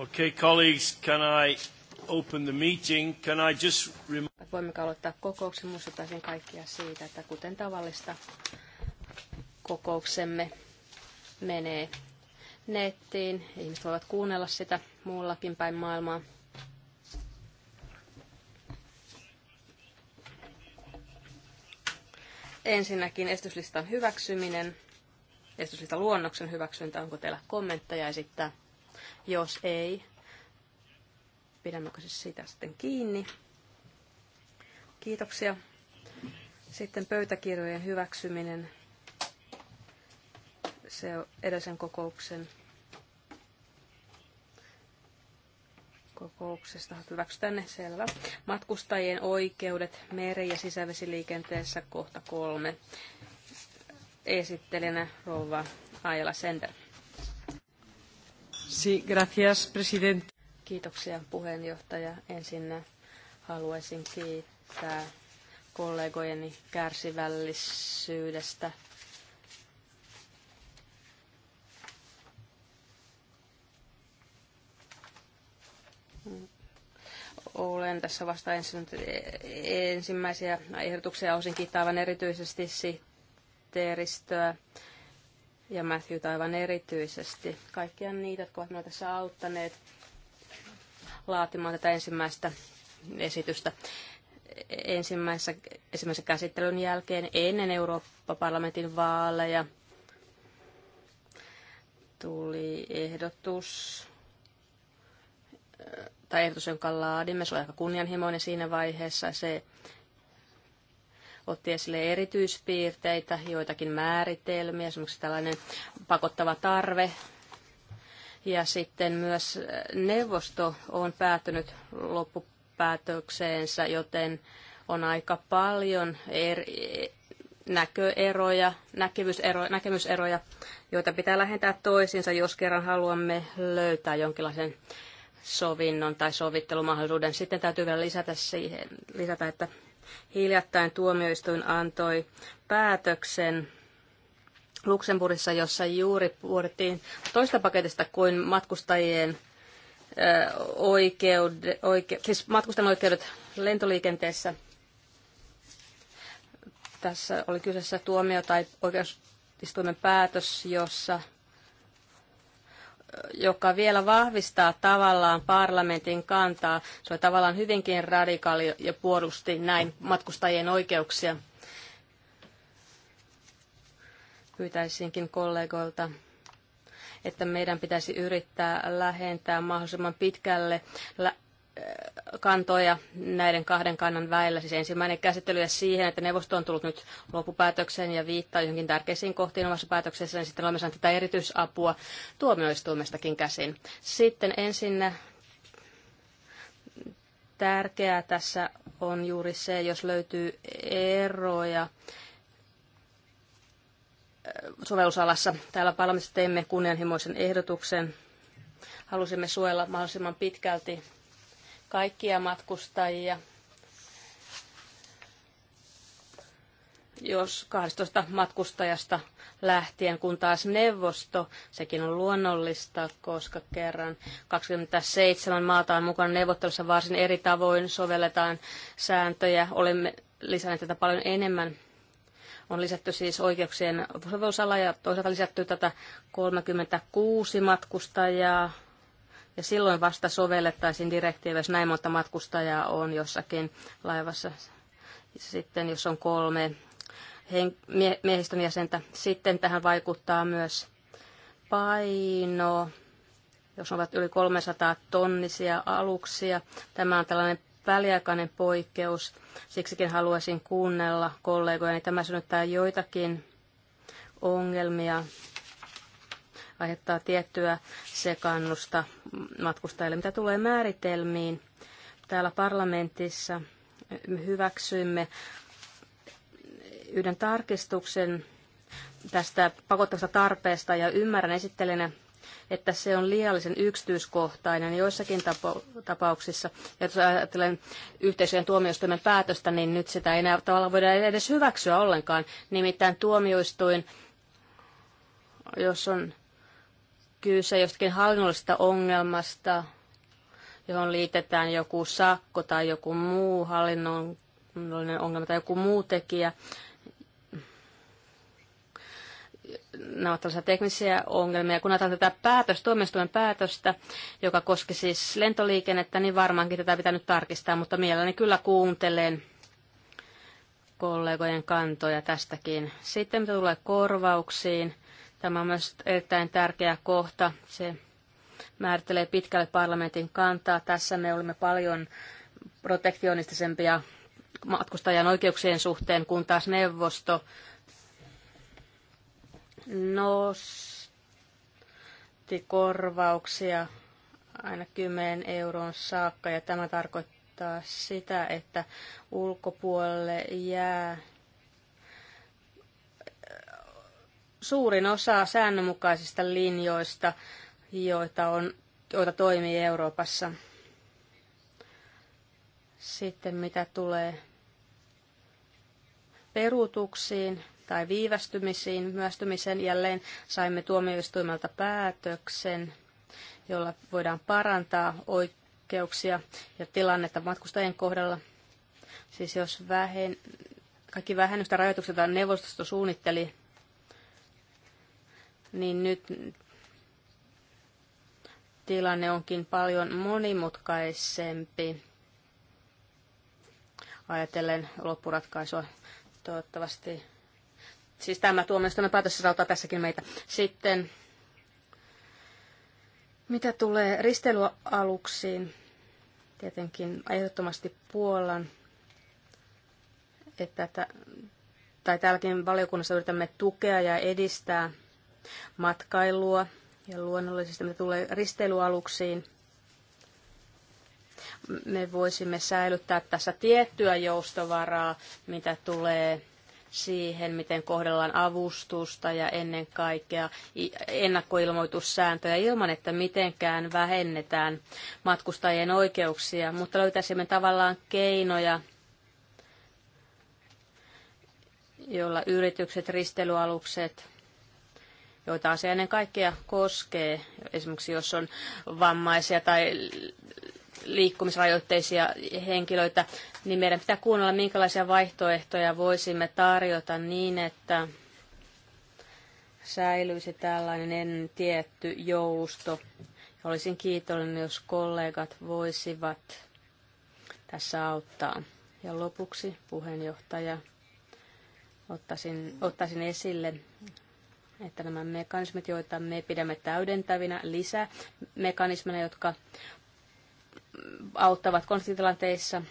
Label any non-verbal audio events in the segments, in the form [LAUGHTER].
Okay, colleagues, can I open the meeting? Can I just Voimmeko aloittaa kokouksen? Muistuttaisin kaikkia siitä, että kuten tavallista kokouksemme menee nettiin. Ihmiset voivat kuunnella sitä muullakin päin maailmaa. Ensinnäkin esityslistan hyväksyminen. Esityslistan luonnoksen hyväksyntä. Onko teillä kommentteja esittää? Jos ei, pidämmekö siis sitä sitten kiinni? Kiitoksia. Sitten pöytäkirjojen hyväksyminen se edellisen kokouksen kokouksesta hyväksytään ne, selvä. Matkustajien oikeudet meri- ja sisävesiliikenteessä kohta kolme. Esittelijänä rouva Aila Sender. Sí, gracias, Kiitoksia puheenjohtaja. Ensin haluaisin kiittää kollegojeni kärsivällisyydestä. Olen tässä vasta ensimmäisiä ehdotuksia. Osin kiittää aivan erityisesti sihteeristöä ja Matthew aivan erityisesti. Kaikkia niitä, jotka ovat tässä auttaneet laatimaan tätä ensimmäistä esitystä ensimmäisessä, ensimmäisen käsittelyn jälkeen ennen Eurooppa-parlamentin vaaleja tuli ehdotus äh, tai ehdotus, jonka laadimme, se oli aika kunnianhimoinen siinä vaiheessa. Se otti esille erityispiirteitä, joitakin määritelmiä, esimerkiksi tällainen pakottava tarve. Ja sitten myös neuvosto on päätynyt loppupäätökseensä, joten on aika paljon eri, näköeroja, näkemyseroja, näkemyseroja, joita pitää lähentää toisiinsa, jos kerran haluamme löytää jonkinlaisen sovinnon tai sovittelumahdollisuuden. Sitten täytyy vielä lisätä, siihen, lisätä että Hiljattain tuomioistuin antoi päätöksen Luxemburgissa, jossa juuri puhuttiin toista paketista kuin matkustajien oikeudet, oike, siis matkustajan oikeudet lentoliikenteessä. Tässä oli kyseessä tuomio tai oikeusistuimen päätös, jossa joka vielä vahvistaa tavallaan parlamentin kantaa. Se oli tavallaan hyvinkin radikaali ja puolusti näin matkustajien oikeuksia. Pyytäisinkin kollegoilta että meidän pitäisi yrittää lähentää mahdollisimman pitkälle kantoja näiden kahden kannan väillä. Siis ensimmäinen käsittely ja siihen, että neuvosto on tullut nyt loppupäätökseen ja viittaa johonkin tärkeisiin kohtiin omassa päätöksessään. Niin sitten olemme saaneet tätä erityisapua tuomioistuimestakin käsin. Sitten ensin tärkeää tässä on juuri se, jos löytyy eroja äh, sovellusalassa. Täällä parlamentissa teemme kunnianhimoisen ehdotuksen. Halusimme suojella mahdollisimman pitkälti kaikkia matkustajia. Jos 12 matkustajasta lähtien, kun taas neuvosto, sekin on luonnollista, koska kerran 27 maata on mukana neuvottelussa varsin eri tavoin, sovelletaan sääntöjä, olemme lisänneet tätä paljon enemmän on lisätty siis oikeuksien sovellusala ja toisaalta lisätty tätä 36 matkustajaa ja silloin vasta sovellettaisiin direktiivi, jos näin monta matkustajaa on jossakin laivassa. Sitten jos on kolme miehistön jäsentä. Sitten tähän vaikuttaa myös paino, jos ovat yli 300 tonnisia aluksia. Tämä on tällainen väliaikainen poikkeus. Siksikin haluaisin kuunnella niin Tämä synnyttää joitakin ongelmia aiheuttaa tiettyä sekannusta matkustajille. Mitä tulee määritelmiin, täällä parlamentissa hyväksyimme yhden tarkistuksen tästä pakottavasta tarpeesta ja ymmärrän esittelenä, että se on liiallisen yksityiskohtainen joissakin tapauksissa. Ja jos ajattelen yhteisöjen tuomioistuimen päätöstä, niin nyt sitä ei enää tavallaan voida edes hyväksyä ollenkaan. Nimittäin tuomioistuin, jos on kyse jostakin hallinnollisesta ongelmasta, johon liitetään joku sakko tai joku muu hallinnollinen ongelma tai joku muu tekijä. Nämä ovat tällaisia teknisiä ongelmia. Kun ajatellaan tätä päätöstä, tuomioistuimen päätöstä, joka koski siis lentoliikennettä, niin varmaankin tätä pitää nyt tarkistaa, mutta mielelläni kyllä kuuntelen kollegojen kantoja tästäkin. Sitten mitä tulee korvauksiin, Tämä on myös erittäin tärkeä kohta. Se määrittelee pitkälle parlamentin kantaa. Tässä me olemme paljon protektionistisempia matkustajan oikeuksien suhteen, kun taas neuvosto nosti korvauksia aina 10 euroon saakka, ja tämä tarkoittaa sitä, että ulkopuolelle jää suurin osa säännönmukaisista linjoista, joita, on, joita toimii Euroopassa. Sitten mitä tulee peruutuksiin tai viivästymisiin, myöstymisen jälleen saimme tuomioistuimelta päätöksen, jolla voidaan parantaa oikeuksia ja tilannetta matkustajien kohdalla. Siis jos vähen, kaikki vähennystä rajoitukset, joita neuvostosto suunnitteli, niin nyt tilanne onkin paljon monimutkaisempi. Ajatellen loppuratkaisua toivottavasti. Siis tämä tuomioistuimen päätös auttaa tässäkin meitä. Sitten mitä tulee risteilyaluksiin, tietenkin ehdottomasti Puolan, että tai täälläkin valiokunnassa yritämme tukea ja edistää matkailua ja luonnollisesti me tulee risteilyaluksiin. Me voisimme säilyttää tässä tiettyä joustovaraa, mitä tulee siihen, miten kohdellaan avustusta ja ennen kaikkea ennakkoilmoitussääntöjä ilman, että mitenkään vähennetään matkustajien oikeuksia, mutta löytäisimme tavallaan keinoja, joilla yritykset, ristelyalukset, joita asia ennen kaikkea koskee, esimerkiksi jos on vammaisia tai liikkumisrajoitteisia henkilöitä, niin meidän pitää kuunnella, minkälaisia vaihtoehtoja voisimme tarjota niin, että säilyisi tällainen tietty jousto. Olisin kiitollinen, jos kollegat voisivat tässä auttaa. Ja lopuksi puheenjohtaja ottaisin, ottaisin esille että nämä mekanismit, joita me pidämme täydentävinä lisämekanismina, jotka auttavat konfliktitilanteissa,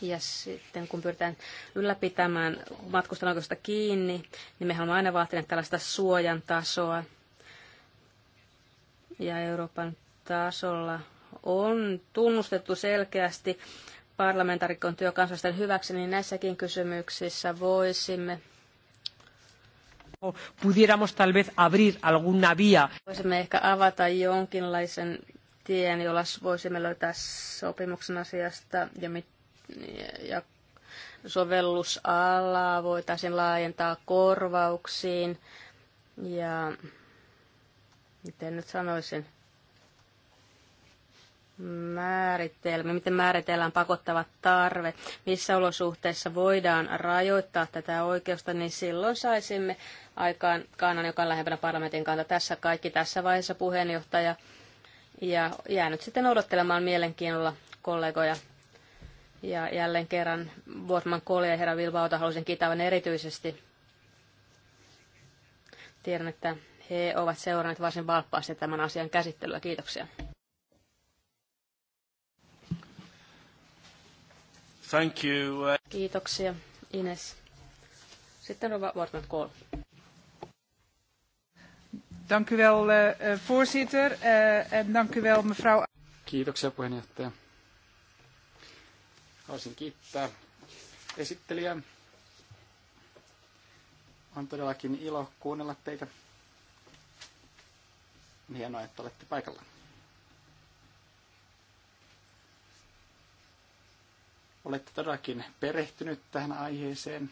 ja sitten kun pyritään ylläpitämään matkustan oikeusta kiinni, niin mehän olemme aina vaatineet tällaista suojan tasoa. Ja Euroopan tasolla on tunnustettu selkeästi parlamentaarikon työ kansalaisten hyväksi, niin näissäkin kysymyksissä voisimme pudiéramos tal vez abrir alguna vía. Voisimme ehkä avata jonkinlaisen tien, jolla voisimme löytää sopimuksen asiasta ja, mit, ja sovellusalaa voitaisiin laajentaa korvauksiin ja miten nyt sanoisin, määritelmä, miten määritellään pakottava tarve, missä olosuhteissa voidaan rajoittaa tätä oikeusta, niin silloin saisimme aikaan kannan, joka on lähempänä parlamentin kanta. Tässä kaikki tässä vaiheessa puheenjohtaja. Ja jäänyt sitten odottelemaan mielenkiinnolla kollegoja. Ja jälleen kerran vuotman Kole ja herra Vilvauta halusin kiittää erityisesti. Tiedän, että he ovat seuranneet varsin valppaasti tämän asian käsittelyä. Kiitoksia. Thank you. Uh, Kiitoksia, Ines. Sitten Rova Wortman Kool. Dank u wel, eh, eh, voorzitter. Eh, en dank u wel, mevrouw. Kiitoksia, puheenjohtaja. Haluaisin kiittää esittelijää. On todellakin ilo kuunnella teitä. Hienoa, että olette paikalla. olette todellakin perehtynyt tähän aiheeseen.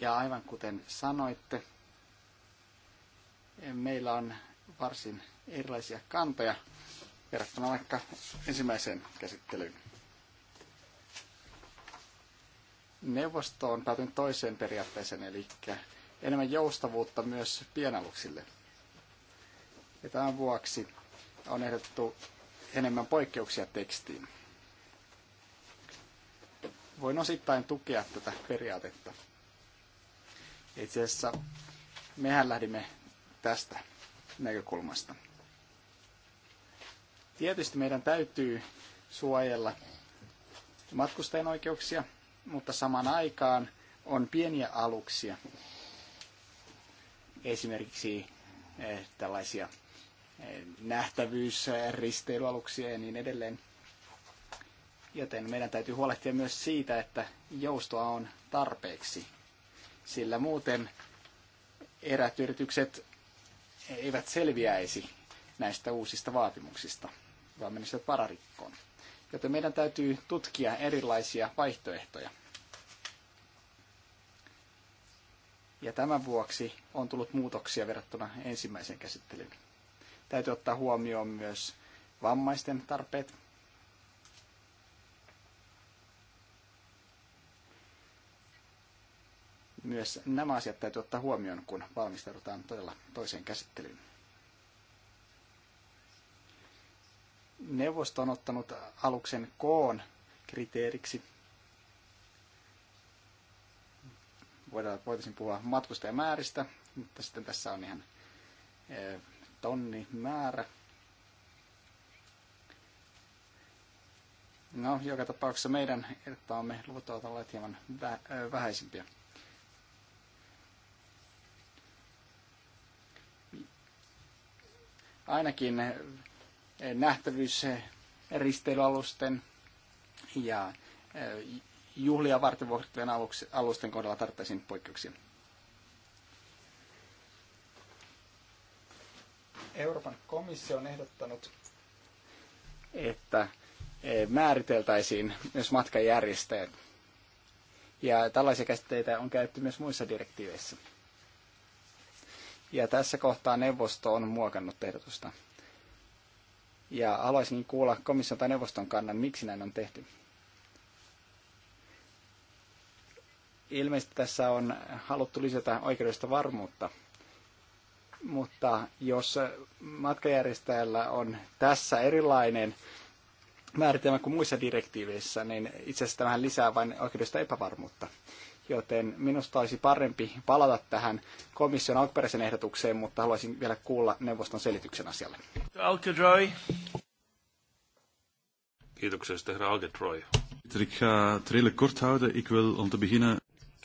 Ja aivan kuten sanoitte, meillä on varsin erilaisia kantoja verrattuna vaikka ensimmäiseen käsittelyyn. Neuvosto on päätynyt toiseen periaatteeseen, eli enemmän joustavuutta myös pienaluksille. Ja tämän vuoksi on ehdotettu enemmän poikkeuksia tekstiin. Voin osittain tukea tätä periaatetta. Itse asiassa mehän lähdimme tästä näkökulmasta. Tietysti meidän täytyy suojella matkustajan oikeuksia, mutta samaan aikaan on pieniä aluksia, esimerkiksi eh, tällaisia nähtävyys, risteilyaluksia ja niin edelleen. Joten meidän täytyy huolehtia myös siitä, että joustoa on tarpeeksi, sillä muuten erät yritykset eivät selviäisi näistä uusista vaatimuksista, vaan menisivät pararikkoon. Joten meidän täytyy tutkia erilaisia vaihtoehtoja. Ja tämän vuoksi on tullut muutoksia verrattuna ensimmäiseen käsittelyyn. Täytyy ottaa huomioon myös vammaisten tarpeet. Myös nämä asiat täytyy ottaa huomioon, kun valmistaudutaan todella toiseen käsittelyyn. Neuvosto on ottanut aluksen koon kriteeriksi voidaan, voitaisiin puhua matkustajamääristä, mutta sitten tässä on ihan eh, tonni määrä. No, joka tapauksessa meidän irtaamme luvut ovat olleet hieman vähäisimpiä. Ainakin nähtävyys risteilyalusten ja juhlia varten alusten kohdalla tarvittaisiin poikkeuksia. Euroopan komissio on ehdottanut, että e, määriteltäisiin myös matkajärjestäjät. Ja tällaisia käsitteitä on käytetty myös muissa direktiiveissä. Ja tässä kohtaa neuvosto on muokannut ehdotusta. Ja haluaisin kuulla komission tai neuvoston kannan, miksi näin on tehty. Ilmeisesti tässä on haluttu lisätä oikeudellista varmuutta mutta jos matkajärjestäjällä on tässä erilainen määritelmä kuin muissa direktiiveissä, niin itse asiassa tämähän lisää vain oikeudesta epävarmuutta. Joten minusta olisi parempi palata tähän komission alkuperäisen ehdotukseen, mutta haluaisin vielä kuulla neuvoston selityksen asialle. Alcadroy. Kiitoksia, herra Alcadroy.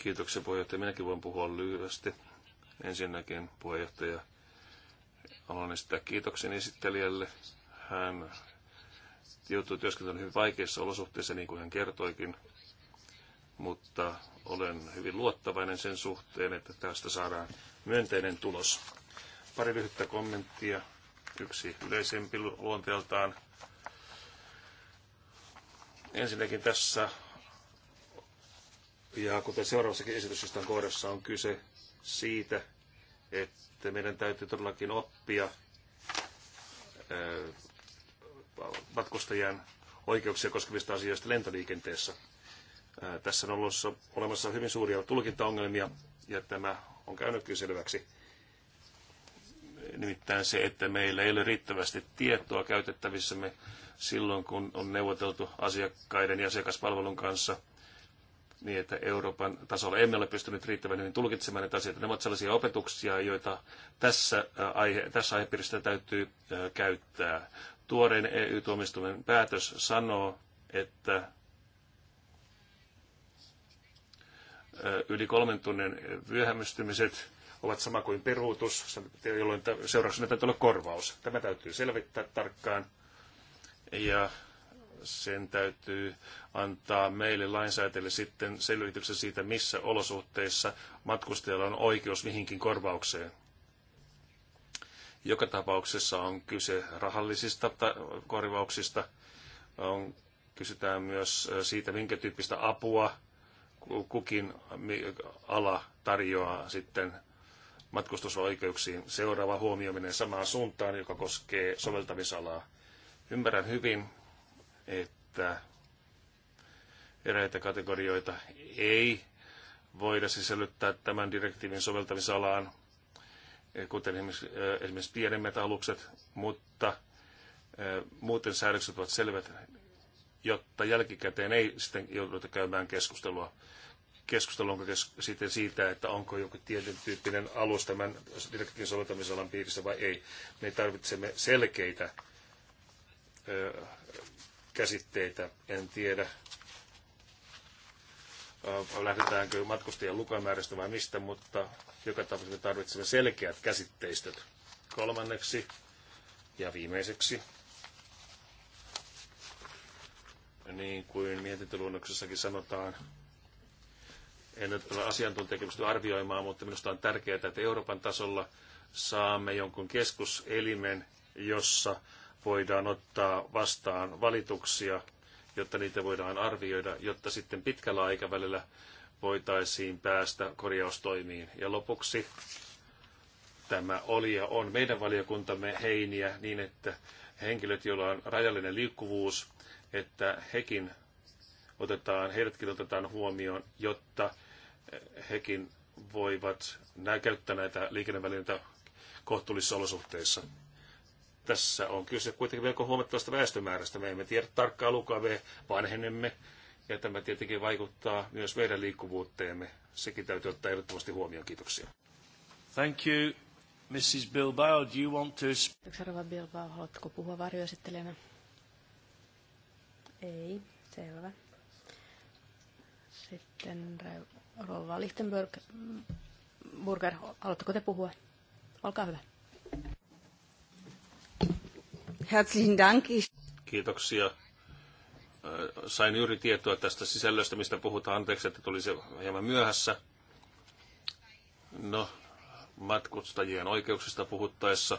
Kiitoksia, puheenjohtaja. Minäkin voin puhua lyhyesti Ensinnäkin puheenjohtaja haluan esittää kiitoksen esittelijälle. Hän joutui työskentelemään hyvin vaikeissa olosuhteissa, niin kuin hän kertoikin, mutta olen hyvin luottavainen sen suhteen, että tästä saadaan myönteinen tulos. Pari lyhyttä kommenttia. Yksi yleisempi luonteeltaan. Ensinnäkin tässä, ja kuten seuraavassakin esityksestä kohdassa on kyse siitä, että meidän täytyy todellakin oppia matkustajien oikeuksia koskevista asioista lentoliikenteessä. Tässä on ollut olemassa hyvin suuria tulkintaongelmia ja tämä on käynytkin selväksi. Nimittäin se, että meillä ei ole riittävästi tietoa käytettävissämme silloin, kun on neuvoteltu asiakkaiden ja asiakaspalvelun kanssa – niin, että Euroopan tasolla emme ole pystyneet riittävän hyvin tulkitsemaan näitä asioita. Ne ovat sellaisia opetuksia, joita tässä, äh, aihe, tässä täytyy äh, käyttää. Tuorein EU-tuomistuimen päätös sanoo, että äh, yli kolmen tunnin vyöhämystymiset ovat sama kuin peruutus, jolloin seurauksena täytyy olla korvaus. Tämä täytyy selvittää tarkkaan. Ja sen täytyy antaa meille lainsäätäjille sitten selvityksen siitä, missä olosuhteissa matkustajalla on oikeus mihinkin korvaukseen. Joka tapauksessa on kyse rahallisista korvauksista. On, kysytään myös siitä, minkä tyyppistä apua kukin ala tarjoaa sitten matkustusoikeuksiin. Seuraava huomioiminen samaan suuntaan, joka koskee soveltamisalaa. Ymmärrän hyvin että eräitä kategorioita ei voida sisällyttää tämän direktiivin soveltamisalaan, eh, kuten eh, esimerkiksi pienemmät alukset, mutta eh, muuten säädökset ovat selvät, jotta jälkikäteen ei sitten jouduta käymään keskustelua. Keskustelu onko kes- sitten siitä, että onko joku tietyn tyyppinen alus tämän direktiivin soveltamisalan piirissä vai ei. Me tarvitsemme selkeitä käsitteitä. En tiedä, lähdetäänkö matkustajien lukumäärästä vai mistä, mutta joka tapauksessa me tarvitsemme selkeät käsitteistöt. Kolmanneksi ja viimeiseksi, niin kuin mietintöluonnoksessakin sanotaan, en nyt ole asiantuntijakin arvioimaan, mutta minusta on tärkeää, että Euroopan tasolla saamme jonkun keskuselimen, jossa voidaan ottaa vastaan valituksia, jotta niitä voidaan arvioida, jotta sitten pitkällä aikavälillä voitaisiin päästä korjaustoimiin. Ja lopuksi tämä oli ja on meidän valiokuntamme heiniä niin, että henkilöt, joilla on rajallinen liikkuvuus, että hekin otetaan, heidätkin otetaan huomioon, jotta hekin voivat käyttää näitä liikennevälineitä kohtuullisissa olosuhteissa tässä on kyse kuitenkin melko huomattavasta väestömäärästä. Me emme tiedä tarkkaa lukua, me vanhenemme ja tämä tietenkin vaikuttaa myös meidän liikkuvuuteemme. Sekin täytyy ottaa ehdottomasti huomioon. Kiitoksia. Thank you. Mrs. Bilbao, do you want to... Rova Bilbao, haluatteko puhua varjoesittelijänä? Ei, selvä. Sitten Rova Lichtenberg, Burger, haluatteko te puhua? Olkaa hyvä. Herzlichen Dank. Kiitoksia. Sain juuri tietoa tästä sisällöstä, mistä puhutaan. Anteeksi, että tuli se hieman myöhässä. No, matkustajien oikeuksista puhuttaessa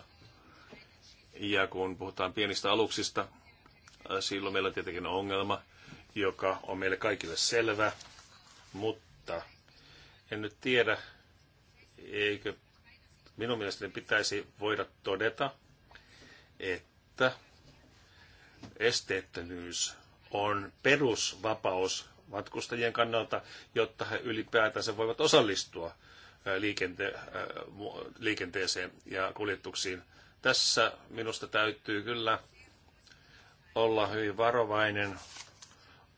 ja kun puhutaan pienistä aluksista, silloin meillä on tietenkin ongelma, joka on meille kaikille selvä, mutta en nyt tiedä, eikö minun mielestäni pitäisi voida todeta, että että esteettömyys on perusvapaus matkustajien kannalta, jotta he ylipäätänsä voivat osallistua liikente- liikenteeseen ja kuljetuksiin. Tässä minusta täytyy kyllä olla hyvin varovainen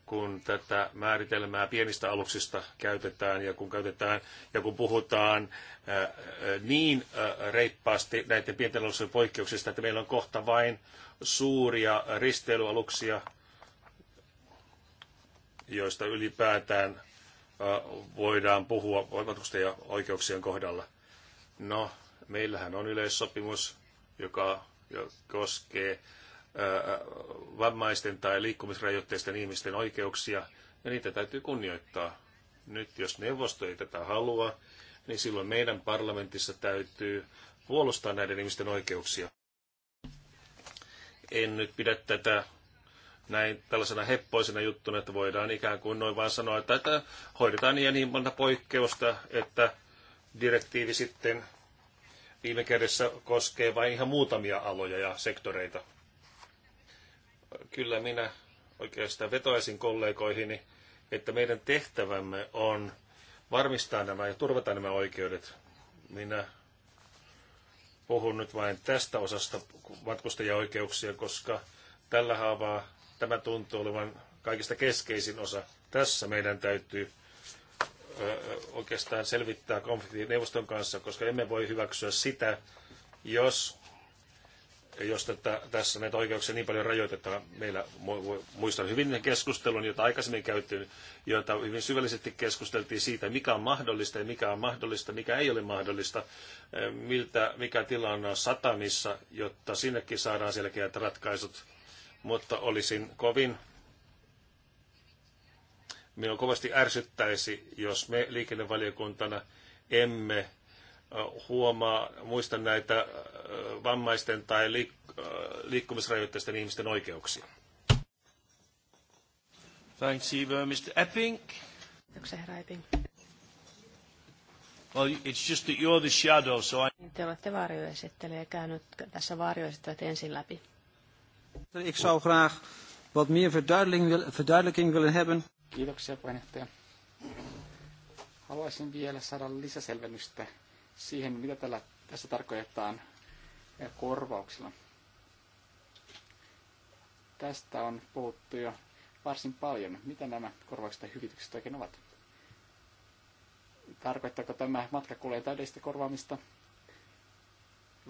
kun tätä määritelmää pienistä aluksista käytetään ja kun käytetään ja kun puhutaan niin reippaasti näiden pienten alusten poikkeuksista, että meillä on kohta vain suuria risteilyaluksia, joista ylipäätään voidaan puhua voimatusten ja oikeuksien kohdalla. No, meillähän on yleissopimus, joka koskee vammaisten tai liikkumisrajoitteisten ihmisten oikeuksia, ja niitä täytyy kunnioittaa. Nyt jos neuvosto ei tätä halua, niin silloin meidän parlamentissa täytyy puolustaa näiden ihmisten oikeuksia. En nyt pidä tätä näin tällaisena heppoisena juttuna, että voidaan ikään kuin noin vaan sanoa, että tätä hoidetaan niin ja niin monta poikkeusta, että direktiivi sitten viime kädessä koskee vain ihan muutamia aloja ja sektoreita kyllä minä oikeastaan vetoaisin kollegoihini, että meidän tehtävämme on varmistaa nämä ja turvata nämä oikeudet. Minä puhun nyt vain tästä osasta matkustajaoikeuksia, koska tällä haavaa tämä tuntuu olevan kaikista keskeisin osa. Tässä meidän täytyy oikeastaan selvittää konflikti neuvoston kanssa, koska emme voi hyväksyä sitä, jos jos tätä, tässä näitä oikeuksia niin paljon rajoitetaan. Meillä muistan hyvin keskustelun, jota aikaisemmin käytiin, jota hyvin syvällisesti keskusteltiin siitä, mikä on mahdollista ja mikä on mahdollista, mikä ei ole mahdollista, miltä, mikä tilanne on satamissa, jotta sinnekin saadaan selkeät ratkaisut. Mutta olisin kovin minua kovasti ärsyttäisi, jos me liikennevaliokuntana emme huomaa, muista näitä vammaisten tai liik- liikkumisrajoitteisten ihmisten oikeuksia. Thanks, Eva. Mr. Epping. Kiitoksia, herra Epping. Well, it's just that you're the shadow, so I... Niin te olette varjoesittelijä. Käyn tässä varjoesittelijät ensin läpi. Ik zou graag wat meer verduidelijking willen hebben. Kiitoksia, puheenjohtaja. Haluaisin vielä saada lisäselvennystä siihen, mitä tällä, tässä tarkoitetaan korvauksilla. Tästä on puhuttu jo varsin paljon. Mitä nämä korvaukset ja hyvitykset oikein ovat? Tarkoittaako tämä matkakulujen täydellistä korvaamista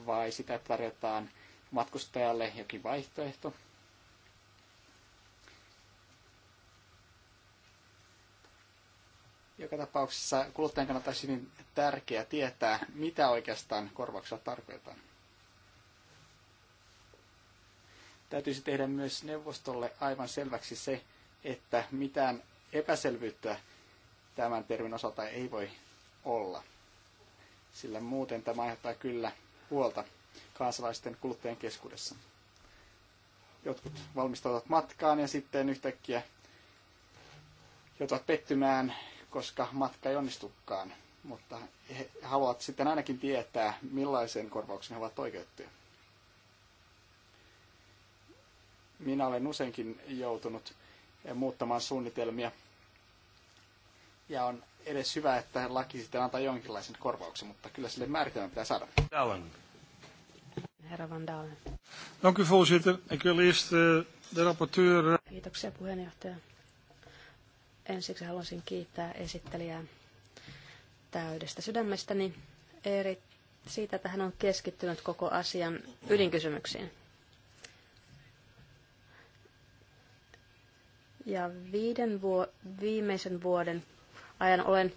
vai sitä, että tarjotaan matkustajalle jokin vaihtoehto Joka tapauksessa kuluttajan kannattaisi hyvin tärkeää tietää, mitä oikeastaan korvauksella tarkoitetaan. Täytyisi tehdä myös neuvostolle aivan selväksi se, että mitään epäselvyyttä tämän termin osalta ei voi olla. Sillä muuten tämä aiheuttaa kyllä huolta kansalaisten kuluttajien keskuudessa. Jotkut valmistautuvat matkaan ja sitten yhtäkkiä joutuvat pettymään koska matka ei onnistukaan. Mutta he haluavat sitten ainakin tietää, millaisen korvauksen he ovat oikeutettuja. Minä olen useinkin joutunut muuttamaan suunnitelmia. Ja on edes hyvä, että laki sitten antaa jonkinlaisen korvauksen, mutta kyllä sille määritelmä pitää saada. Dalen. Herra Van Dalen. Dank u voorzitter. Ik wil eerst eh, de rapporteur... Eh, Kiitoksia puheenjohtaja. Ensiksi haluaisin kiittää esittelijää täydestä sydämestäni eri, siitä, että hän on keskittynyt koko asian ydinkysymyksiin. Ja viiden vuo, viimeisen vuoden ajan olen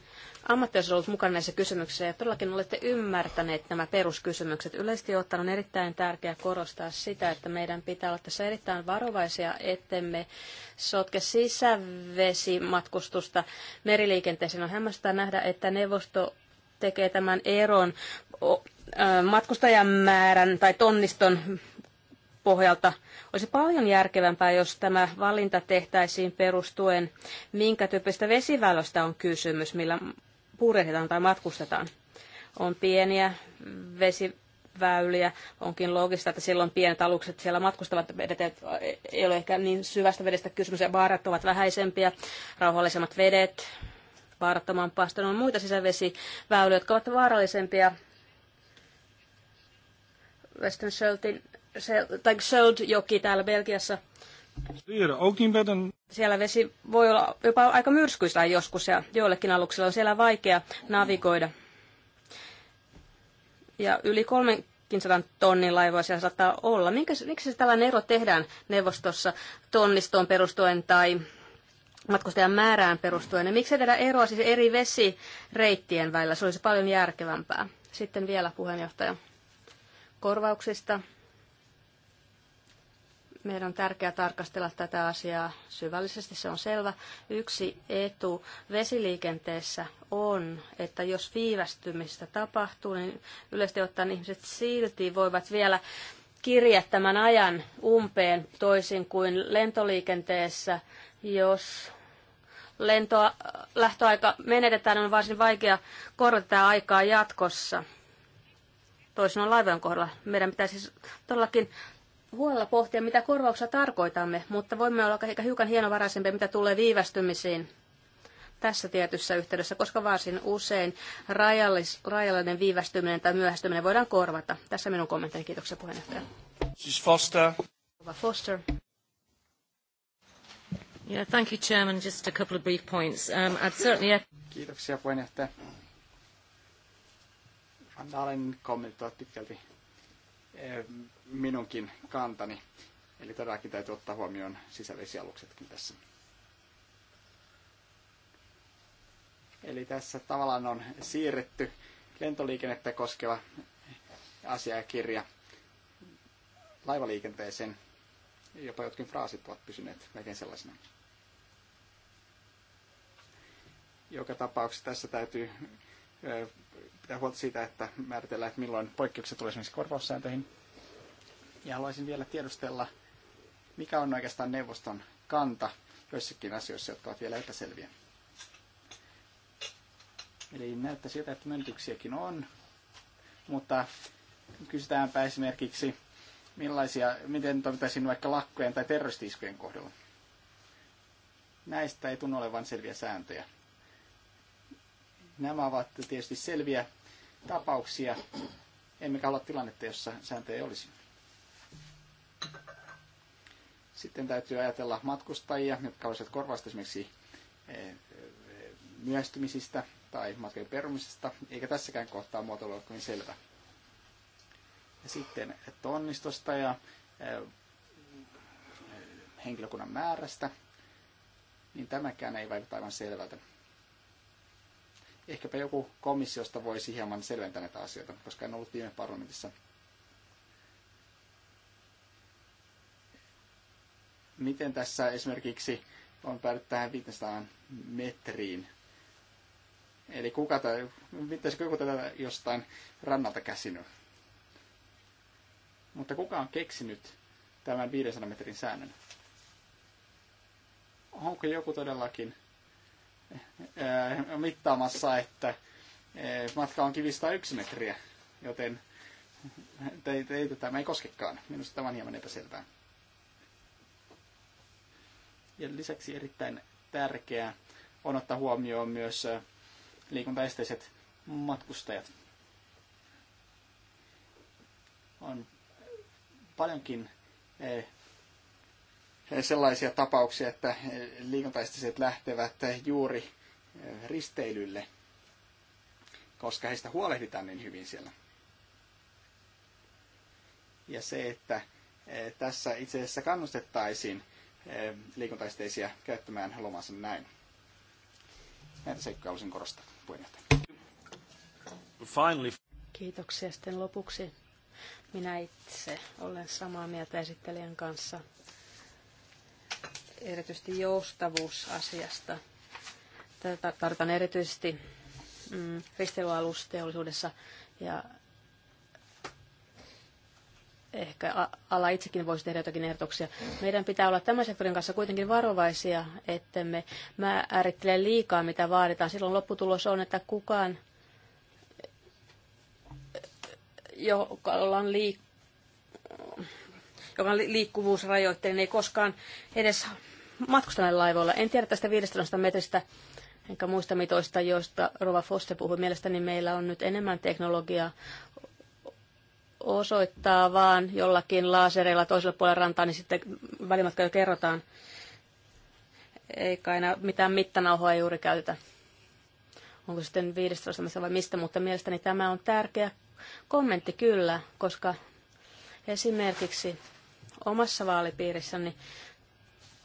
ammattilaisuus ollut mukana näissä kysymyksissä ja todellakin olette ymmärtäneet nämä peruskysymykset. Yleisesti ottaen on erittäin tärkeää korostaa sitä, että meidän pitää olla tässä erittäin varovaisia, ettemme sotke sisävesimatkustusta meriliikenteeseen. On hämmästyttävää nähdä, että neuvosto tekee tämän eron matkustajamäärän tai tonniston pohjalta. Olisi paljon järkevämpää, jos tämä valinta tehtäisiin perustuen, minkä tyyppistä vesiväylästä on kysymys, millä purjehditaan tai matkustetaan. On pieniä vesiväyliä, onkin loogista, että silloin pienet alukset siellä matkustavat vedet, ei ole ehkä niin syvästä vedestä kysymys, ja vaarat ovat vähäisempiä, rauhallisemmat vedet, vaarattoman paaston on muita sisävesiväyliä, jotka ovat vaarallisempia Western Sheltin tai joki täällä Belgiassa. Siellä vesi voi olla jopa aika myrskyistä joskus ja joillekin aluksilla on siellä vaikea navigoida. Ja yli 300 tonnin laivoa siellä saattaa olla. Miksi, se tällainen ero tehdään neuvostossa tonnistoon perustuen tai matkustajan määrään perustuen? Ja miksi tehdään eroa siis eri vesireittien välillä? Se olisi paljon järkevämpää. Sitten vielä puheenjohtaja korvauksista meidän on tärkeää tarkastella tätä asiaa syvällisesti, se on selvä. Yksi etu vesiliikenteessä on, että jos viivästymistä tapahtuu, niin yleisesti ottaen ihmiset silti voivat vielä kirjaa tämän ajan umpeen toisin kuin lentoliikenteessä, jos lentoa, lähtöaika menetetään, niin on varsin vaikea korottaa aikaa jatkossa. Toisin on laivojen kohdalla. Meidän pitäisi todellakin huolella pohtia, mitä korvauksia tarkoitamme, mutta voimme olla ehkä hiukan hienovaraisempia, mitä tulee viivästymisiin tässä tietyssä yhteydessä, koska varsin usein rajallis, rajallinen viivästyminen tai myöhästyminen voidaan korvata. Tässä minun kommentteni. Kiitoksia puheenjohtaja. Siis Foster. Foster. Yeah, thank you, Chairman. Just a couple of brief points. Um, I'd certainly... Kiitoksia puheenjohtaja. Van Dalen kommentoivat pitkälti minunkin kantani. Eli todellakin täytyy ottaa huomioon sisävesialuksetkin tässä. Eli tässä tavallaan on siirretty lentoliikennettä koskeva asiakirja laivaliikenteeseen. Jopa jotkin fraasit ovat pysyneet melkein sellaisena. Joka tapauksessa tässä täytyy pitää huolta siitä, että määritellään, että milloin poikkeukset tulee esimerkiksi korvaussääntöihin. Ja haluaisin vielä tiedustella, mikä on oikeastaan neuvoston kanta joissakin asioissa, jotka ovat vielä epäselviä. Eli näyttää siltä, että myöntyksiäkin on, mutta kysytäänpä esimerkiksi, millaisia, miten toimitaisiin vaikka lakkojen tai terroristiskujen kohdalla. Näistä ei tunnu olevan selviä sääntöjä. Nämä ovat tietysti selviä tapauksia, emmekä halua tilannetta, jossa sääntöjä ei olisi. Sitten täytyy ajatella matkustajia, jotka olisivat korvausta esimerkiksi eh, eh, myöhästymisistä tai matkojen perumisesta, eikä tässäkään kohtaa muotoilu ole kovin selvä. Ja sitten tonnistosta ja eh, henkilökunnan määrästä, niin tämäkään ei vaikuta aivan selvältä ehkäpä joku komissiosta voisi hieman selventää näitä asioita, koska en ollut viime parlamentissa. Miten tässä esimerkiksi on päädyt tähän 500 metriin? Eli kuka tai, pitäisikö joku tätä jostain rannalta käsin? Mutta kuka on keksinyt tämän 500 metrin säännön? Onko joku todellakin Eh, mittaamassa, että eh, matka onkin 501 metriä, joten teitä, teitä tämä ei koskekaan. Minusta tämä on hieman epäselvää. Ja lisäksi erittäin tärkeää on ottaa huomioon myös eh, liikuntaesteiset matkustajat. On paljonkin sellaisia tapauksia, että liikuntaistiset lähtevät juuri eh, risteilylle, koska heistä huolehditaan niin hyvin siellä. Ja se, että eh, tässä itse asiassa kannustettaisiin eh, liikuntaisteisiä käyttämään lomansa näin. Näitä seikkoja haluaisin korostaa, puheenjohtaja. Finally. Kiitoksia sitten lopuksi. Minä itse olen samaa mieltä esittelijän kanssa erityisesti joustavuusasiasta. Tätä tarkoitan erityisesti mm, risteilyalusteollisuudessa ja ehkä ala itsekin voisi tehdä jotakin ehdotuksia. Meidän pitää olla tämän sektorin kanssa kuitenkin varovaisia, ettemme määrittele liikaa, mitä vaaditaan. Silloin lopputulos on, että kukaan, joka on, liik- joka on liikkuvuusrajoitteinen, ei koskaan edes matkustaneilla laivoilla. En tiedä tästä 500 metristä, enkä muista mitoista, joista Rova Foster puhui. Mielestäni meillä on nyt enemmän teknologiaa osoittaa vaan jollakin laasereilla toisella puolella rantaa, niin sitten välimatka jo kerrotaan. Eikä aina mitään mittanauhoa juuri käytetä. Onko sitten 15 vai mistä, mutta mielestäni tämä on tärkeä kommentti kyllä, koska esimerkiksi omassa vaalipiirissäni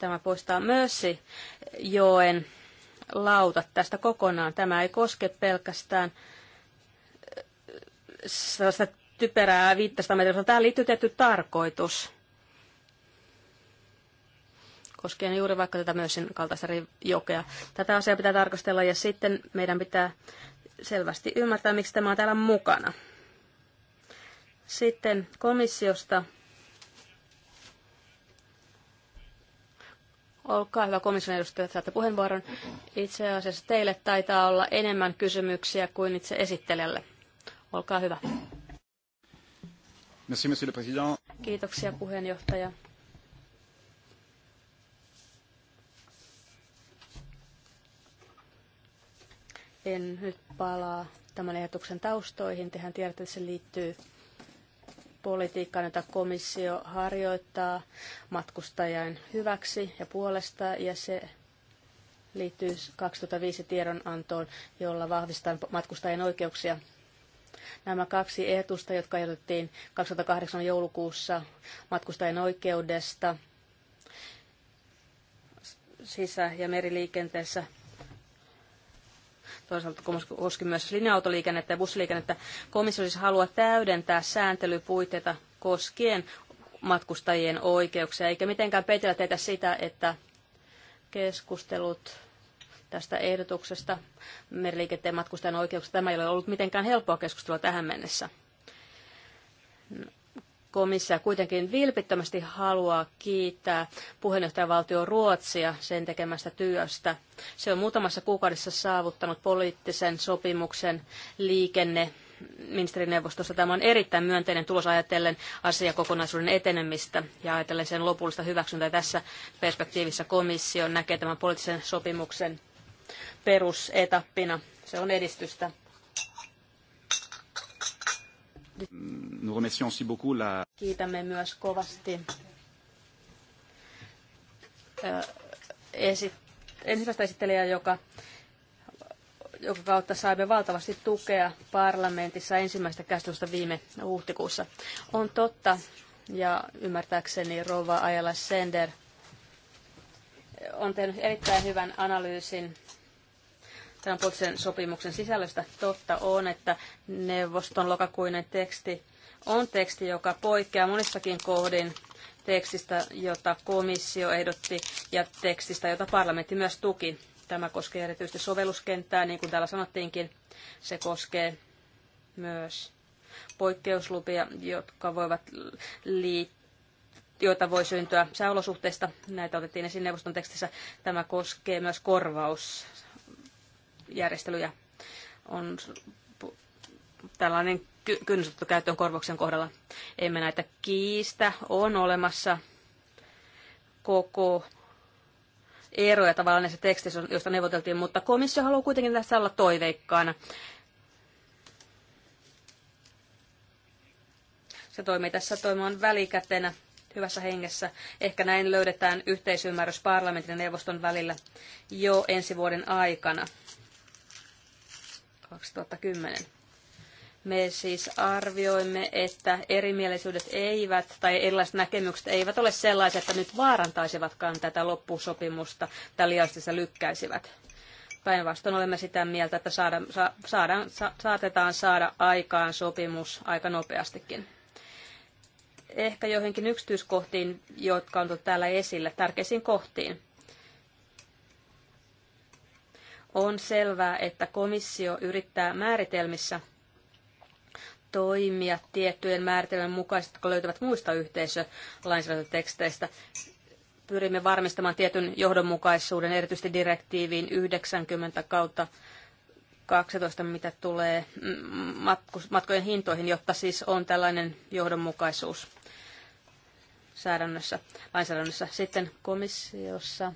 Tämä poistaa Mössi joen lautat tästä kokonaan. Tämä ei koske pelkästään äh, sellaista typerää 500 metriä. Tähän liittyy tietty tarkoitus koskien juuri vaikka tätä Mössin kaltaista jokea. Tätä asiaa pitää tarkastella ja sitten meidän pitää selvästi ymmärtää, miksi tämä on täällä mukana. Sitten komissiosta Olkaa hyvä komission edustaja, saatte puheenvuoron. Itse asiassa teille taitaa olla enemmän kysymyksiä kuin itse esittelijälle. Olkaa hyvä. Merci, monsieur le président. Kiitoksia puheenjohtaja. En nyt palaa tämän ehdotuksen taustoihin. Tehän tiedätte, että se liittyy politiikkaan, jota komissio harjoittaa matkustajien hyväksi ja puolesta, ja se liittyy 2005 tiedonantoon, jolla vahvistetaan matkustajien oikeuksia. Nämä kaksi ehdotusta, jotka ehdotettiin 2008 joulukuussa matkustajien oikeudesta sisä- ja meriliikenteessä toisaalta koski myös linja-autoliikennettä ja bussiliikennettä. Komissio siis haluaa täydentää sääntelypuitteita koskien matkustajien oikeuksia, eikä mitenkään peitellä teitä sitä, että keskustelut tästä ehdotuksesta meriliikenteen matkustajan oikeuksista. Tämä ei ole ollut mitenkään helppoa keskustelua tähän mennessä. Komissio kuitenkin vilpittömästi haluaa kiittää puheenjohtajavaltio Ruotsia sen tekemästä työstä. Se on muutamassa kuukaudessa saavuttanut poliittisen sopimuksen liikenne ministerineuvostossa. Tämä on erittäin myönteinen tulos ajatellen asiakokonaisuuden etenemistä ja ajatellen sen lopullista hyväksyntää. Tässä perspektiivissä komissio näkee tämän poliittisen sopimuksen perusetappina. Se on edistystä aussi beaucoup la... Kiitämme myös kovasti ensimmäistä esittelijää, joka, joka kautta saimme valtavasti tukea parlamentissa ensimmäistä käsitystä viime huhtikuussa. On totta, ja ymmärtääkseni Rova Ajala Sender on tehnyt erittäin hyvän analyysin tämän poliittisen sopimuksen sisällöstä. Totta on, että neuvoston lokakuinen teksti on teksti, joka poikkeaa monissakin kohdin tekstistä, jota komissio ehdotti, ja tekstistä, jota parlamentti myös tuki. Tämä koskee erityisesti sovelluskenttää, niin kuin täällä sanottiinkin, se koskee myös poikkeuslupia, jotka voivat liittyä joita voi syntyä sääolosuhteista. Näitä otettiin esiin neuvoston tekstissä. Tämä koskee myös korvausjärjestelyjä. On tällainen kynnysottokäytön korvauksen kohdalla. Emme näitä kiistä. On olemassa koko eroja tavallaan näissä teksteissä, joista neuvoteltiin, mutta komissio haluaa kuitenkin tässä olla toiveikkaana. Se toimii tässä toimimaan välikätenä hyvässä hengessä. Ehkä näin löydetään yhteisymmärrys parlamentin ja neuvoston välillä jo ensi vuoden aikana. 2010. Me siis arvioimme, että erimielisyydet eivät tai erilaiset näkemykset eivät ole sellaiset, että nyt vaarantaisivatkaan tätä loppusopimusta tai liiallisesti sitä lykkäisivät. Päinvastoin olemme sitä mieltä, että saada, sa, saadaan, sa, saatetaan saada aikaan sopimus aika nopeastikin. Ehkä joihinkin yksityiskohtiin, jotka on täällä esillä, tärkeisiin kohtiin. On selvää, että komissio yrittää määritelmissä – toimia tiettyjen määritelmien mukaisesti, jotka löytyvät muista yhteisölainsäädäntöteksteistä. Pyrimme varmistamaan tietyn johdonmukaisuuden, erityisesti direktiiviin 90 kautta 12, mitä tulee matkojen hintoihin, jotta siis on tällainen johdonmukaisuus säädännössä, lainsäädännössä. Sitten komissiossa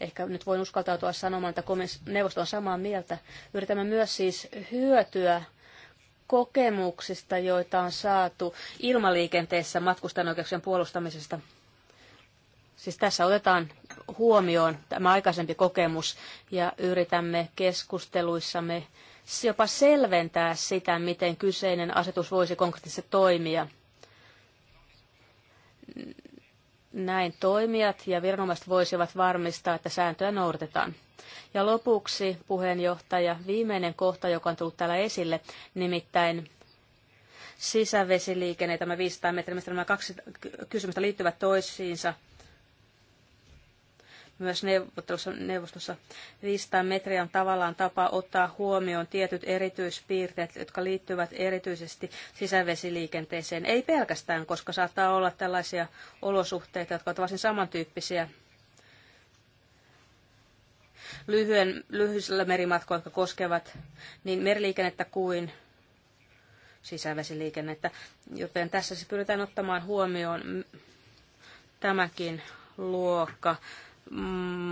ehkä nyt voin uskaltautua sanomaan, että neuvosto on samaa mieltä. Yritämme myös siis hyötyä kokemuksista, joita on saatu ilmaliikenteessä matkustajan oikeuksien puolustamisesta. Siis tässä otetaan huomioon tämä aikaisempi kokemus ja yritämme keskusteluissamme jopa selventää sitä, miten kyseinen asetus voisi konkreettisesti toimia näin toimijat ja viranomaiset voisivat varmistaa, että sääntöä noudatetaan. Ja lopuksi puheenjohtaja, viimeinen kohta, joka on tullut täällä esille, nimittäin sisävesiliikenne, tämä 500 metriä, nämä kaksi kysymystä liittyvät toisiinsa myös neuvostossa. 500 metriä on tavallaan tapa ottaa huomioon tietyt erityispiirteet, jotka liittyvät erityisesti sisävesiliikenteeseen. Ei pelkästään, koska saattaa olla tällaisia olosuhteita, jotka ovat varsin samantyyppisiä lyhyen, lyhyisillä merimatkoilla, jotka koskevat niin meriliikennettä kuin sisävesiliikennettä, joten tässä siis pyritään ottamaan huomioon tämäkin luokka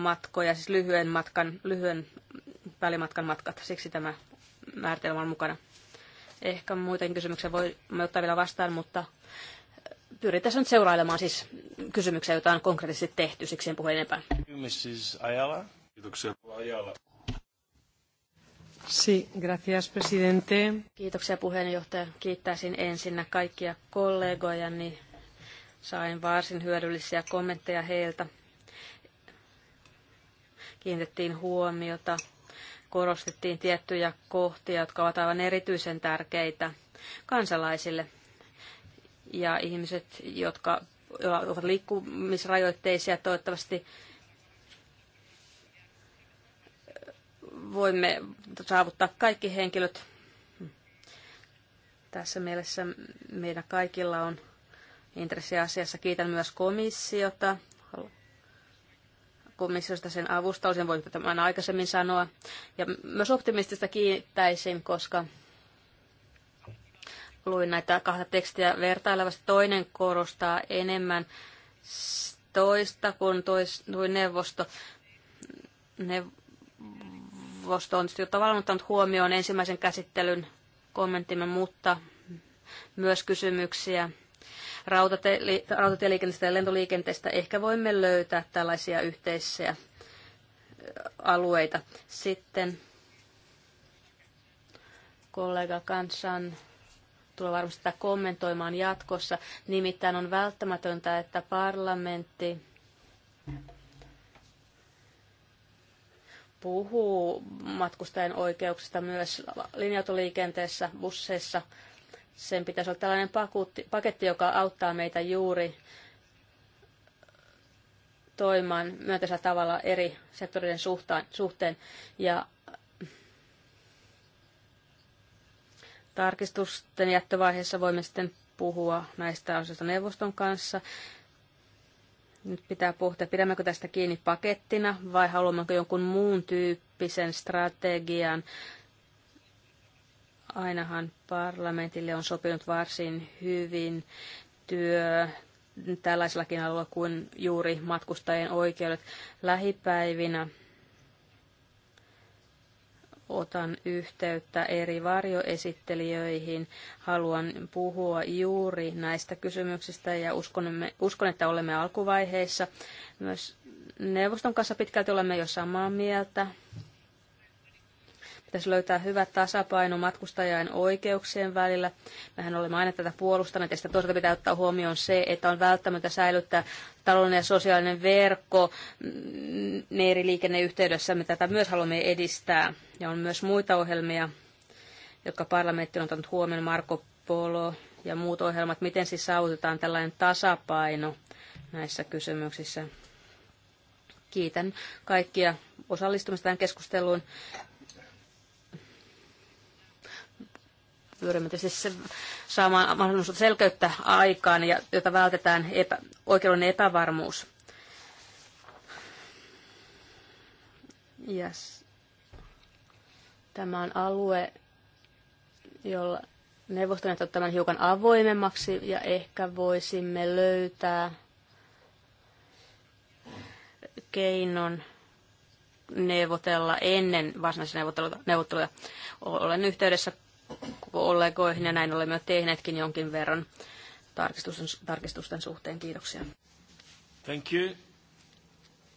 matkoja, siis lyhyen, matkan, lyhyen välimatkan matkat. Siksi tämä määritelmä on mukana. Ehkä muuten kysymyksiä voi ottaa vielä vastaan, mutta pyritään nyt seurailemaan siis kysymyksiä, joita on konkreettisesti tehty, siksi en puhu enempää. Mrs. Ayala. Kiitoksia. Ayala. Sí, gracias, presidente. Kiitoksia puheenjohtaja. Kiittäisin ensinnä kaikkia kollegojani. Niin sain varsin hyödyllisiä kommentteja heiltä kiinnitettiin huomiota, korostettiin tiettyjä kohtia, jotka ovat aivan erityisen tärkeitä kansalaisille ja ihmiset, jotka ovat liikkumisrajoitteisia, toivottavasti voimme saavuttaa kaikki henkilöt. Tässä mielessä meidän kaikilla on intressi asiassa. Kiitän myös komissiota komissiosta sen avusta, olisin voinut tämän aikaisemmin sanoa. Ja myös optimistista kiittäisin, koska luin näitä kahta tekstiä vertailevasti. Toinen korostaa enemmän toista kuin tois, kuin neuvosto. Neuvosto on jo tavallaan ottanut huomioon ensimmäisen käsittelyn kommenttimme, mutta myös kysymyksiä rautatieliikenteestä ja lentoliikenteestä, ehkä voimme löytää tällaisia yhteisiä alueita. Sitten kollega Kansan tulee varmasti sitä kommentoimaan jatkossa. Nimittäin on välttämätöntä, että parlamentti puhuu matkustajien oikeuksista myös linjautoliikenteessä, busseissa – sen pitäisi olla tällainen pakutti, paketti, joka auttaa meitä juuri toimimaan myönteisellä tavalla eri sektoreiden suhtaan, suhteen. Ja tarkistusten jättövaiheessa voimme sitten puhua näistä asioista neuvoston kanssa. Nyt pitää pohtia, pidämmekö tästä kiinni pakettina vai haluammeko jonkun muun tyyppisen strategian Ainahan parlamentille on sopinut varsin hyvin työ tällaisellakin alueella kuin juuri matkustajien oikeudet lähipäivinä. Otan yhteyttä eri varjoesittelijöihin. Haluan puhua juuri näistä kysymyksistä ja uskon, uskon että olemme alkuvaiheessa. Myös neuvoston kanssa pitkälti olemme jo samaa mieltä Pitäisi löytää hyvä tasapaino matkustajien oikeuksien välillä. Mehän olemme aina tätä puolustaneet ja sitä toisaalta pitää ottaa huomioon se, että on välttämättä säilyttää taloudellinen ja sosiaalinen verkko mm, ne eri liikenneyhteydessä. Me tätä myös haluamme edistää ja on myös muita ohjelmia, jotka parlamentti on ottanut huomioon, Marko Polo ja muut ohjelmat, miten siis saavutetaan tällainen tasapaino näissä kysymyksissä. Kiitän kaikkia osallistumista tähän keskusteluun. pyrimme tietysti saamaan mahdollisuutta selkeyttä aikaan, ja, jota vältetään epä, oikeudellinen epävarmuus. Yes. Tämä on alue, jolla neuvoston tämän hiukan avoimemmaksi ja ehkä voisimme löytää keinon neuvotella ennen varsinaisia neuvotteluja. Olen yhteydessä kollegoihin ja näin olemme jo tehneetkin jonkin verran tarkistusten suhteen. Kiitoksia. Thank you.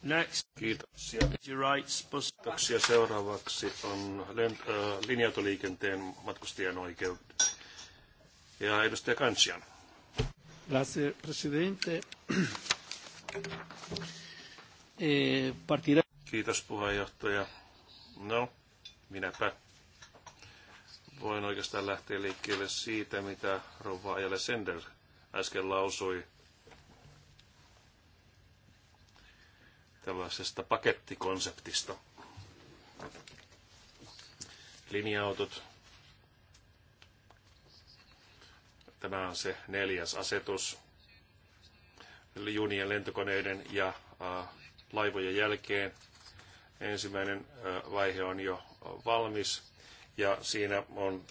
Next. Kiitoksia. Kiitoksia. Seuraavaksi on linjautoliikenteen matkustajan matkustajien oikeudet. Ja edustaja Kansian. Grazie, presidente. Eh, Kiitos puheenjohtaja. No, minäpä voin oikeastaan lähteä liikkeelle siitä, mitä Rova Ajale Sender äsken lausui tällaisesta pakettikonseptista. Linja-autot. Tämä on se neljäs asetus. Junien, lentokoneiden ja äh, laivojen jälkeen. Ensimmäinen äh, vaihe on jo valmis ja siinä on,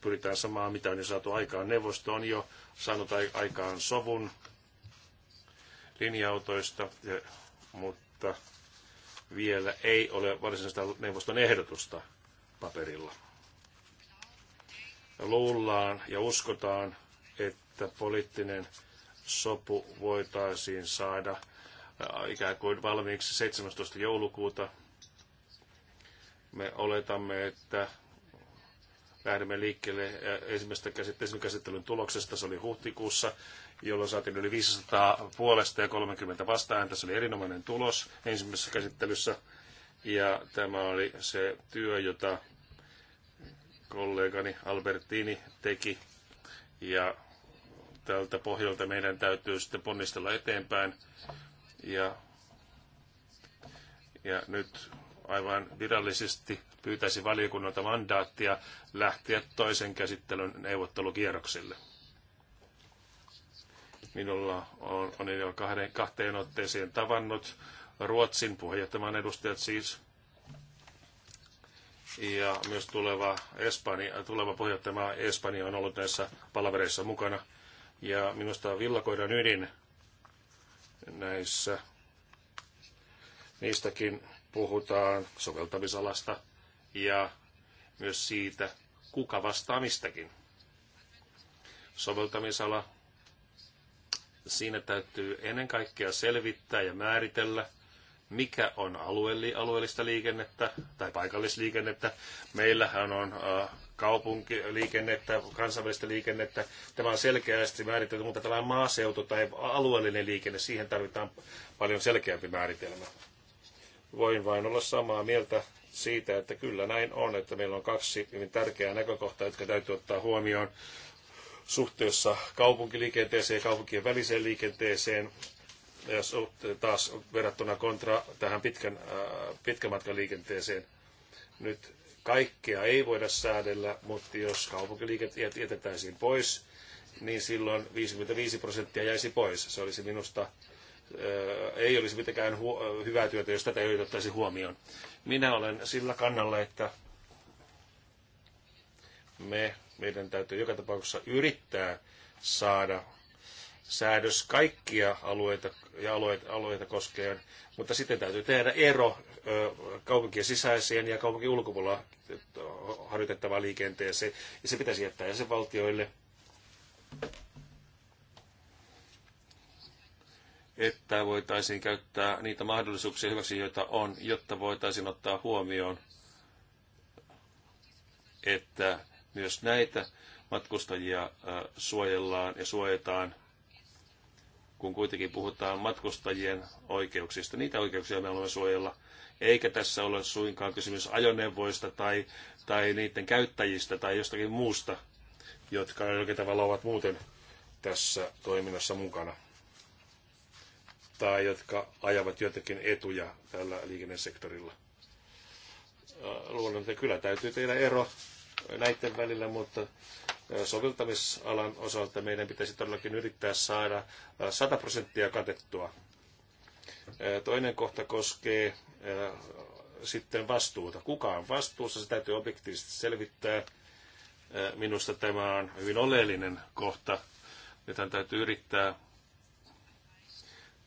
pyritään samaa, mitä on jo saatu aikaan. Neuvosto on jo saanut aikaan sovun linja-autoista, mutta vielä ei ole varsinaista neuvoston ehdotusta paperilla. Luullaan ja uskotaan, että poliittinen sopu voitaisiin saada ikään kuin valmiiksi 17. joulukuuta me oletamme, että lähdemme liikkeelle ensimmäisestä käsittelyn, käsittelyn tuloksesta. Se oli huhtikuussa, jolloin saatiin yli 500 puolesta ja 30 vastaan. tässä oli erinomainen tulos ensimmäisessä käsittelyssä. Ja tämä oli se työ, jota kollegani Albertini teki. Ja tältä pohjalta meidän täytyy sitten ponnistella eteenpäin. Ja, ja nyt aivan virallisesti pyytäisi valiokunnalta mandaattia lähteä toisen käsittelyn neuvottelukierrokselle. Minulla on, on jo kahden, kahteen otteeseen tavannut Ruotsin puheenjohtajan edustajat siis, ja myös tuleva, Espanja, tuleva puheenjohtaja Espanja on ollut näissä palavereissa mukana. Ja minusta villakoidan ydin näissä niistäkin puhutaan soveltamisalasta ja myös siitä, kuka vastaa mistäkin. Soveltamisala, siinä täytyy ennen kaikkea selvittää ja määritellä, mikä on alueelli, alueellista liikennettä tai paikallisliikennettä. Meillähän on äh, kaupunkiliikennettä, kansainvälistä liikennettä. Tämä on selkeästi määritelty, mutta tällainen maaseutu tai alueellinen liikenne, siihen tarvitaan paljon selkeämpi määritelmä voin vain olla samaa mieltä siitä, että kyllä näin on, että meillä on kaksi hyvin tärkeää näkökohtaa, jotka täytyy ottaa huomioon suhteessa kaupunkiliikenteeseen ja kaupunkien väliseen liikenteeseen ja taas verrattuna kontra tähän pitkän, äh, pitkän matkan liikenteeseen. Nyt kaikkea ei voida säädellä, mutta jos kaupunkiliikenteet jätettäisiin pois, niin silloin 55 prosenttia jäisi pois. Se olisi minusta ei olisi mitenkään hyvää työtä, jos tätä ei otettaisi huomioon. Minä olen sillä kannalla, että me, meidän täytyy joka tapauksessa yrittää saada säädös kaikkia alueita ja alueita, alueita koskeen, mutta sitten täytyy tehdä ero kaupunkien sisäiseen ja kaupunkien ulkopuolella harjoitettavaan liikenteeseen, ja se pitäisi jättää jäsenvaltioille – että voitaisiin käyttää niitä mahdollisuuksia hyväksi, joita on, jotta voitaisiin ottaa huomioon, että myös näitä matkustajia äh, suojellaan ja suojataan, kun kuitenkin puhutaan matkustajien oikeuksista. Niitä oikeuksia me haluamme suojella, eikä tässä ole suinkaan kysymys ajoneuvoista tai, tai niiden käyttäjistä tai jostakin muusta, jotka jollakin tavalla ovat muuten tässä toiminnassa mukana tai jotka ajavat jotakin etuja tällä liikennesektorilla. Luulen, että kyllä täytyy tehdä ero näiden välillä, mutta soveltamisalan osalta meidän pitäisi todellakin yrittää saada 100 prosenttia katettua. Toinen kohta koskee sitten vastuuta. Kuka on vastuussa, se täytyy objektiivisesti selvittää. Minusta tämä on hyvin oleellinen kohta. jota täytyy yrittää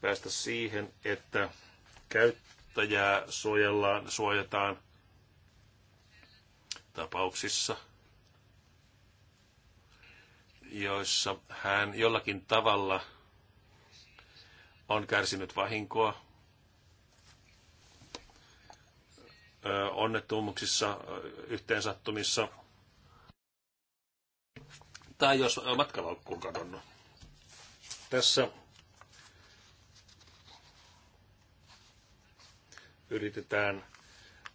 päästä siihen, että käyttäjää suojellaan, suojataan tapauksissa, joissa hän jollakin tavalla on kärsinyt vahinkoa, onnettomuuksissa, yhteensattumissa tai jos matkalaukku on kadonnut. Tässä yritetään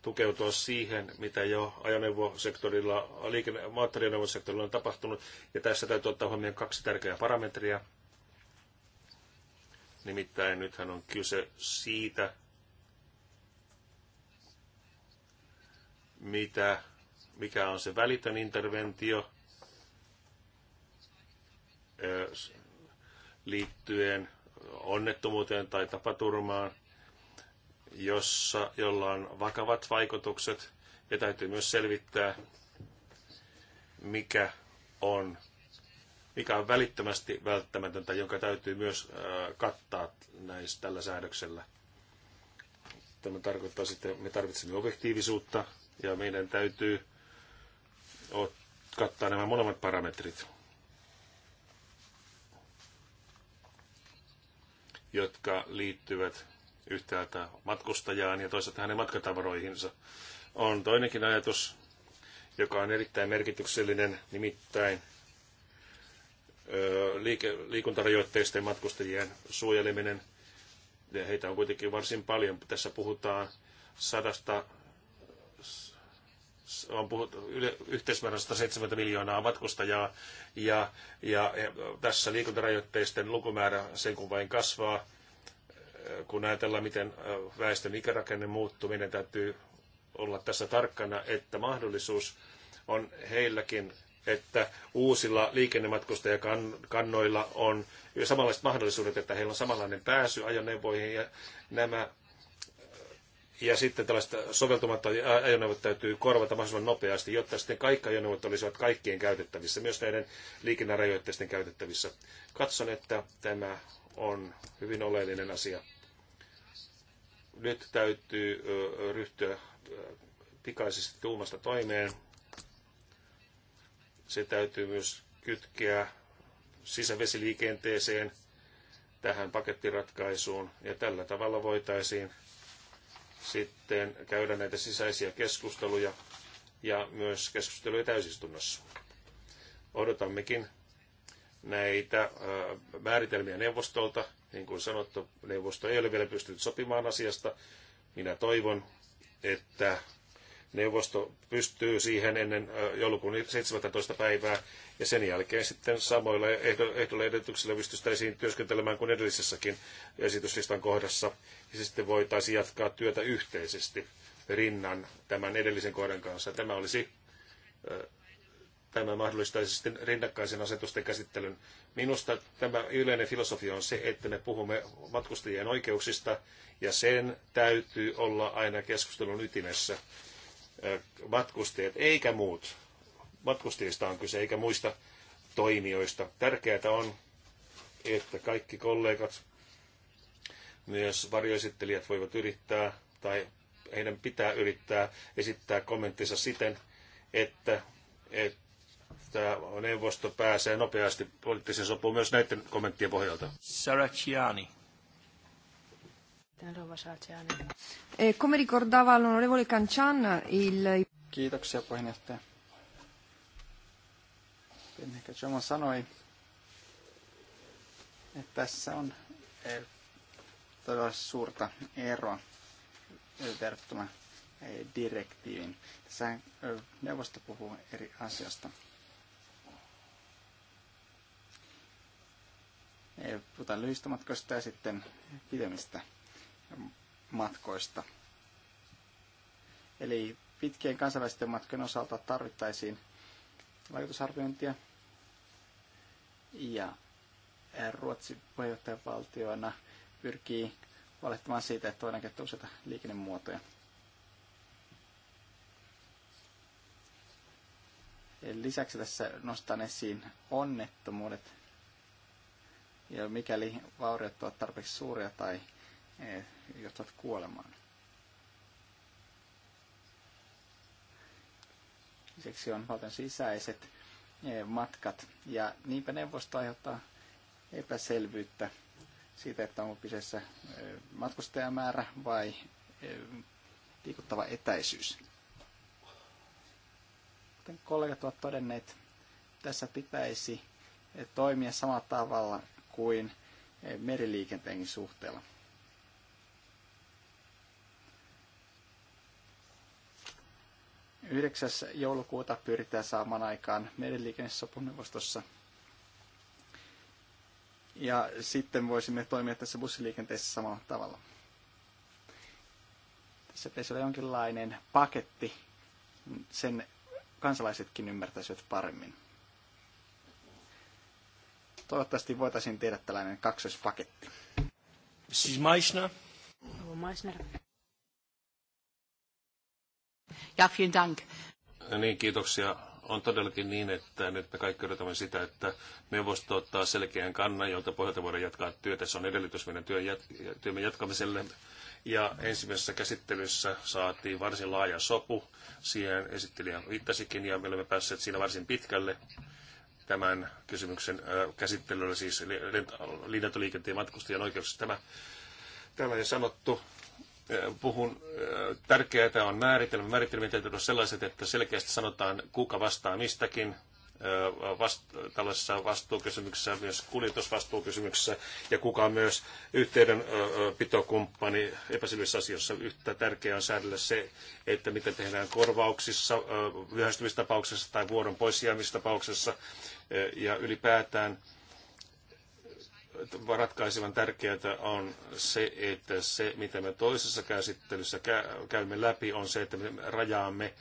tukeutua siihen, mitä jo ajoneuvosektorilla, moottoriajoneuvosektorilla on tapahtunut. Ja tässä täytyy ottaa huomioon kaksi tärkeää parametria. Nimittäin nythän on kyse siitä, mitä, mikä on se välitön interventio liittyen onnettomuuteen tai tapaturmaan – jossa, jolla on vakavat vaikutukset ja täytyy myös selvittää, mikä on, mikä on välittömästi välttämätöntä, jonka täytyy myös äh, kattaa näistä tällä säädöksellä. Tämä tarkoittaa sitten, että me tarvitsemme objektiivisuutta ja meidän täytyy kattaa nämä molemmat parametrit, jotka liittyvät yhtäältä matkustajaan ja toisaalta hänen matkatavaroihinsa. On toinenkin ajatus, joka on erittäin merkityksellinen, nimittäin liike, liikuntarajoitteisten matkustajien suojeleminen. Ja heitä on kuitenkin varsin paljon. Tässä puhutaan sadasta, on puhuttu yhteismäärä 170 miljoonaa matkustajaa ja, ja, ja tässä liikuntarajoitteisten lukumäärä sen kun vain kasvaa kun ajatellaan, miten väestön ikärakenne muuttuu, meidän täytyy olla tässä tarkkana, että mahdollisuus on heilläkin, että uusilla liikennematkustajakannoilla on samanlaiset mahdollisuudet, että heillä on samanlainen pääsy ajoneuvoihin ja nämä ja sitten tällaista soveltumatta ajoneuvot täytyy korvata mahdollisimman nopeasti, jotta sitten kaikki ajoneuvot olisivat kaikkien käytettävissä, myös näiden liikennerajoitteisten käytettävissä. Katson, että tämä on hyvin oleellinen asia nyt täytyy ryhtyä pikaisesti tuumasta toimeen. Se täytyy myös kytkeä sisävesiliikenteeseen, tähän pakettiratkaisuun, ja tällä tavalla voitaisiin sitten käydä näitä sisäisiä keskusteluja ja myös keskusteluja täysistunnossa. Odotammekin näitä määritelmiä neuvostolta, niin kuin sanottu, neuvosto ei ole vielä pystynyt sopimaan asiasta. Minä toivon, että neuvosto pystyy siihen ennen joulukuun 17. päivää ja sen jälkeen sitten samoilla ehdolla edellytyksillä pystyttäisiin työskentelemään kuin edellisessäkin esityslistan kohdassa ja sitten voitaisiin jatkaa työtä yhteisesti rinnan tämän edellisen kohdan kanssa. Tämä olisi tämä mahdollistaisi sitten rinnakkaisen asetusten käsittelyn. Minusta tämä yleinen filosofia on se, että me puhumme matkustajien oikeuksista ja sen täytyy olla aina keskustelun ytimessä matkustajat eikä muut. Matkustajista on kyse eikä muista toimijoista. Tärkeää on, että kaikki kollegat, myös varjoesittelijät voivat yrittää tai heidän pitää yrittää esittää kommenttinsa siten, että, että että neuvosto pääsee nopeasti poliittiseen sopuun myös näiden kommenttien pohjalta. Saraciani. Eh, come ricordava l'onorevole Cancian, il... Kiitoksia puheenjohtaja. Pennekä niin, Jomo sanoi, että tässä on eh, todella suurta eroa verrattuna eh, direktiivin. Tässä neuvosto puhuu eri asiasta. puhutaan lyhyistä matkoista ja sitten pidemmistä matkoista. Eli pitkien kansainvälisten matkojen osalta tarvittaisiin vaikutusarviointia. Ja Ruotsi puheenjohtajavaltioina pyrkii huolehtimaan siitä, että voidaan käyttää useita liikennemuotoja. Lisäksi tässä nostan esiin onnettomuudet ja mikäli vauriot ovat tarpeeksi suuria tai e, johtavat kuolemaan. Lisäksi on valtion sisäiset e, matkat. Ja niinpä neuvosto aiheuttaa epäselvyyttä siitä, että onko kyseessä e, matkustajamäärä vai liikuttava etäisyys. Kuten kollegat ovat todenneet, tässä pitäisi toimia samalla tavalla kuin meriliikenteenkin suhteella. Yhdeksäs joulukuuta pyritään saamaan aikaan meriliikennesopuneuvostossa. Ja sitten voisimme toimia tässä bussiliikenteessä samalla tavalla. Tässä pitäisi olla jonkinlainen paketti, sen kansalaisetkin ymmärtäisivät paremmin toivottavasti voitaisiin tehdä tällainen kaksoispaketti. Siis Maisner. Maisner. Ja, vielen Dank. niin, kiitoksia. On todellakin niin, että nyt me kaikki odotamme sitä, että neuvosto ottaa selkeän kannan, jolta pohjalta voidaan jatkaa työtä. Se on edellytys meidän työn jat- työmme jatkamiselle. Ja ensimmäisessä käsittelyssä saatiin varsin laaja sopu. Siihen esittelijä viittasikin ja me olemme päässeet siinä varsin pitkälle tämän kysymyksen käsittelyllä, siis linjatoliikenteen matkustajan oikeuksista. Tämä, tämä jo sanottu, puhun, tärkeää on määritelmä. Määritelmien täytyy olla sellaiset, että selkeästi sanotaan, kuka vastaa mistäkin, vastu- tällaisessa vastuukysymyksessä, myös kuljetusvastuukysymyksessä, ja kuka myös yhteydenpitokumppani epäselvissä asioissa. Yhtä tärkeää on säädellä se, että mitä tehdään korvauksissa, myöhästymistapauksessa tai vuoron poisjäämistapauksessa, ja ylipäätään ratkaisevan tärkeää on se, että se, mitä me toisessa käsittelyssä käymme läpi, on se, että me rajaamme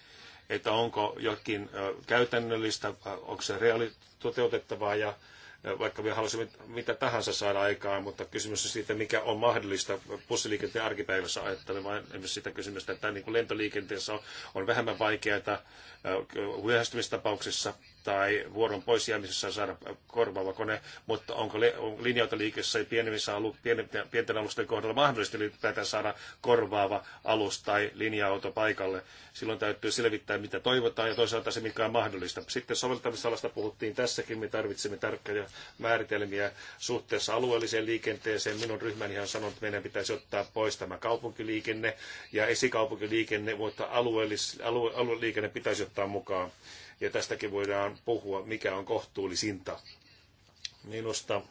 että onko jokin käytännöllistä, onko se reaali toteutettavaa ja vaikka me haluaisimme mitä tahansa saada aikaan, mutta kysymys on siitä, mikä on mahdollista bussiliikenteen arkipäivässä ajattelen, vaan sitä kysymystä, että niin kuin lentoliikenteessä on, on vähemmän vaikeaa myöhästymistapauksissa, tai vuoron pois jäämisessä saada korvaava kone, mutta onko linja-autoliikessä pienemmissä alu, pienten, alusten kohdalla mahdollista ylipäätään saada korvaava alus tai linja-auto paikalle. Silloin täytyy selvittää, mitä toivotaan ja toisaalta se, mikä on mahdollista. Sitten soveltamisalasta puhuttiin tässäkin, me tarvitsemme tarkkoja määritelmiä suhteessa alueelliseen liikenteeseen. Minun ryhmäni on sanonut, että meidän pitäisi ottaa pois tämä kaupunkiliikenne ja esikaupunkiliikenne, mutta alueellis, alue, alueliikenne pitäisi ottaa mukaan ja tästäkin voidaan puhua, mikä on kohtuullisinta. Minusta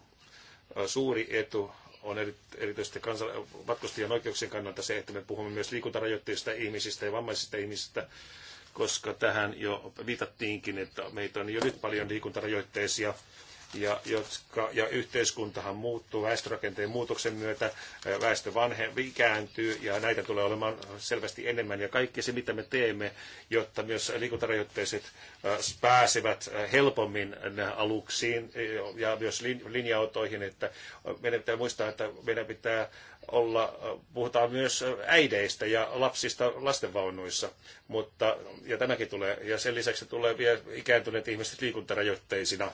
suuri etu on erityisesti kansa- matkustajien oikeuksien kannalta se, että me puhumme myös liikuntarajoitteista ihmisistä ja vammaisista ihmisistä, koska tähän jo viitattiinkin, että meitä on jo nyt paljon liikuntarajoitteisia ja, jotka, ja yhteiskuntahan muuttuu väestörakenteen muutoksen myötä, väestö vanhe, ikääntyy ja näitä tulee olemaan selvästi enemmän. Ja kaikki se, mitä me teemme, jotta myös liikuntarajoitteiset pääsevät helpommin aluksiin ja myös linja-autoihin, että meidän pitää muistaa, että meidän pitää olla, puhutaan myös äideistä ja lapsista lastenvaunuissa, mutta, ja tämäkin tulee, ja sen lisäksi tulee vielä ikääntyneet ihmiset liikuntarajoitteisina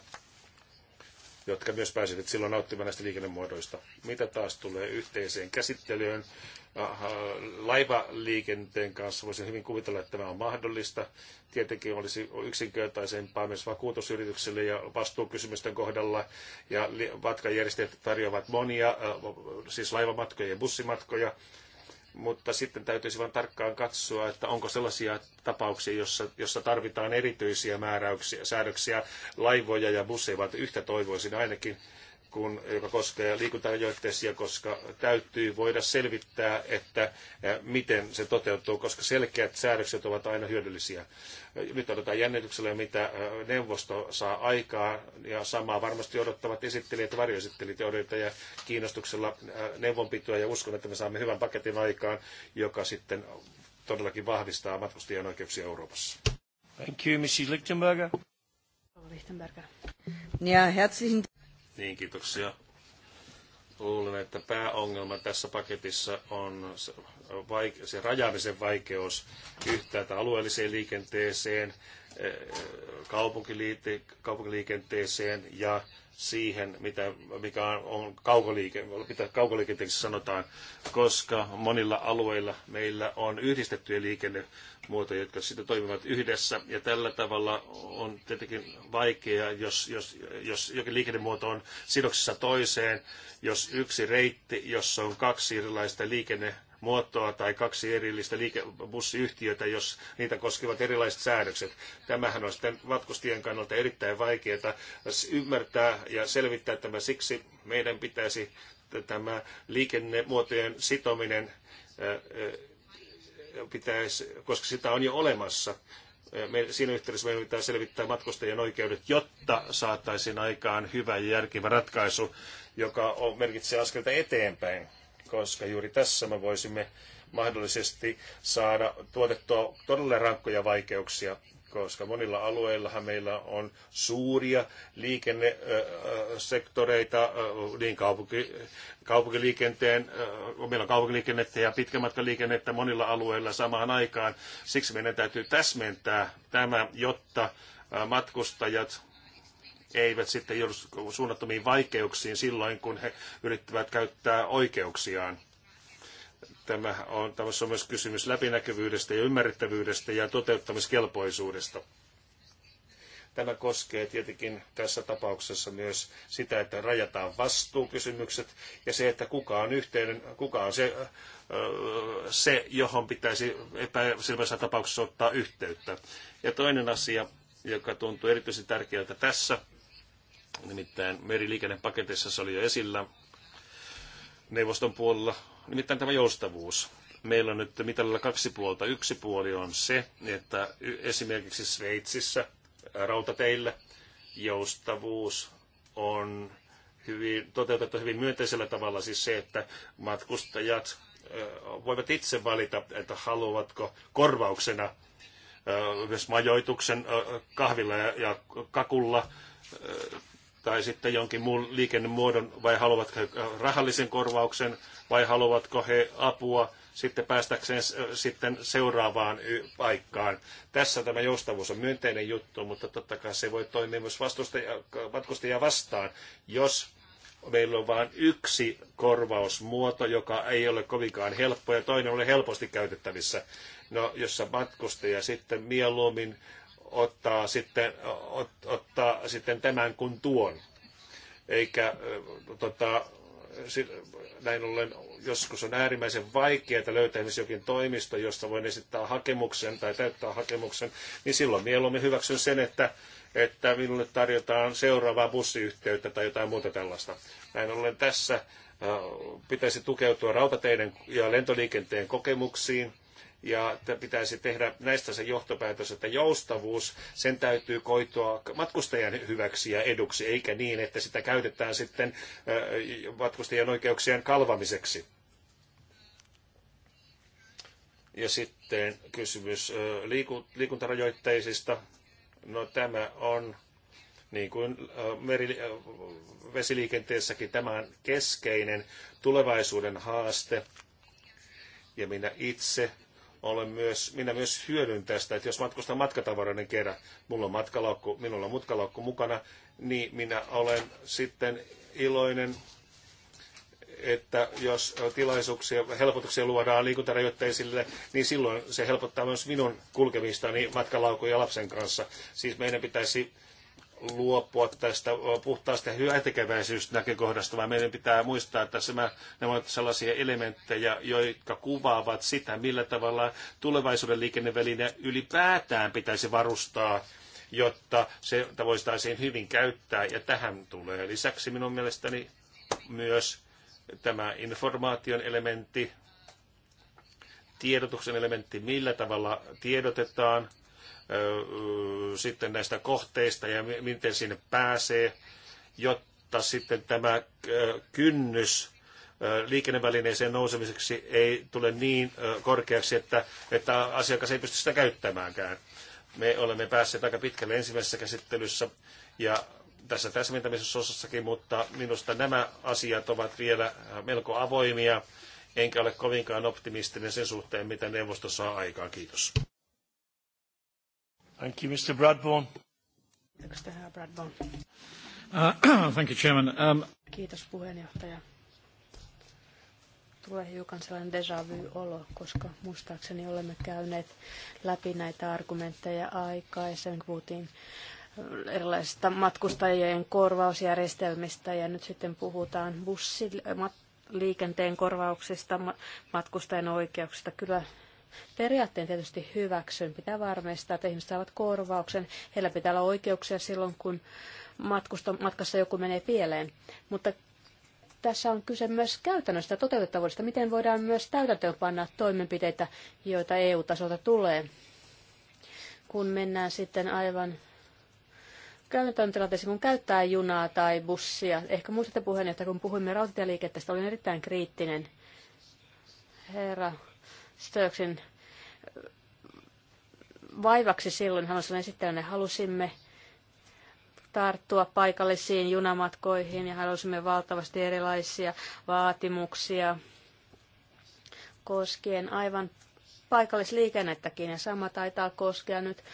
jotka myös pääsivät silloin nauttimaan näistä liikennemuodoista. Mitä taas tulee yhteiseen käsittelyyn laivaliikenteen kanssa, voisin hyvin kuvitella, että tämä on mahdollista. Tietenkin olisi yksinkertaisempaa myös vakuutusyrityksille ja vastuukysymysten kohdalla. Ja matkajärjestäjät tarjoavat monia, äh, siis laivamatkoja ja bussimatkoja mutta sitten täytyisi vain tarkkaan katsoa, että onko sellaisia tapauksia, jossa, jossa tarvitaan erityisiä määräyksiä, säädöksiä, laivoja ja busseja, vaan yhtä toivoisin ainakin, kun, joka koskee liikuntarajoitteisia, koska täytyy voida selvittää, että eh, miten se toteutuu, koska selkeät säädökset ovat aina hyödyllisiä. Nyt odotetaan jännityksellä, mitä eh, neuvosto saa aikaa, ja samaa varmasti odottavat esittelijät ja varjoesittelijät ja kiinnostuksella eh, neuvonpitoa, ja uskon, että me saamme hyvän paketin aikaan, joka sitten todellakin vahvistaa matkustajien oikeuksia Euroopassa. Thank you, Mrs. Lichtenberger. Lichtenberger. Ja, herzlichen niin, kiitoksia. Luulen, että pääongelma tässä paketissa on se, vaike- se rajaamisen vaikeus yhtäältä alueelliseen liikenteeseen, eh, kaupunkiliikenteeseen ja siihen, mitä, mikä on kaukoliike, mitä kaukoliikenteeksi sanotaan, koska monilla alueilla meillä on yhdistettyjä liikennemuotoja, jotka sitä toimivat yhdessä. Ja tällä tavalla on tietenkin vaikeaa, jos, jos, jos jokin liikennemuoto on sidoksissa toiseen, jos yksi reitti, jossa on kaksi erilaista liikenne muotoa tai kaksi erillistä liikebussiyhtiötä, jos niitä koskevat erilaiset säädökset. Tämähän on sitten matkustien kannalta erittäin vaikeaa ymmärtää ja selvittää tämä. Siksi meidän pitäisi tämä liikennemuotojen sitominen pitäisi, koska sitä on jo olemassa, siinä yhteydessä meidän pitää selvittää matkustajien oikeudet, jotta saataisiin aikaan hyvä ja järkevä ratkaisu, joka on, merkitsee askelta eteenpäin koska juuri tässä me voisimme mahdollisesti saada tuotettua todella rankkoja vaikeuksia, koska monilla alueillahan meillä on suuria liikennesektoreita, niin kaupunki, kaupunkiliikenteen, meillä on kaupunkiliikennettä ja pitkämatkaliikennettä monilla alueilla samaan aikaan. Siksi meidän täytyy täsmentää tämä, jotta matkustajat eivät sitten joudu suunnattomiin vaikeuksiin silloin, kun he yrittävät käyttää oikeuksiaan. Tämä on, tämä on myös kysymys läpinäkyvyydestä ja ymmärrettävyydestä ja toteuttamiskelpoisuudesta. Tämä koskee tietenkin tässä tapauksessa myös sitä, että rajataan vastuukysymykset ja se, että kuka on yhteinen, kuka on se, se johon pitäisi epäselvässä tapauksessa ottaa yhteyttä. Ja toinen asia, joka tuntuu erityisen tärkeältä tässä, Nimittäin meriliikennepaketissa se oli jo esillä neuvoston puolella, nimittäin tämä joustavuus. Meillä on nyt mitalla kaksi puolta. Yksi puoli on se, että esimerkiksi Sveitsissä rautateillä joustavuus on hyvin, toteutettu hyvin myönteisellä tavalla, siis se, että matkustajat voivat itse valita, että haluavatko korvauksena myös majoituksen kahvilla ja kakulla tai sitten jonkin muun liikennemuodon, vai haluavatko he äh, rahallisen korvauksen, vai haluavatko he apua sitten päästäkseen äh, sitten seuraavaan paikkaan. Tässä tämä joustavuus on myönteinen juttu, mutta totta kai se voi toimia myös matkustajia vastaan, jos meillä on vain yksi korvausmuoto, joka ei ole kovinkaan helppo ja toinen ole helposti käytettävissä, no, jossa matkustaja sitten mieluummin ottaa sitten, ot, ottaa sitten tämän kuin tuon. Eikä tota, näin ollen joskus on äärimmäisen vaikeaa löytää esimerkiksi jokin toimisto, josta voin esittää hakemuksen tai täyttää hakemuksen, niin silloin mieluummin hyväksyn sen, että, että minulle tarjotaan seuraavaa bussiyhteyttä tai jotain muuta tällaista. Näin ollen tässä pitäisi tukeutua rautateiden ja lentoliikenteen kokemuksiin, ja pitäisi tehdä näistä se johtopäätös, että joustavuus, sen täytyy koitua matkustajan hyväksi ja eduksi, eikä niin, että sitä käytetään sitten matkustajien oikeuksien kalvamiseksi. Ja sitten kysymys liikuntarajoitteisista. No tämä on, niin kuin meri, vesiliikenteessäkin, tämä on keskeinen tulevaisuuden haaste. Ja minä itse olen myös, minä myös hyödyn tästä, että jos matkustan matkatavaroiden kerran, mulla on matkalaukku, minulla on mutkalaukku mukana, niin minä olen sitten iloinen, että jos tilaisuuksia, helpotuksia luodaan liikuntarajoitteisille, niin silloin se helpottaa myös minun kulkemistani ja lapsen kanssa. Siis meidän pitäisi luopua tästä puhtaasta hyötykäväisyysnäkökohdasta, vaan meidän pitää muistaa, että nämä, ne ovat sellaisia elementtejä, jotka kuvaavat sitä, millä tavalla tulevaisuuden liikenneväline ylipäätään pitäisi varustaa jotta se voitaisiin hyvin käyttää. Ja tähän tulee lisäksi minun mielestäni myös tämä informaation elementti, tiedotuksen elementti, millä tavalla tiedotetaan sitten näistä kohteista ja miten sinne pääsee, jotta sitten tämä kynnys liikennevälineeseen nousemiseksi ei tule niin korkeaksi, että, että asiakas ei pysty sitä käyttämäänkään. Me olemme päässeet aika pitkälle ensimmäisessä käsittelyssä ja tässä täsmentämisessä osassakin, mutta minusta nämä asiat ovat vielä melko avoimia, enkä ole kovinkaan optimistinen sen suhteen, mitä neuvosto saa aikaan. Kiitos. Thank you, Mr. Bradbourne. Kiitos, Bradbourne. Uh, [CLEARS THROAT] thank you, Chairman. Um... Kiitos, puheenjohtaja. Tulee hiukan sellainen deja vu-olo, koska muistaakseni olemme käyneet läpi näitä argumentteja aikaisemmin, puhuttiin äh, erilaisista matkustajien korvausjärjestelmistä ja nyt sitten puhutaan bussiliikenteen korvauksista, matkustajan oikeuksista. Kyllä Periaatteen tietysti hyväksyn. Pitää varmistaa, että ihmiset saavat korvauksen. Heillä pitää olla oikeuksia silloin, kun matkusta, matkassa joku menee pieleen. Mutta tässä on kyse myös käytännöstä toteutettavuudesta. Miten voidaan myös täytäntöönpanna toimenpiteitä, joita EU-tasolta tulee, kun mennään sitten aivan käytännön tilanteessa, kun käyttää junaa tai bussia. Ehkä muistatte puheenjohtaja, kun puhuimme rautatieliikenteestä, olin erittäin kriittinen. Herra Stööksin vaivaksi silloin, hän on esittäjänä, halusimme tarttua paikallisiin junamatkoihin ja halusimme valtavasti erilaisia vaatimuksia koskien aivan paikallisliikennettäkin ja sama taitaa koskea nyt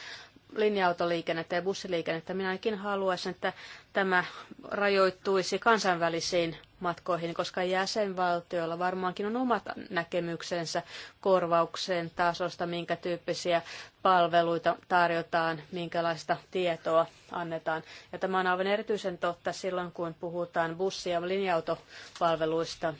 linja-autoliikennettä ja bussiliikennettä. Minäkin haluaisin, että tämä rajoittuisi kansainvälisiin matkoihin, koska jäsenvaltioilla varmaankin on omat näkemyksensä korvauksen tasosta, minkä tyyppisiä palveluita tarjotaan, minkälaista tietoa annetaan. Ja tämä on aivan erityisen totta silloin, kun puhutaan bussi- ja linja-autopalveluista.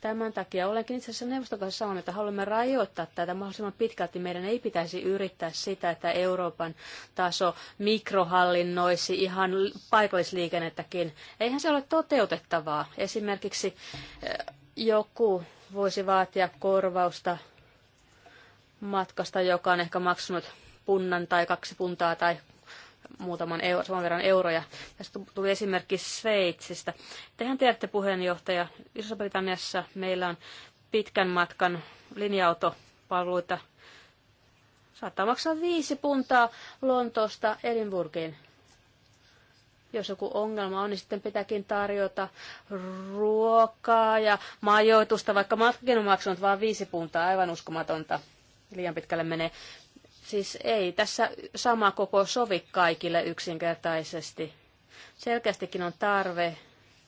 Tämän takia olenkin itse asiassa neuvoston kanssa sanonut, että haluamme rajoittaa tätä mahdollisimman pitkälti. Meidän ei pitäisi yrittää sitä, että Euroopan taso mikrohallinnoisi ihan paikallisliikennettäkin. Eihän se ole toteutettavaa. Esimerkiksi eh, joku voisi vaatia korvausta matkasta, joka on ehkä maksanut punnan tai kaksi puntaa tai muutaman euro, saman verran euroja. Tästä tuli esimerkki Sveitsistä. Tehän tiedätte puheenjohtaja, Iso-Britanniassa meillä on pitkän matkan linja-autopalveluita. Saattaa maksaa viisi puntaa Lontoosta Edinburghiin. Jos joku ongelma on, niin sitten pitääkin tarjota ruokaa ja majoitusta, vaikka matkakin on maksanut vain viisi puntaa, aivan uskomatonta liian pitkälle menee. Siis ei tässä sama koko sovi kaikille yksinkertaisesti. Selkeästikin on tarve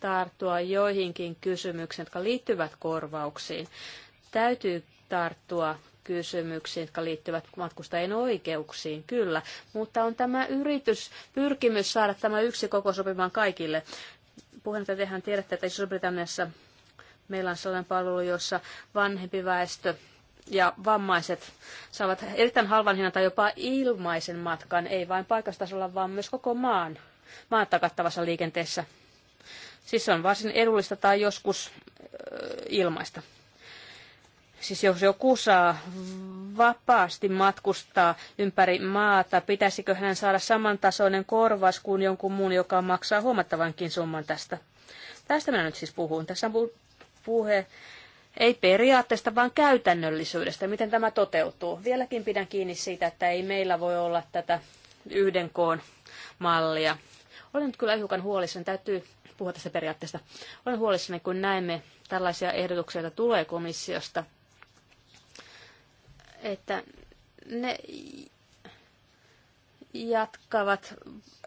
tarttua joihinkin kysymyksiin, jotka liittyvät korvauksiin. Täytyy tarttua kysymyksiin, jotka liittyvät matkustajien oikeuksiin, kyllä. Mutta on tämä yritys, pyrkimys saada tämä yksi koko sopimaan kaikille. Puheenjohtaja, tehän tiedätte, että iso meillä on sellainen palvelu, jossa vanhempi väestö ja vammaiset saavat erittäin halvan hinnan tai jopa ilmaisen matkan, ei vain paikastasolla, vaan myös koko maan, maan takattavassa liikenteessä. Siis se on varsin edullista tai joskus ilmaista. Siis jos joku saa vapaasti matkustaa ympäri maata, pitäisikö hän saada samantasoinen korvas kuin jonkun muun, joka maksaa huomattavankin summan tästä? Tästä minä nyt siis puhun. Tässä on puhe ei periaatteesta, vaan käytännöllisyydestä, miten tämä toteutuu. Vieläkin pidän kiinni siitä, että ei meillä voi olla tätä yhden koon mallia. Olen nyt kyllä hiukan huolissani, täytyy puhua tästä periaatteesta. Olen huolissani, kun näemme tällaisia ehdotuksia, joita tulee komissiosta, että ne jatkavat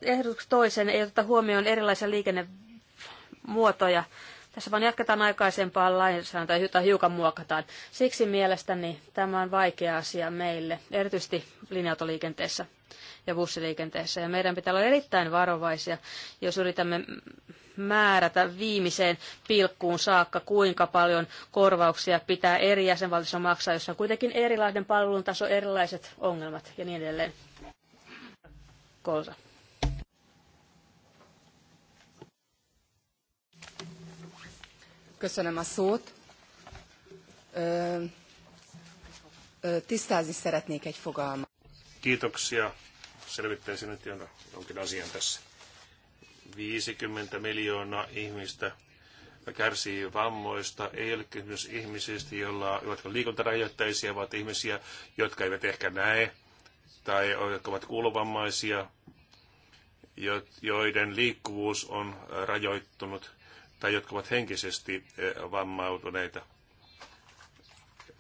ehdotukset toisen, ei oteta huomioon erilaisia liikennemuotoja tässä vaan jatketaan aikaisempaa lainsäädäntöä, jota hiukan muokataan. Siksi mielestäni tämä on vaikea asia meille, erityisesti linja-autoliikenteessä ja bussiliikenteessä. Ja meidän pitää olla erittäin varovaisia, jos yritämme määrätä viimeiseen pilkkuun saakka, kuinka paljon korvauksia pitää eri jäsenvaltioissa maksaa, jossa on kuitenkin erilainen palvelun taso, erilaiset ongelmat ja niin edelleen. Kolsa. Köszönöm a szót. Ö, ö, tisztázni szeretnék egy fogalmat. Kiitoksia. Selvittäisin nyt jonkin asian tässä. 50 miljoonaa ihmistä kärsii vammoista, ei ole kysymys ihmisistä, joilla, jotka ovat liikuntarajoitteisia, vaan ihmisiä, jotka eivät ehkä näe tai jotka ovat kuulovammaisia, joiden liikkuvuus on rajoittunut tai jotka ovat henkisesti eh, vammautuneita.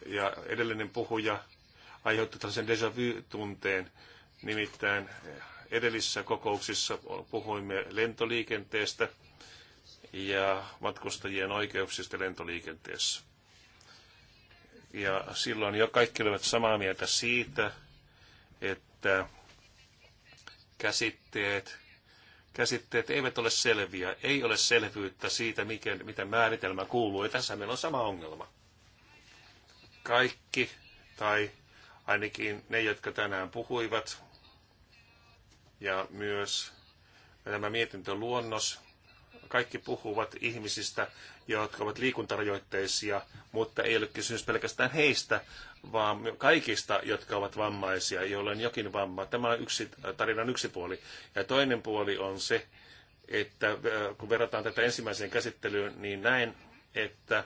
Ja edellinen puhuja aiheutti tällaisen déjà vu-tunteen, nimittäin eh, edellisissä kokouksissa puhuimme lentoliikenteestä ja matkustajien oikeuksista lentoliikenteessä. Ja silloin jo kaikki olivat samaa mieltä siitä, että käsitteet käsitteet eivät ole selviä, ei ole selvyyttä siitä, mikä, mitä määritelmä kuuluu. Ja tässä meillä on sama ongelma. Kaikki, tai ainakin ne, jotka tänään puhuivat, ja myös tämä mietintöluonnos, kaikki puhuvat ihmisistä, jotka ovat liikuntarajoitteisia, mutta ei ole kysymys pelkästään heistä, vaan kaikista, jotka ovat vammaisia, joilla on jokin vamma. Tämä on yksi, tarinan yksi puoli. Ja toinen puoli on se, että kun verrataan tätä ensimmäiseen käsittelyyn, niin näin, että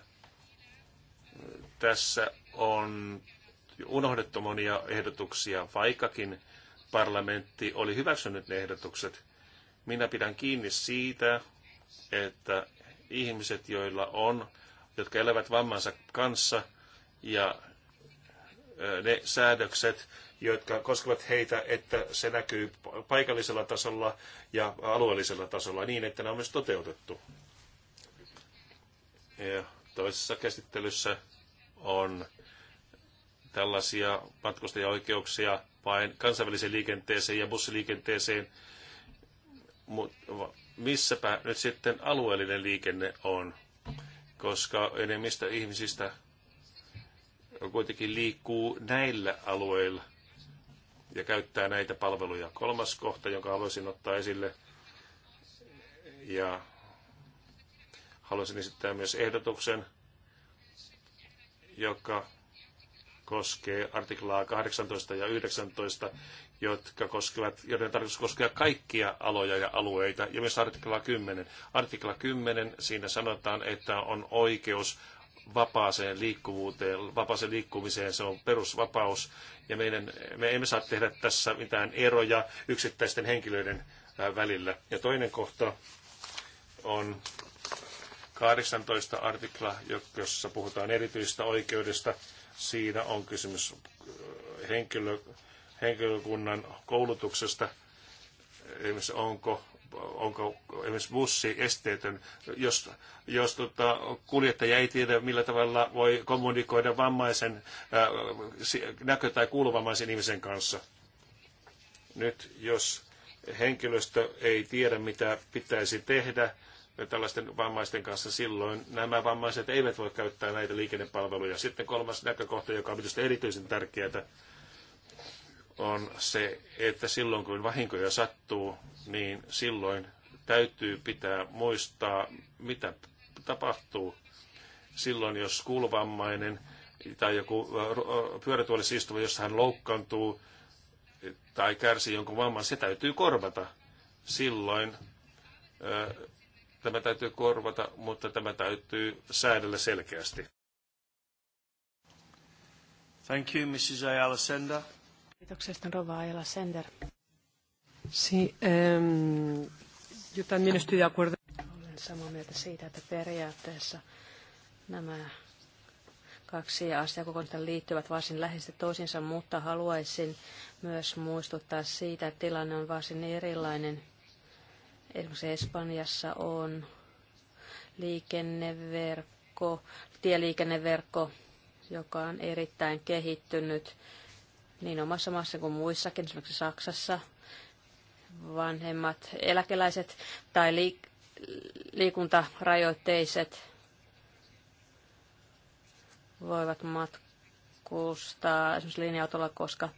tässä on unohdettu monia ehdotuksia, vaikkakin parlamentti oli hyväksynyt ne ehdotukset. Minä pidän kiinni siitä, että ihmiset, joilla on, jotka elävät vammansa kanssa ja ne säädökset, jotka koskevat heitä, että se näkyy paikallisella tasolla ja alueellisella tasolla niin, että ne on myös toteutettu. Ja toisessa käsittelyssä on tällaisia matkustajaoikeuksia vain kansainväliseen liikenteeseen ja bussiliikenteeseen, missäpä nyt sitten alueellinen liikenne on, koska enemmistö ihmisistä kuitenkin liikkuu näillä alueilla ja käyttää näitä palveluja. Kolmas kohta, jonka haluaisin ottaa esille, ja haluaisin esittää myös ehdotuksen, joka koskee artiklaa 18 ja 19, jotka koskevat, joiden tarkoitus koskea kaikkia aloja ja alueita, ja myös artikla 10. Artikla 10, siinä sanotaan, että on oikeus vapaaseen liikkuvuuteen, vapaaseen liikkumiseen, se on perusvapaus, ja meidän, me emme saa tehdä tässä mitään eroja yksittäisten henkilöiden välillä. Ja toinen kohta on 18 artikla, jossa puhutaan erityistä oikeudesta Siinä on kysymys äh, henkilö, henkilökunnan koulutuksesta, esimerkiksi onko onko esimerkiksi bussi esteetön, jos, jos tota, kuljettaja ei tiedä, millä tavalla voi kommunikoida vammaisen, ää, äh, näkö- tai kuuluvammaisen ihmisen kanssa. Nyt jos henkilöstö ei tiedä, mitä pitäisi tehdä, tällaisten vammaisten kanssa silloin. Nämä vammaiset eivät voi käyttää näitä liikennepalveluja. Sitten kolmas näkökohta, joka on minusta erityisen tärkeää, on se, että silloin kun vahinkoja sattuu, niin silloin täytyy pitää muistaa, mitä tapahtuu. Silloin, jos kuulovammainen tai joku pyörätuolissa istuva, jossa hän loukkaantuu tai kärsii jonkun vamman, se täytyy korvata. Silloin tämä täytyy korvata, mutta tämä täytyy säädellä selkeästi. Thank you, Mrs. Ayala Sender. Kiitoksesta, Rova Ayala Sender. Si, um, yo también estoy de acuerdo. Olen samaa mieltä siitä, että periaatteessa nämä kaksi asiakokonaisuutta liittyvät varsin läheisesti toisiinsa, mutta haluaisin myös muistuttaa siitä, että tilanne on varsin erilainen – Esimerkiksi Espanjassa on liikenneverkko, tieliikenneverkko, joka on erittäin kehittynyt niin omassa maassa kuin muissakin, esimerkiksi Saksassa. Vanhemmat eläkeläiset tai liik- liikuntarajoitteiset voivat matkustaa esimerkiksi linja-autolla, koska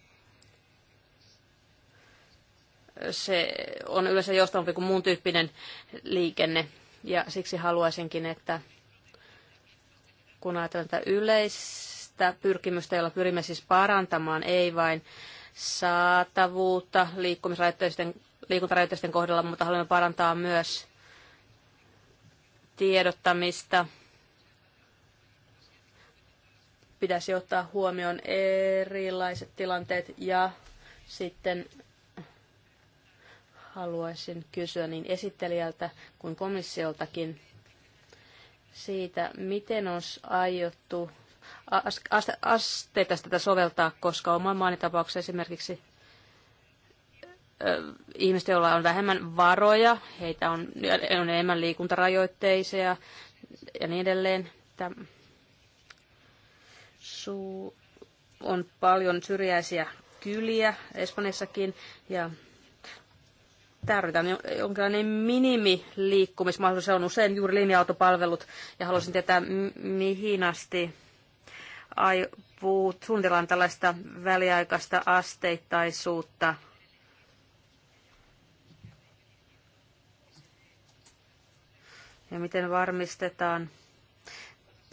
se on yleensä joustavampi kuin muun tyyppinen liikenne. Ja siksi haluaisinkin, että kun ajatellaan tätä yleistä pyrkimystä, jolla pyrimme siis parantamaan ei vain saatavuutta liikuntarajoitteisten kohdalla, mutta haluamme parantaa myös tiedottamista. Pitäisi ottaa huomioon erilaiset tilanteet ja sitten haluaisin kysyä niin esittelijältä kuin komissioltakin siitä, miten on aiottu asteita tätä soveltaa, koska oman maani tapauksessa esimerkiksi ihmiset, joilla on vähemmän varoja, heitä on, on enemmän liikuntarajoitteisia ja niin edelleen. Tämä on paljon syrjäisiä kyliä Espanjassakin ja tarvitaan niin jonkinlainen minimiliikkumismahdollisuus. Se on usein juuri linja-autopalvelut ja haluaisin tietää, mihin asti ai, puhut, suunnitellaan tällaista väliaikaista asteittaisuutta. Ja miten varmistetaan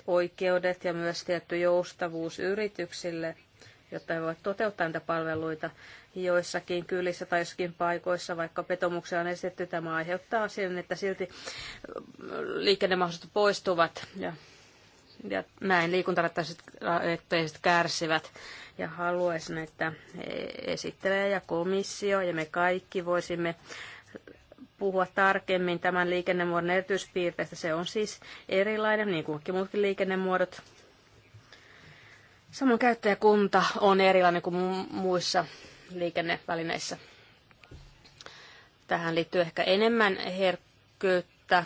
oikeudet ja myös tietty joustavuus yrityksille – jotta he voivat toteuttaa niitä palveluita joissakin kylissä tai joissakin paikoissa, vaikka petomuksia on esitetty. Tämä aiheuttaa sen, että silti liikennemahdollisuudet poistuvat ja, ja näin liikuntarattaiset kärsivät. Ja haluaisin, että esittelee ja komissio ja me kaikki voisimme puhua tarkemmin tämän liikennemuodon erityispiirteistä. Se on siis erilainen, niin kuin muutkin liikennemuodot, Samoin käyttäjäkunta on erilainen kuin muissa liikennevälineissä. Tähän liittyy ehkä enemmän herkkyyttä.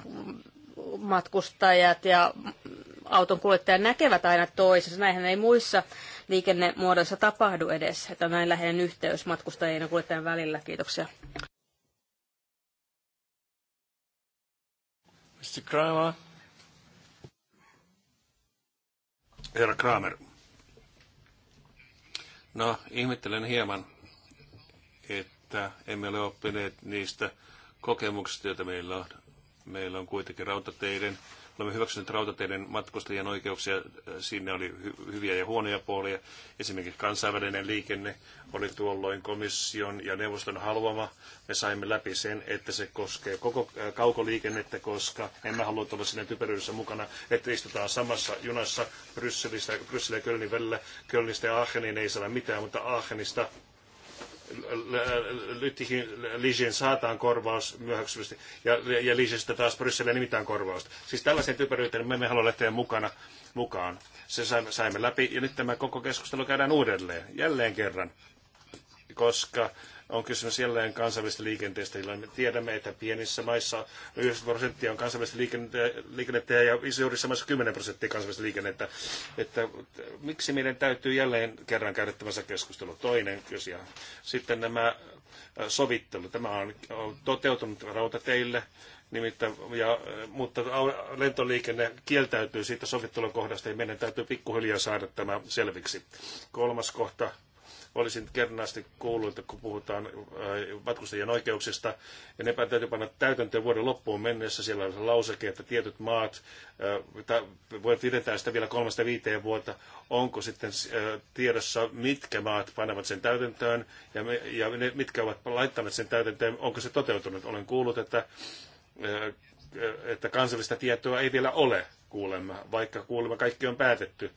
Matkustajat ja auton kuljettajat näkevät aina toisensa. Näinhän ei muissa liikennemuodoissa tapahdu edes, että näin läheinen yhteys matkustajien ja kuljettajan välillä. Kiitoksia. Mr. Kramer. Herra Kramer. No, ihmettelen hieman, että emme ole oppineet niistä kokemuksista, joita meillä on. Meillä on kuitenkin rautateiden olemme hyväksyneet rautateiden matkustajien oikeuksia. Siinä oli hy- hyviä ja huonoja puolia. Esimerkiksi kansainvälinen liikenne oli tuolloin komission ja neuvoston haluama. Me saimme läpi sen, että se koskee koko kaukoliikennettä, koska emme halua olla siinä typeryydessä mukana, että istutaan samassa junassa Brysselistä, Brysselin ja Kölnin välillä. Kölnistä ja Aachenin ei saada mitään, mutta Aachenista Lisien saataan korvaus myöhäksymisesti ja, ja Liisistä taas Brysselille nimittäin korvausta. Siis tällaisen typeryyteen me emme halua lähteä mukana, mukaan. Se saimme, saimme läpi ja nyt tämä koko keskustelu käydään uudelleen, jälleen kerran, koska on kysymys jälleen kansainvälisestä liikenteestä. Me tiedämme, että pienissä maissa 90 prosenttia on kansainvälistä liikennettä ja suurissa maissa 10 prosenttia kansainvälistä liikennettä. Että, miksi meidän täytyy jälleen kerran käydä tämänsä keskustelu? Toinen kysyä. Sitten nämä äh, sovittelu. Tämä on toteutunut rautateille. Nimittäin, ja, äh, mutta lentoliikenne kieltäytyy siitä sovittelun kohdasta ja meidän täytyy pikkuhiljaa saada tämä selviksi. Kolmas kohta olisin kernaasti kuullut, että kun puhutaan äh, matkustajien oikeuksista, ja ne täytyy panna täytäntöön vuoden loppuun mennessä. Siellä on se lauseke, että tietyt maat äh, voivat pidentää sitä vielä kolmesta viiteen vuotta. Onko sitten äh, tiedossa, mitkä maat panevat sen täytäntöön ja, me, ja ne, mitkä ovat laittaneet sen täytäntöön? Onko se toteutunut? Olen kuullut, että että kansallista tietoa ei vielä ole kuulemma, vaikka kuulemma kaikki on päätetty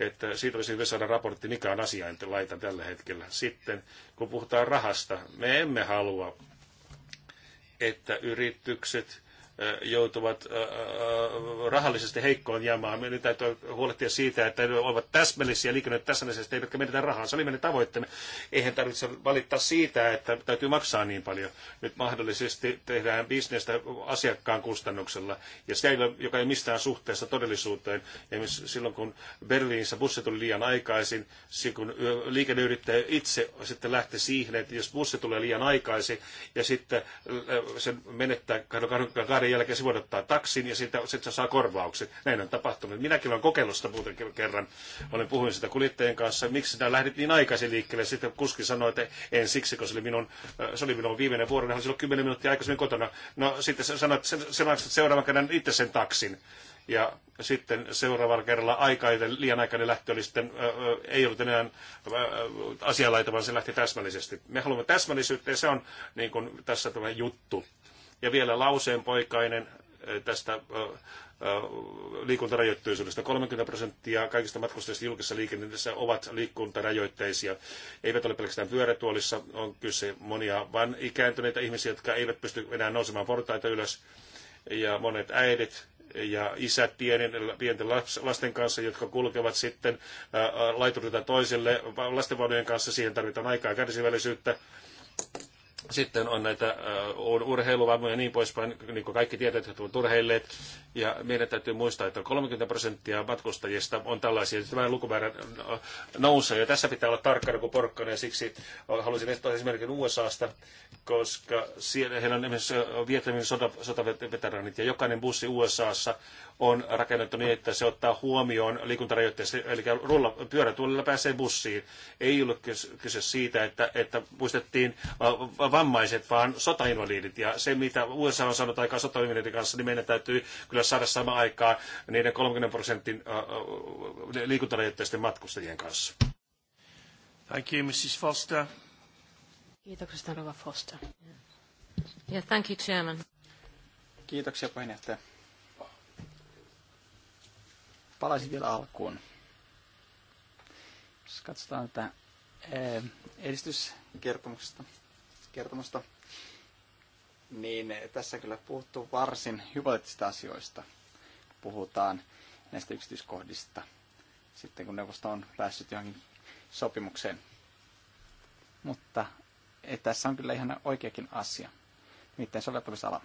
että siitä olisi hyvä saada raportti, mikä on asiainlaita tällä hetkellä. Sitten kun puhutaan rahasta, me emme halua, että yritykset joutuvat rahallisesti heikkoon jamaan. Meidän täytyy huolehtia siitä, että ne ovat täsmällisiä liikenne täsmällisesti, eivätkä menetä rahaa. Se oli meidän tavoitteemme. Eihän tarvitse valittaa siitä, että täytyy maksaa niin paljon. Nyt mahdollisesti tehdään bisnestä asiakkaan kustannuksella, ja se, ei ole, joka ei mistään suhteessa todellisuuteen. Esimerkiksi silloin, kun Berliinissä bussi tuli liian aikaisin, kun liikenneyrittäjä itse sitten lähti siihen, että jos bussi tulee liian aikaisin, ja sitten se menettää vaalien jälkeen se voi ottaa taksin ja siitä sitten saa korvauksen. Näin on tapahtunut. Minäkin olen kokeillut sitä muuten kerran. Olen puhuin sitä kuljettajien kanssa. Miksi sinä lähdit niin aikaisin liikkeelle? Sitten kuski sanoi, että en siksi, koska se oli minun, äh, se oli minun viimeinen vuoro. Hän oli silloin 10 minuuttia aikaisemmin kotona. No sitten sanoit, että sen, sen seuraavan kerran itse sen taksin. Ja sitten seuraavalla kerralla aikainen, liian aikainen lähtö oli sitten, äh, äh, ei ollut enää asialaita, vaan se lähti täsmällisesti. Me haluamme täsmällisyyttä ja se on niin kuin, tässä tämä juttu. Ja vielä lauseen poikainen tästä liikuntarajoitteisuudesta. 30 prosenttia kaikista matkustajista julkisessa liikenteessä ovat liikuntarajoitteisia. Eivät ole pelkästään pyörätuolissa, on kyse monia vain ikääntyneitä ihmisiä, jotka eivät pysty enää nousemaan portaita ylös. Ja monet äidit ja isät pienen, pienten lasten kanssa, jotka kulkevat sitten laiturilta toiselle lastenvaunujen kanssa. Siihen tarvitaan aikaa ja kärsivällisyyttä sitten on näitä uh, urheiluvammoja ja niin poispäin, niin kuin kaikki tietävät, jotka ovat urheilleet. Ja meidän täytyy muistaa, että 30 prosenttia matkustajista on tällaisia. Siis tämä lukumäärä nousee ja tässä pitää olla tarkkana niin kuin porkkana ja siksi haluaisin ottaa esimerkin USAsta, koska siellä heillä on esimerkiksi Vietnamin sotaveteraanit ja jokainen bussi USAssa on rakennettu niin, että se ottaa huomioon liikuntarajoitteessa, eli rulla, pyörätuolilla pääsee bussiin. Ei ollut kyse siitä, että, että muistettiin äh, vammaiset, vaan sotainvaliidit. Ja se, mitä USA on saanut aikaan sotainvalidien kanssa, niin meidän täytyy kyllä saada sama aikaan niiden 30 prosentin äh, äh, liikuntarajoitteisten matkustajien kanssa. Thank you, Mrs. Foster. Kiitoksia, Rova Foster. Yeah, thank you, Chairman. Kiitoksia, puheenjohtaja palaisin vielä alkuun. Jos katsotaan tätä eh, edistyskertomusta, kertomusta, niin tässä kyllä puhuttu varsin hypoteettisista asioista. Puhutaan näistä yksityiskohdista sitten, kun neuvosto on päässyt johonkin sopimukseen. Mutta et, eh, tässä on kyllä ihan oikeakin asia. Miten soveltamisala.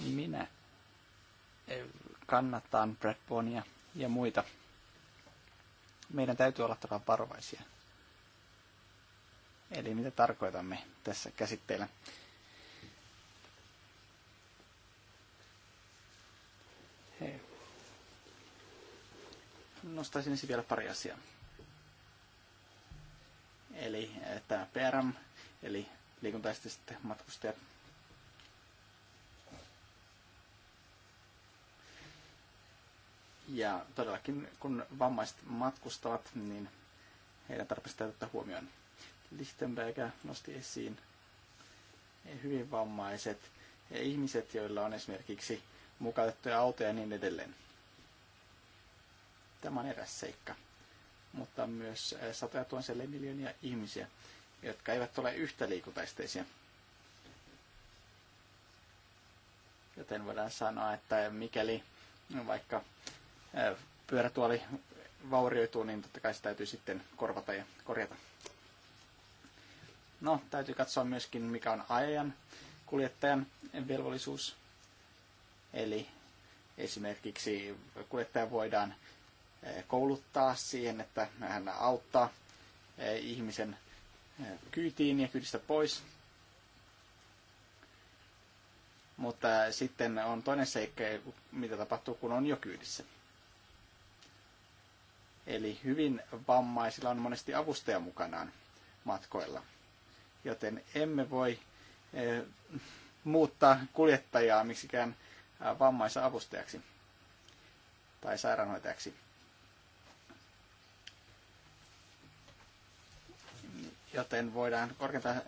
Minä Brad Bradbonia ja muita. Meidän täytyy olla todella varovaisia. Eli mitä tarkoitamme tässä käsitteellä? Hei. Nostaisin ensin vielä pari asiaa. Eli tämä PRM, eli liikuntaesteiset matkustajat Ja todellakin kun vammaiset matkustavat, niin heidän tarpeestaan ottaa huomioon. Lichtenberger nosti esiin hyvin vammaiset ja ihmiset, joilla on esimerkiksi mukautettuja autoja ja niin edelleen. Tämä on eräs seikka, mutta myös eh, satoja tuhansia miljoonia ihmisiä, jotka eivät ole yhtä liikuntaisteisiä. Joten voidaan sanoa, että mikäli vaikka pyörätuoli vaurioituu, niin totta kai se täytyy sitten korvata ja korjata. No, täytyy katsoa myöskin, mikä on ajan kuljettajan velvollisuus. Eli esimerkiksi kuljettaja voidaan kouluttaa siihen, että hän auttaa ihmisen kyytiin ja kyydistä pois. Mutta sitten on toinen seikka, mitä tapahtuu, kun on jo kyydissä. Eli hyvin vammaisilla on monesti avustaja mukanaan matkoilla. Joten emme voi eh, muuttaa kuljettajaa miksikään eh, vammaisa avustajaksi tai sairaanhoitajaksi. Joten voidaan korkeintaan eh,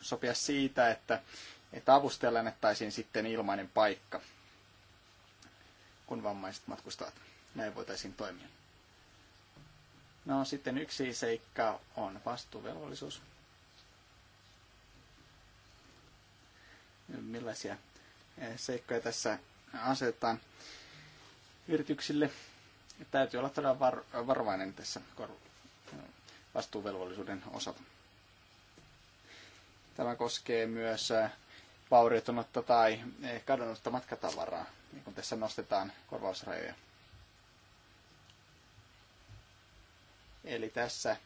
sopia siitä, että, että avustajalle annettaisiin sitten ilmainen paikka, kun vammaiset matkustavat. Näin voitaisiin toimia. No sitten yksi seikka on vastuuvelvollisuus. Millaisia eh, seikkoja tässä asetetaan yrityksille? Täytyy olla todella var- varovainen tässä vastuuvelvollisuuden osalta. Tämä koskee myös eh, vaurioitunutta tai eh, kadonnutta matkatavaraa, niin kun tässä nostetaan korvausrajoja. Eli tässä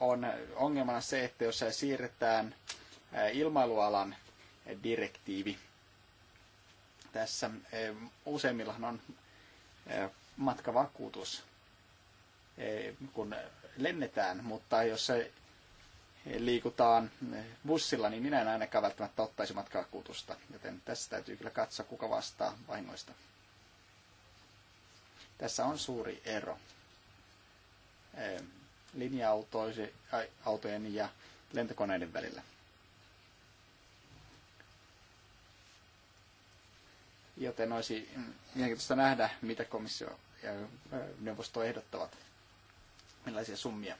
on ongelmana se, että jos siirretään ilmailualan direktiivi tässä, useimmillahan on matkavakuutus, kun lennetään, mutta jos se liikutaan bussilla, niin minä en ainakaan välttämättä ottaisi matkavakuutusta, joten tässä täytyy kyllä katsoa, kuka vastaa vahingoista. Tässä on suuri ero. Eh, linja-autojen ja lentokoneiden välillä. Joten olisi mielenkiintoista nähdä, mitä komissio ja eh, neuvosto ehdottavat, millaisia summia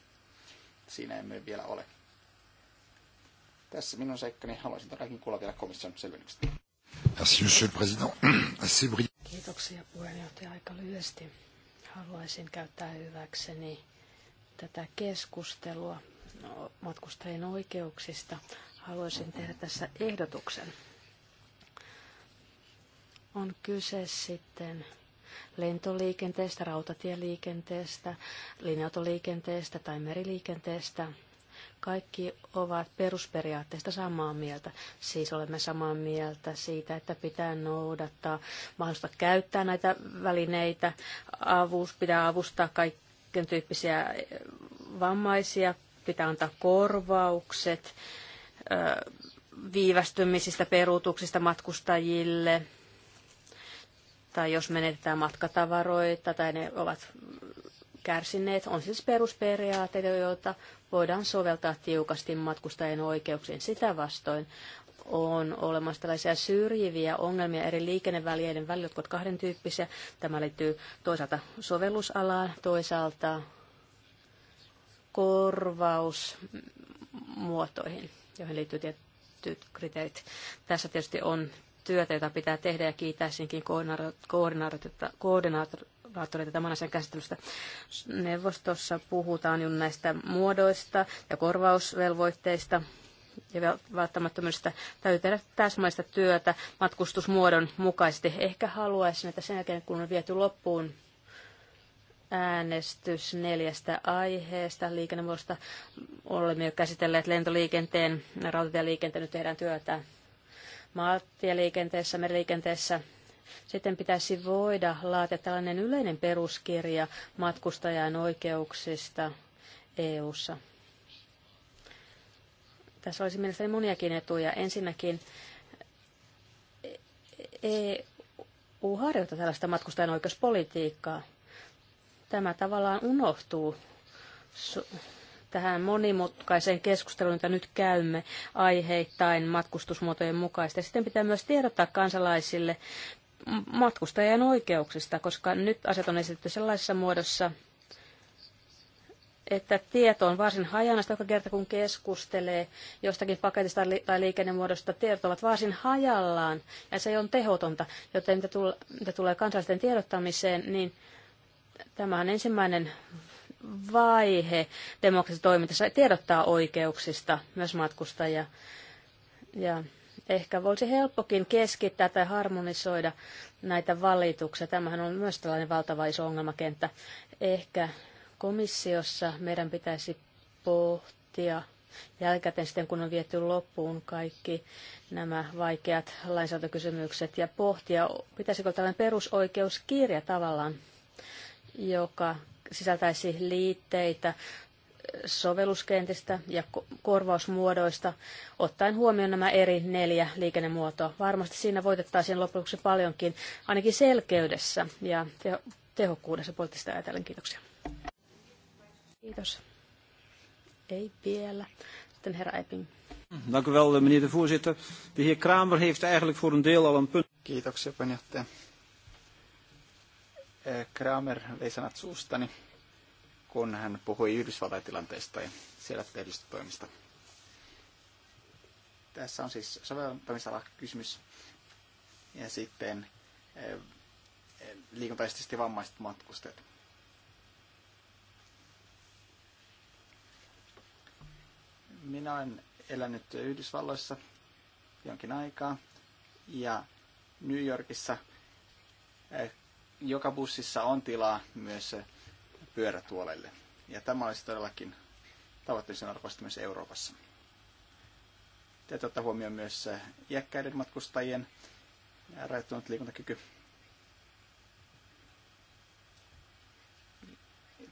siinä emme vielä ole. Tässä minun seikkani. Haluaisin todellakin kuulla vielä komission selvennyksestä. monsieur le président. Kiitoksia puheenjohtaja aika lyhyesti. Haluaisin käyttää hyväkseni tätä keskustelua matkustajien oikeuksista, haluaisin tehdä tässä ehdotuksen. On kyse sitten lentoliikenteestä, rautatieliikenteestä, linja-autoliikenteestä tai meriliikenteestä. Kaikki ovat perusperiaatteista samaa mieltä. Siis olemme samaa mieltä siitä, että pitää noudattaa, mahdollista käyttää näitä välineitä, avus, pitää avustaa kaikki tietyn tyyppisiä eh, vammaisia, pitää antaa korvaukset eh, viivästymisistä, peruutuksista matkustajille, tai jos menetetään matkatavaroita tai ne ovat kärsineet, on siis perusperiaatteita, joita voidaan soveltaa tiukasti matkustajien oikeuksiin. Sitä vastoin on olemassa tällaisia syrjiviä ongelmia eri liikennevälineiden välillä, jotka ovat kahden tyyppisiä. Tämä liittyy toisaalta sovellusalaan, toisaalta korvausmuotoihin, joihin liittyy tietyt kriteerit. Tässä tietysti on työtä, jota pitää tehdä ja kiitäisinkin koordinaattoreita tämän asian käsittelystä. Neuvostossa puhutaan jo näistä muodoista ja korvausvelvoitteista, ja välttämättömyydestä täytyy tehdä täsmäistä työtä matkustusmuodon mukaisesti. Ehkä haluaisin, että sen jälkeen kun on viety loppuun äänestys neljästä aiheesta liikennemuodosta, olemme jo käsitelleet lentoliikenteen, rautatieliikenteen, nyt tehdään työtä maatieliikenteessä, meriliikenteessä, sitten pitäisi voida laatia tällainen yleinen peruskirja matkustajan oikeuksista EU:ssa. ssa tässä olisi mielestäni moniakin etuja. Ensinnäkin EU e harjoittaa tällaista matkustajan oikeuspolitiikkaa. Tämä tavallaan unohtuu tähän monimutkaiseen keskusteluun, jota nyt käymme aiheittain matkustusmuotojen mukaista. Sitten pitää myös tiedottaa kansalaisille matkustajien oikeuksista, koska nyt asiat on esitetty sellaisessa muodossa, että tieto on varsin hajanaista joka kerta, kun keskustelee jostakin paketista tai liikennemuodosta. Tiedot ovat varsin hajallaan ja se on tehotonta, joten mitä, mitä tulee kansallisten tiedottamiseen, niin tämä on ensimmäinen vaihe demokratisessa toimintassa tiedottaa oikeuksista myös matkustajia. Ja ehkä voisi helppokin keskittää tai harmonisoida näitä valituksia. Tämähän on myös tällainen valtava iso ongelmakenttä. Ehkä Komissiossa meidän pitäisi pohtia jälkikäteen sitten, kun on viety loppuun kaikki nämä vaikeat lainsäädäntökysymykset ja pohtia, pitäisikö tällainen perusoikeuskirja tavallaan, joka sisältäisi liitteitä sovelluskentistä ja korvausmuodoista, ottaen huomioon nämä eri neljä liikennemuotoa. Varmasti siinä voitettaisiin lopuksi paljonkin, ainakin selkeydessä ja tehokkuudessa poliittisesti ajatellen. Kiitoksia. Kiitos. Ei vielä. Sitten herra Epping. Dank u wel, eh, meneer de voorzitter. De heer Kramer heeft eigenlijk voor een deel al een punt. Kiitoksia, puheenjohtaja. Eh, Kramer vei sanat suustani, kun hän puhui Yhdysvaltain tilanteesta ja siellä tehdyistä toimista. Tässä on siis soveltamisala kysymys ja sitten eh, liikuntaisesti vammaiset matkustajat. Minä olen elänyt Yhdysvalloissa jonkin aikaa ja New Yorkissa eh, joka bussissa on tilaa myös eh, pyörätuolelle. Ja tämä olisi todellakin tavoitteellisen arvoista myös Euroopassa. Täytyy ottaa huomioon myös eh, iäkkäiden matkustajien rajoittunut liikuntakyky.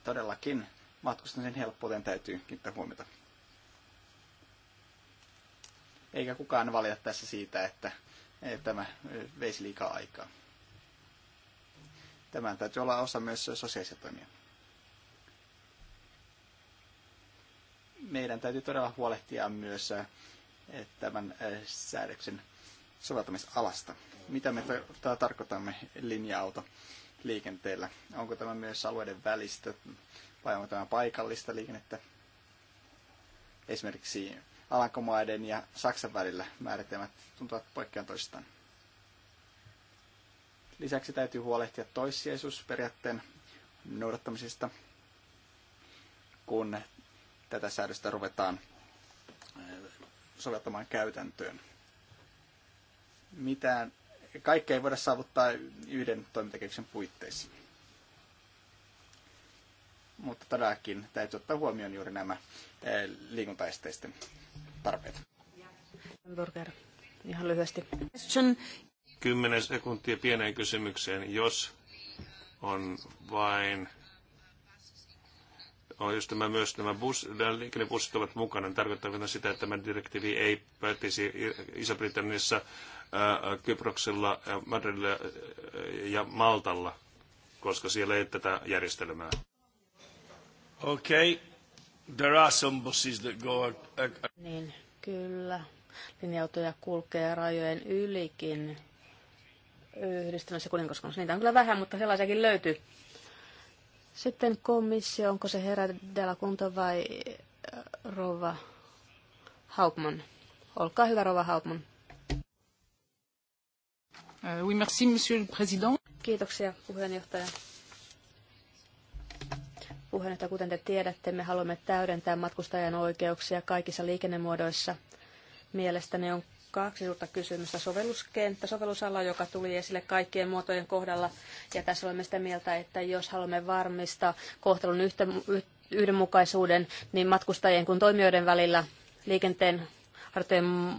Todellakin matkustamisen helppouteen täytyy kiinnittää huomiota eikä kukaan valita tässä siitä, että tämä veisi liikaa aikaa. Tämän täytyy olla osa myös sosiaalisia toimia. Meidän täytyy todella huolehtia myös tämän säädöksen soveltamisalasta. Mitä me tarkoitamme linja-auto liikenteellä? Onko tämä myös alueiden välistä vai onko tämä paikallista liikennettä? Esimerkiksi Alankomaiden ja Saksan välillä määritelmät tuntuvat poikkean toistaan. Lisäksi täytyy huolehtia toissijaisuusperiaatteen noudattamisesta, kun tätä säädöstä ruvetaan äh, soveltamaan käytäntöön. Mitään, kaikkea ei voida saavuttaa yhden toimintakehyksen puitteissa. Mutta todellakin täytyy ottaa huomioon juuri nämä äh, liikuntaesteisten tarpeita. Burger, ihan lyhyesti. Kymmenen sekuntia pieneen kysymykseen. Jos on vain on just tämä, myös nämä, bus, nämä liikennebussit ovat mukana, niin tarkoittaa sitä, että tämä direktiivi ei päätisi Iso-Britanniassa, Kyproksella, Madridilla ja Maltalla, koska siellä ei tätä järjestelmää. Okei, okay. There are some buses that go... Niin, kyllä. Linja-autoja kulkee rajojen ylikin yhdistämässä kuninkoskunnassa. Niitä on kyllä vähän, mutta sellaisiakin löytyy. Sitten komissio, onko se herra Della Kunta vai äh, Rova Hauptman? Olkaa hyvä, Rova Hauptman. Euh, oui, merci, monsieur le président. Kiitoksia, puheenjohtaja puheenjohtaja, kuten te tiedätte, me haluamme täydentää matkustajan oikeuksia kaikissa liikennemuodoissa. Mielestäni on kaksi suurta kysymystä. Sovelluskenttä, sovellusala, joka tuli esille kaikkien muotojen kohdalla. Ja tässä olemme sitä mieltä, että jos haluamme varmistaa kohtelun yhtä, yhdenmukaisuuden niin matkustajien kuin toimijoiden välillä liikenteen kartojen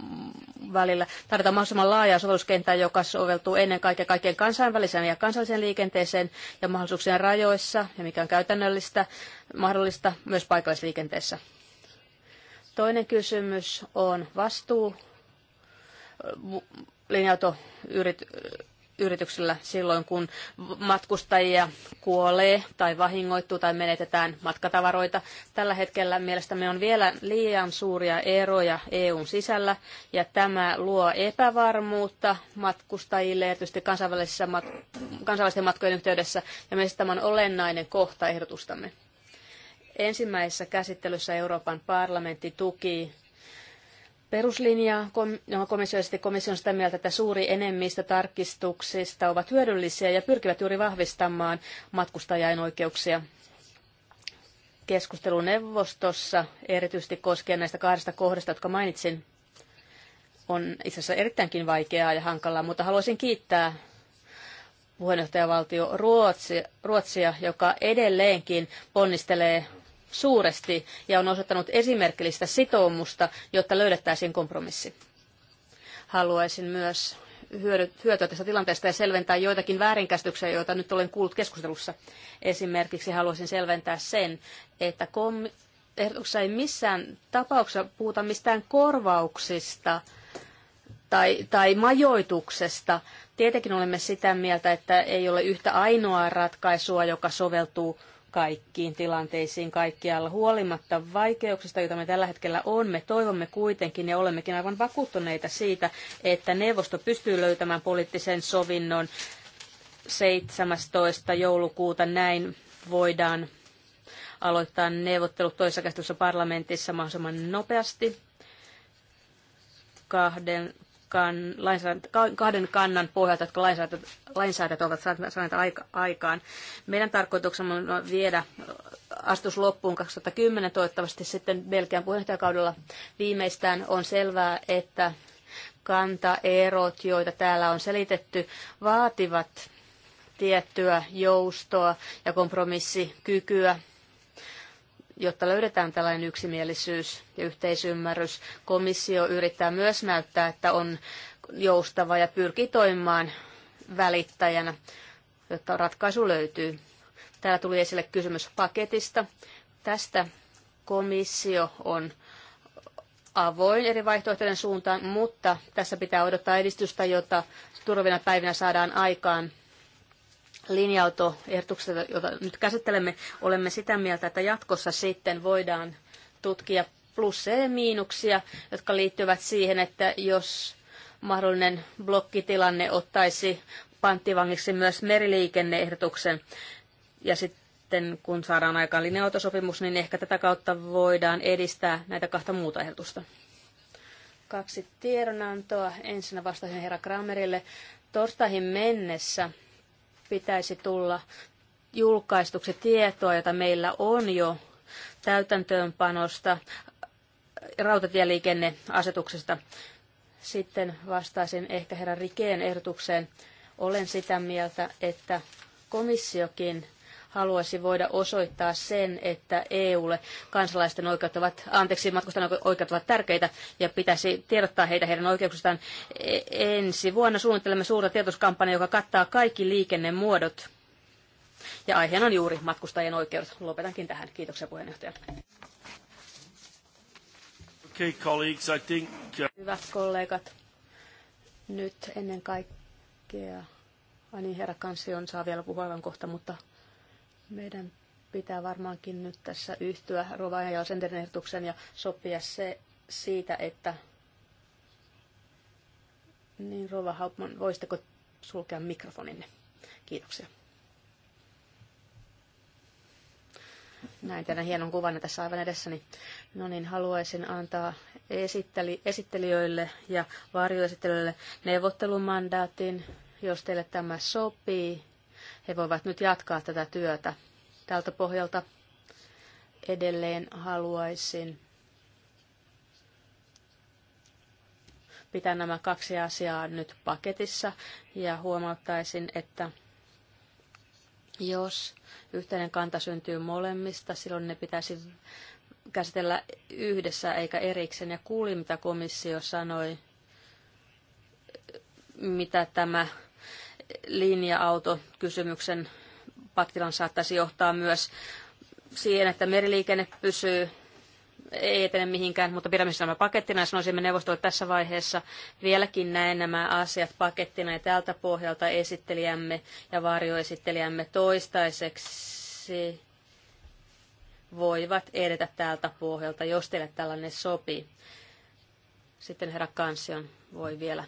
välillä. Tarvitaan mahdollisimman laajaa sovelluskenttää, joka soveltuu ennen kaikkea kaikkien kansainväliseen ja kansalliseen liikenteeseen ja mahdollisuuksien rajoissa, ja mikä on käytännöllistä, mahdollista myös paikallisliikenteessä. Toinen kysymys on vastuu äh, linja yrityksellä silloin, kun matkustajia kuolee tai vahingoittuu tai menetetään matkatavaroita. Tällä hetkellä mielestämme on vielä liian suuria eroja EUn sisällä ja tämä luo epävarmuutta matkustajille ja tietysti kansainvälisissä mat- kansainvälisten matkojen yhteydessä ja mielestäni tämä on olennainen kohta ehdotustamme. Ensimmäisessä käsittelyssä Euroopan parlamentti tuki peruslinjaa, jonka no, komissio esitti. komission on sitä mieltä, että suuri enemmistö tarkistuksista ovat hyödyllisiä ja pyrkivät juuri vahvistamaan matkustajien oikeuksia. Keskusteluneuvostossa, erityisesti koskien näistä kahdesta kohdasta, jotka mainitsin, on itse asiassa erittäinkin vaikeaa ja hankalaa, mutta haluaisin kiittää puheenjohtajavaltio Ruotsi, Ruotsia, joka edelleenkin ponnistelee suuresti ja on osoittanut esimerkillistä sitoumusta, jotta löydettäisiin kompromissi. Haluaisin myös hyötyä tästä tilanteesta ja selventää joitakin väärinkäsityksiä, joita nyt olen kuullut keskustelussa. Esimerkiksi haluaisin selventää sen, että ehdotuksessa ei missään tapauksessa puhuta mistään korvauksista tai, tai majoituksesta. Tietenkin olemme sitä mieltä, että ei ole yhtä ainoaa ratkaisua, joka soveltuu kaikkiin tilanteisiin kaikkialla huolimatta vaikeuksista, joita me tällä hetkellä on. Me toivomme kuitenkin ja olemmekin aivan vakuuttuneita siitä, että neuvosto pystyy löytämään poliittisen sovinnon 17. joulukuuta näin voidaan aloittaa neuvottelut toisessa parlamentissa mahdollisimman nopeasti kahden kan, lainsäädäntö, kahden kannan pohjalta, jotka lainsäädäntöt, lainsäädäntöt ovat saaneet aika, aikaan. Meidän tarkoituksemme on viedä astus loppuun 2010. Toivottavasti sitten Belgian puheenjohtajakaudella viimeistään on selvää, että kantaerot, joita täällä on selitetty, vaativat tiettyä joustoa ja kompromissikykyä jotta löydetään tällainen yksimielisyys ja yhteisymmärrys. Komissio yrittää myös näyttää, että on joustava ja pyrkii toimimaan välittäjänä, jotta ratkaisu löytyy. Täällä tuli esille kysymys paketista. Tästä komissio on avoin eri vaihtoehtojen suuntaan, mutta tässä pitää odottaa edistystä, jota turvina päivinä saadaan aikaan linja-autoehdotukset, jota nyt käsittelemme, olemme sitä mieltä, että jatkossa sitten voidaan tutkia plusseja ja miinuksia, jotka liittyvät siihen, että jos mahdollinen blokkitilanne ottaisi panttivangiksi myös meriliikenneehdotuksen ja sitten kun saadaan aikaan linja-autosopimus, niin ehkä tätä kautta voidaan edistää näitä kahta muuta ehdotusta. Kaksi tiedonantoa. Ensinnä vastasin herra Kramerille. Torstaihin mennessä pitäisi tulla julkaistuksi tietoa, jota meillä on jo täytäntöönpanosta rautatieliikenneasetuksesta. Sitten vastaisin ehkä herran Rikeen ehdotukseen. Olen sitä mieltä, että komissiokin haluaisi voida osoittaa sen, että EUlle kansalaisten oikeudet ovat, anteeksi, matkustajan oikeudet ovat tärkeitä ja pitäisi tiedottaa heitä heidän oikeuksistaan. E, ensi vuonna suunnittelemme suurta tiedotuskampanjaa, joka kattaa kaikki liikennemuodot. Ja aiheena on juuri matkustajien oikeudet. Lopetankin tähän. Kiitoksia puheenjohtaja. Okay, colleagues, I think... Uh, Hyvät kollegat, nyt ennen kaikkea... Ai niin, herra Kansi on saa vielä puheenvuoron kohta, mutta meidän pitää varmaankin nyt tässä yhtyä Rovajan ja Senterin ja sopia se siitä, että niin Rova Hauptman, voisitteko sulkea mikrofoninne? Kiitoksia. Näin teidän hienon kuvan tässä aivan edessäni. No niin, haluaisin antaa esitteli, esittelijöille ja varjoesittelijöille neuvottelumandaatin, jos teille tämä sopii he voivat nyt jatkaa tätä työtä. Tältä pohjalta edelleen haluaisin pitää nämä kaksi asiaa nyt paketissa ja huomauttaisin, että jos yhteinen kanta syntyy molemmista, silloin ne pitäisi käsitellä yhdessä eikä erikseen. Ja kuulin, mitä komissio sanoi, mitä tämä linja-autokysymyksen pattilan saattaisi johtaa myös siihen, että meriliikenne pysyy ei etene mihinkään, mutta pidämme nämä pakettina ja sanoisimme neuvostolle tässä vaiheessa vieläkin näen nämä asiat pakettina ja tältä pohjalta esittelijämme ja varjoesittelijämme toistaiseksi voivat edetä tältä pohjalta, jos teille tällainen sopii. Sitten herra Kansion voi vielä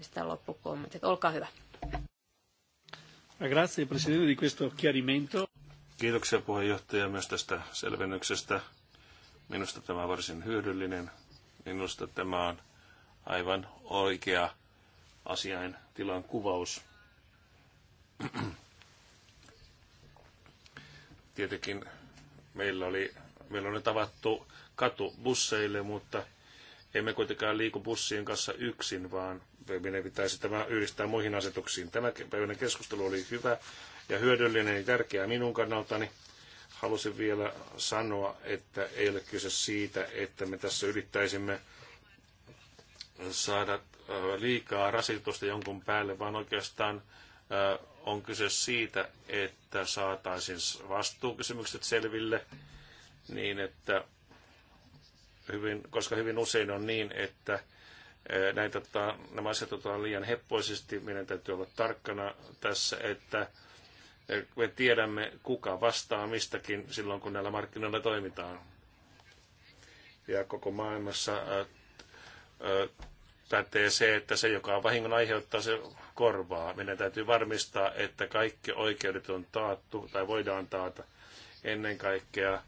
sitä loppukommenttia. Olkaa hyvä. Grazie Presidente di questo chiarimento. Kiitoksia puheenjohtaja myös tästä selvennyksestä. Minusta tämä on varsin hyödyllinen. Minusta tämä on aivan oikea asiain tilan kuvaus. Tietenkin meillä, oli, meillä on nyt avattu katu busseille, mutta emme kuitenkaan liiku bussien kanssa yksin, vaan meidän pitäisi tämä yhdistää muihin asetuksiin. Tämä päivänä keskustelu oli hyvä ja hyödyllinen ja tärkeä minun kannaltani. Halusin vielä sanoa, että ei ole kyse siitä, että me tässä yrittäisimme saada äh, liikaa rasitusta jonkun päälle, vaan oikeastaan äh, on kyse siitä, että saataisiin vastuukysymykset selville niin, että hyvin, koska hyvin usein on niin, että näitä, tota, nämä asiat otetaan liian heppoisesti. Meidän täytyy olla tarkkana tässä, että me tiedämme, kuka vastaa mistäkin silloin, kun näillä markkinoilla toimitaan. Ja koko maailmassa pätee se, että se, joka on vahingon aiheuttaa, se korvaa. Meidän täytyy varmistaa, että kaikki oikeudet on taattu tai voidaan taata ennen kaikkea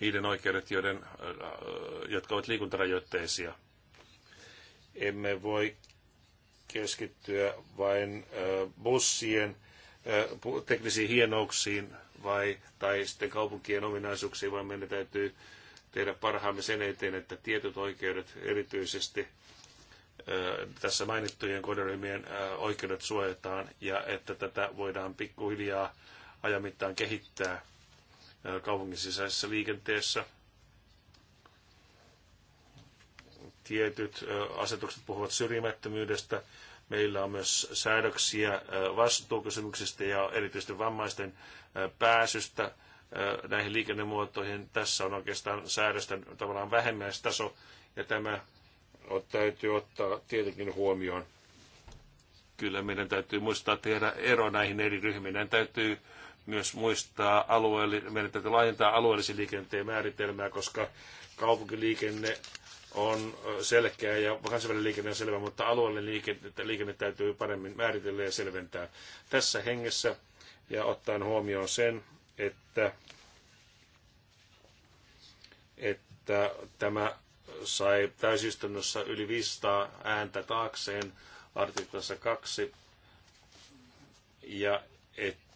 niiden oikeudet, joiden, äh, äh, jotka ovat liikuntarajoitteisia. Emme voi keskittyä vain äh, bussien teknisiin hienouksiin vai, tai sitten kaupunkien ominaisuuksiin, vaan meidän täytyy tehdä parhaamme sen eteen, että tietyt oikeudet, erityisesti tässä mainittujen kohderyhmien oikeudet suojataan ja että tätä voidaan pikkuhiljaa ajamittaan kehittää kaupungin sisäisessä liikenteessä. Tietyt asetukset puhuvat syrjimättömyydestä. Meillä on myös säädöksiä vastuukysymyksistä ja erityisesti vammaisten pääsystä näihin liikennemuotoihin. Tässä on oikeastaan säädösten tavallaan vähemmäistaso ja tämä täytyy ottaa tietenkin huomioon. Kyllä meidän täytyy muistaa tehdä ero näihin eri ryhmiin. Meidän täytyy myös muistaa alueelli, meidän täytyy laajentaa alueellisen liikenteen määritelmää, koska kaupunkiliikenne on selkeä ja kansainvälinen liikenne on selvä, mutta alueellinen liikenne, liikenne täytyy paremmin määritellä ja selventää tässä hengessä ja ottaen huomioon sen, että, että tämä sai täysistunnossa yli 500 ääntä taakseen artiklassa 2 ja että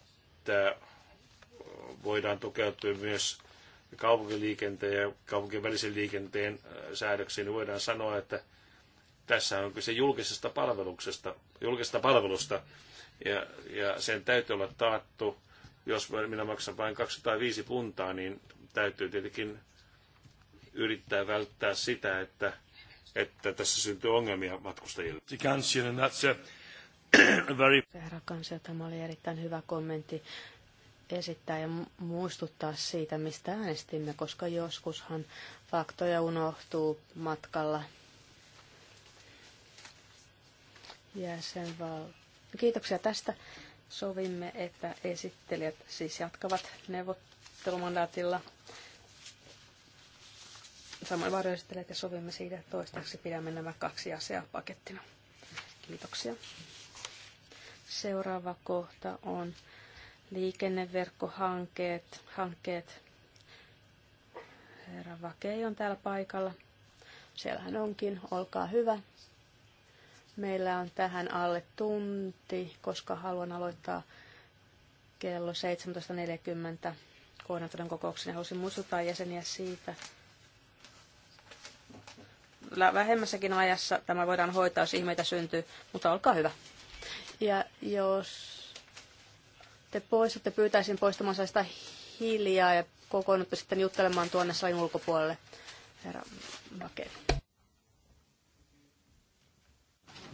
että voidaan tukeutua myös kaupunkiliikenteen ja kaupunkien välisen liikenteen äh, säädöksiin, niin voidaan sanoa, että tässä on kyse julkisesta palveluksesta, julkisesta palvelusta, ja, ja sen täytyy olla taattu. Jos minä maksan vain 205 puntaa, niin täytyy tietenkin yrittää välttää sitä, että, että tässä syntyy ongelmia matkustajille. [CLEARS THROAT] very... Herra kansio, tämä oli erittäin hyvä kommentti esittää ja muistuttaa siitä, mistä äänestimme, koska joskushan faktoja unohtuu matkalla jäsenval... Kiitoksia tästä. Sovimme, että esittelijät siis jatkavat neuvottelumandaatilla. Samoin varjoesittelijät ja sovimme siitä, että toistaiseksi pidämme nämä kaksi asiaa pakettina. Kiitoksia. Seuraava kohta on liikenneverkkohankkeet. Hankkeet. Herra Vakei on täällä paikalla. Siellähän onkin. Olkaa hyvä. Meillä on tähän alle tunti, koska haluan aloittaa kello 17.40 koordinaattorin kokouksen. Haluaisin muistuttaa jäseniä siitä, vähemmässäkin ajassa tämä voidaan hoitaa, jos ihmeitä syntyy, mutta olkaa hyvä. Ja jos te poistatte pyytäisin poistamaan sitä hiljaa ja kokoonnutte sitten juttelemaan tuonne salin ulkopuolelle, herra Vake.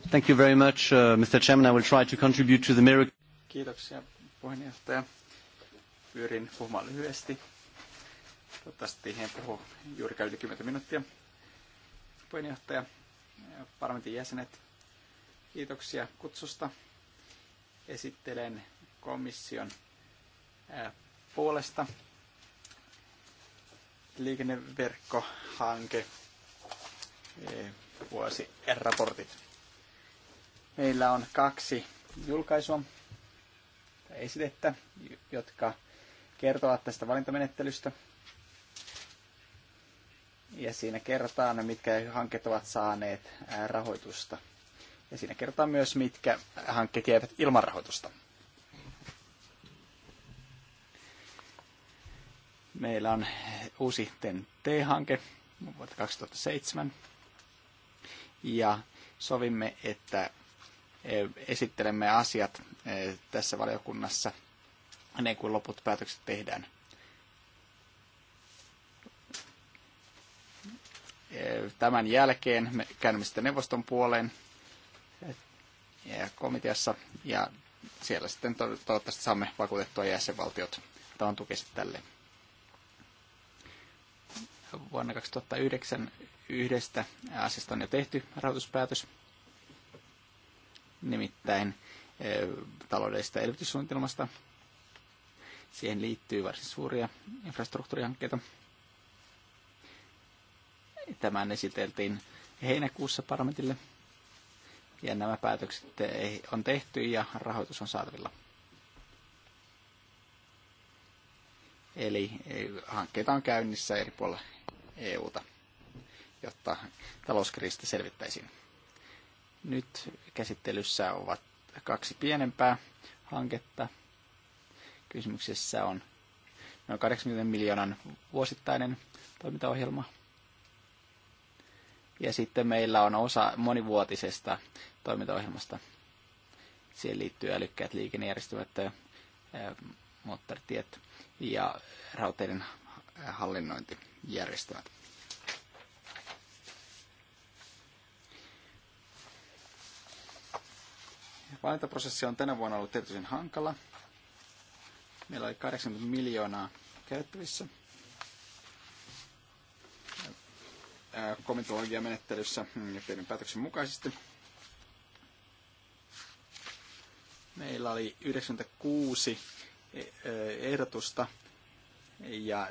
Thank you very much, uh, Mr. Chairman. I will try to contribute to the miracle. Kiitoksia, puheenjohtaja. Pyrin puhumaan lyhyesti. Toivottavasti en puhu juuri yli 10 minuuttia. Puheenjohtaja, parlamentin jäsenet, kiitoksia kutsusta esittelen komission puolesta liikenneverkkohanke vuosi raportit. Meillä on kaksi julkaisua esitettä, jotka kertovat tästä valintamenettelystä. Ja siinä kerrotaan, mitkä hankkeet ovat saaneet rahoitusta – ja siinä kertaa myös, mitkä hankkeet jäivät ilman rahoitusta. Meillä on uusi TEN-T-hanke vuodelta 2007. Ja sovimme, että e, esittelemme asiat e, tässä valiokunnassa ennen kuin loput päätökset tehdään. E, tämän jälkeen me käymme sitten neuvoston puoleen komiteassa ja siellä sitten toivottavasti saamme vakuutettua jäsenvaltiot antamaan tukesi tälle. Vuonna 2009 yhdestä asiasta on jo tehty rahoituspäätös, nimittäin taloudellisesta elvytyssuunnitelmasta. Siihen liittyy varsin suuria infrastruktuurihankkeita. Tämän esiteltiin heinäkuussa parlamentille – ja nämä päätökset on tehty ja rahoitus on saatavilla. Eli e, hankkeita on käynnissä eri puolilla EUta, jotta talouskriisistä selvittäisiin. Nyt käsittelyssä ovat kaksi pienempää hanketta. Kysymyksessä on noin 80 miljoonan vuosittainen toimintaohjelma. Ja sitten meillä on osa monivuotisesta toimintaohjelmasta. Siihen liittyy älykkäät liikennejärjestelmät, moottoritiet ja rauteiden hallinnointijärjestelmät. Valintaprosessi on tänä vuonna ollut erityisen hankala. Meillä oli 80 miljoonaa käyttävissä. Komitologiamenettelyssä mm, ja teidän päätöksen mukaisesti. Meillä oli 96 eh, eh, ehdotusta ja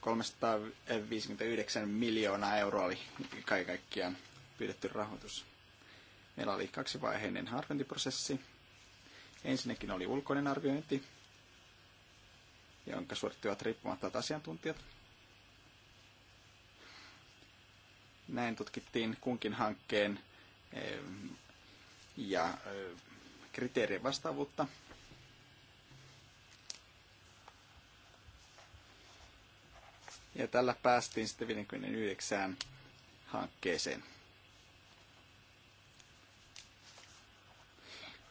359 miljoonaa euroa oli kaiken kaikkiaan pyydetty rahoitus. Meillä oli kaksivaiheinen arviointiprosessi. Ensinnäkin oli ulkoinen arviointi, jonka suorittivat riippumattomat asiantuntijat. Näin tutkittiin kunkin hankkeen eh, ja kriteerien vastaavuutta. Ja tällä päästiin sitten 59 hankkeeseen.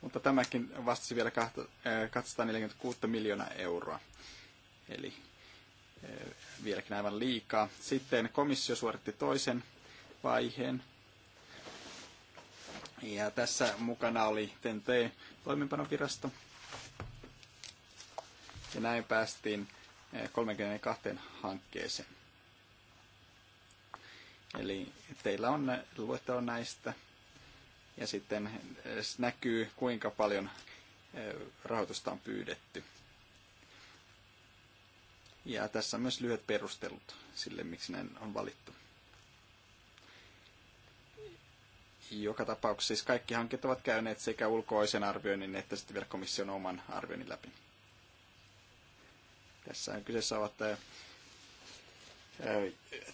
Mutta tämäkin vastasi vielä 246 äh, miljoonaa euroa. Eli äh, vieläkin aivan liikaa. Sitten komissio suoritti toisen vaiheen ja tässä mukana oli TNT-toimenpanovirasto. Ja näin päästiin 32 eh, hankkeeseen. Eli teillä on eh, luettelo näistä ja sitten eh, näkyy kuinka paljon rahoitusta on pyydetty. Ja tässä on myös lyhyet perustelut sille, miksi näin on valittu. Joka tapauksessa siis kaikki hankkeet ovat käyneet sekä ulkoisen arvioinnin että sitten vielä komission oman arvioinnin läpi. Tässä on kyseessä ovat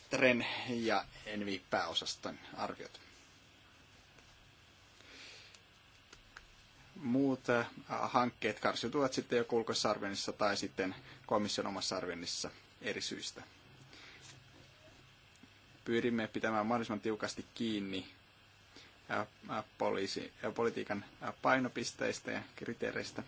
TREN ja ENVI-pääosaston arviot. Muut hankkeet karsiutuvat sitten joko ulkoisessa arvioinnissa tai sitten komission omassa arvioinnissa eri syistä. Pyrimme pitämään mahdollisimman tiukasti kiinni poliisi, politiikan painopisteistä ja kriteereistä.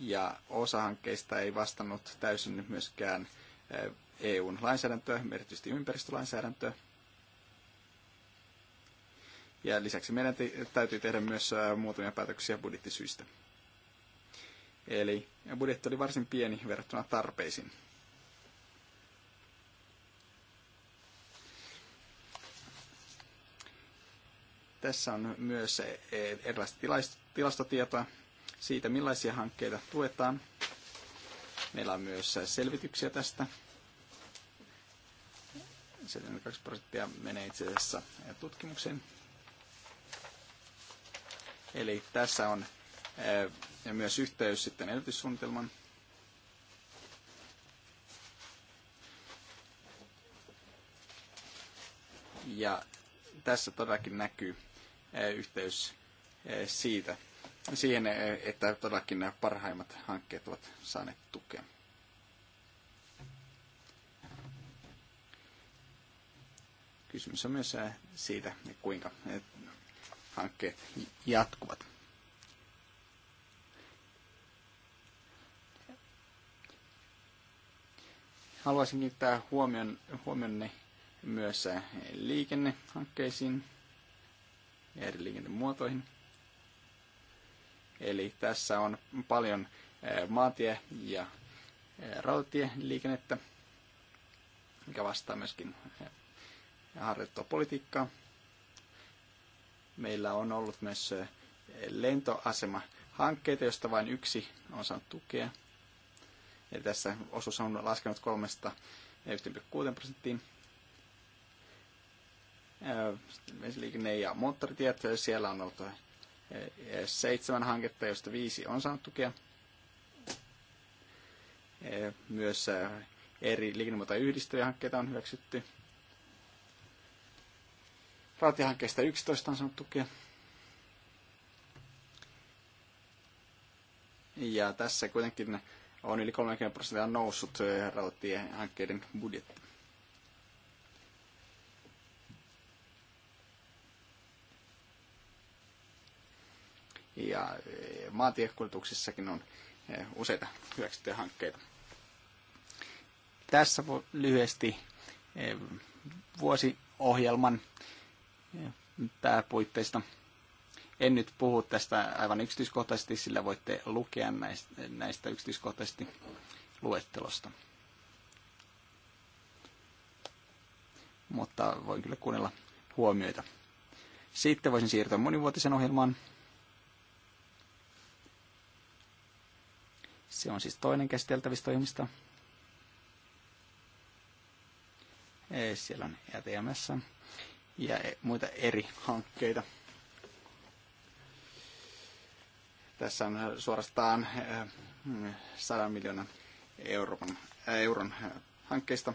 Ja osa hankkeista ei vastannut täysin myöskään eh, EUn lainsäädäntöä, erityisesti ympäristölainsäädäntöä. Ja lisäksi meidän täytyy tehdä myös eh, muutamia päätöksiä budjettisyistä. Eli budjetti oli varsin pieni verrattuna tarpeisiin. Tässä on myös e, e, erilaista tilastotietoa siitä, millaisia hankkeita tuetaan. Meillä on myös selvityksiä tästä. 72 prosenttia menee itse asiassa tutkimukseen. Eli tässä on ja myös yhteys sitten elvytyssuunnitelman Ja tässä todellakin näkyy Eh, yhteys eh, siitä, siihen, eh, että todellakin nämä parhaimmat hankkeet ovat saaneet tukea. Kysymys on myös siitä, kuinka hankkeet jatkuvat. Haluaisin kiinnittää huomion, huomionne myös liikennehankkeisiin eri liikennemuotoihin. Eli tässä on paljon eh, maantie- ja eh, rautatieliikennettä, mikä vastaa myöskin eh, harjoittua politiikkaa. Meillä on ollut myös lentoasemahankkeita, joista vain yksi on saanut tukea. Eli tässä osuus on laskenut kolmesta 16 prosenttiin vesiliikenne- ja moottoritiet. Siellä on ollut seitsemän hanketta, joista viisi on saanut tukea. Myös eri liikennemuotoja hankkeita on hyväksytty. Rautatiehankkeista 11 on saanut tukea. Ja tässä kuitenkin on yli 30 prosenttia noussut rautatiehankkeiden budjetti. ja eh, maantiekuljetuksissakin on eh, useita hyväksyttyjä hankkeita. Tässä lyhyesti eh, vuosiohjelman pääpuitteista. En nyt puhu tästä aivan yksityiskohtaisesti, sillä voitte lukea näistä yksityiskohtaisesti luettelosta. Mutta voin kyllä kuunnella huomioita. Sitten voisin siirtyä monivuotisen ohjelmaan, Se on siis toinen käsiteltävistä toimista. E, siellä on ETMS ja e, muita eri hankkeita. Tässä on äh, suorastaan 100 äh, miljoonan äh, euron, euron hankkeista.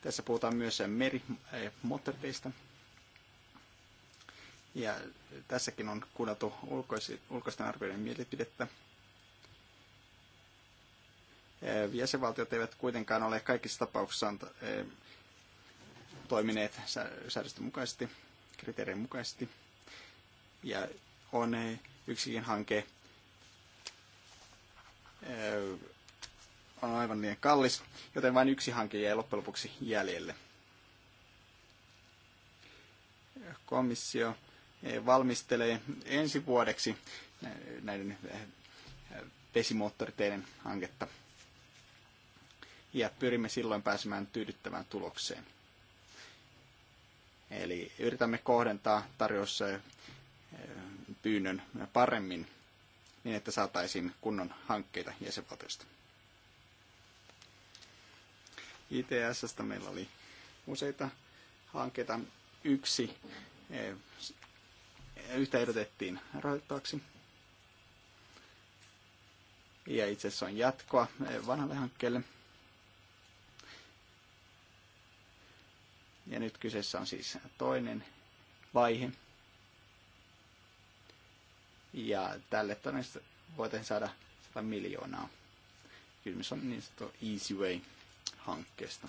Tässä puhutaan myös merimoottoriteistä. Ja tässäkin on kuunneltu ulkoisten arvioiden mielipidettä Eh, jäsenvaltiot eivät kuitenkaan ole kaikissa tapauksissa eh, toimineet säädösten mukaisesti, kriteerien mukaisesti. Ja on eh, yksikin hanke on aivan liian kallis, joten vain yksi hanke jäi loppujen lopuksi jäljelle. Komissio valmistelee ensi vuodeksi näiden vesimoottoriteiden hanketta ja pyrimme silloin pääsemään tyydyttävään tulokseen. Eli yritämme kohdentaa tarjossa eh, pyynnön paremmin niin, että saataisiin kunnon hankkeita jäsenvaltiosta. ITSstä meillä oli useita hankkeita. Yksi eh, yhtä ehdotettiin rahoittavaksi. Ja itse asiassa on jatkoa eh, vanhalle hankkeelle. Ja nyt kyseessä on siis toinen vaihe. Ja tälle todennäköisesti voitaisiin saada 100 miljoonaa. Kysymys on niin sanottu Easy Way-hankkeesta.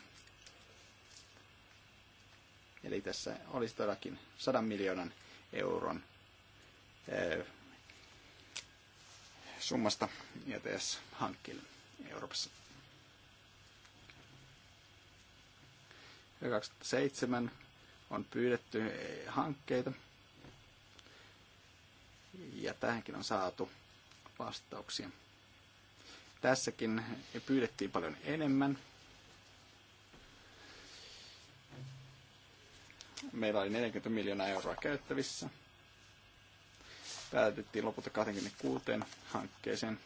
Eli tässä olisi todellakin 100 miljoonan euron summasta tässä hankkeelle Euroopassa. ja 2007 on pyydetty hankkeita. Ja tähänkin on saatu vastauksia. Tässäkin pyydettiin paljon enemmän. Meillä oli 40 miljoonaa euroa käyttävissä. Päätettiin lopulta 26 hankkeeseen.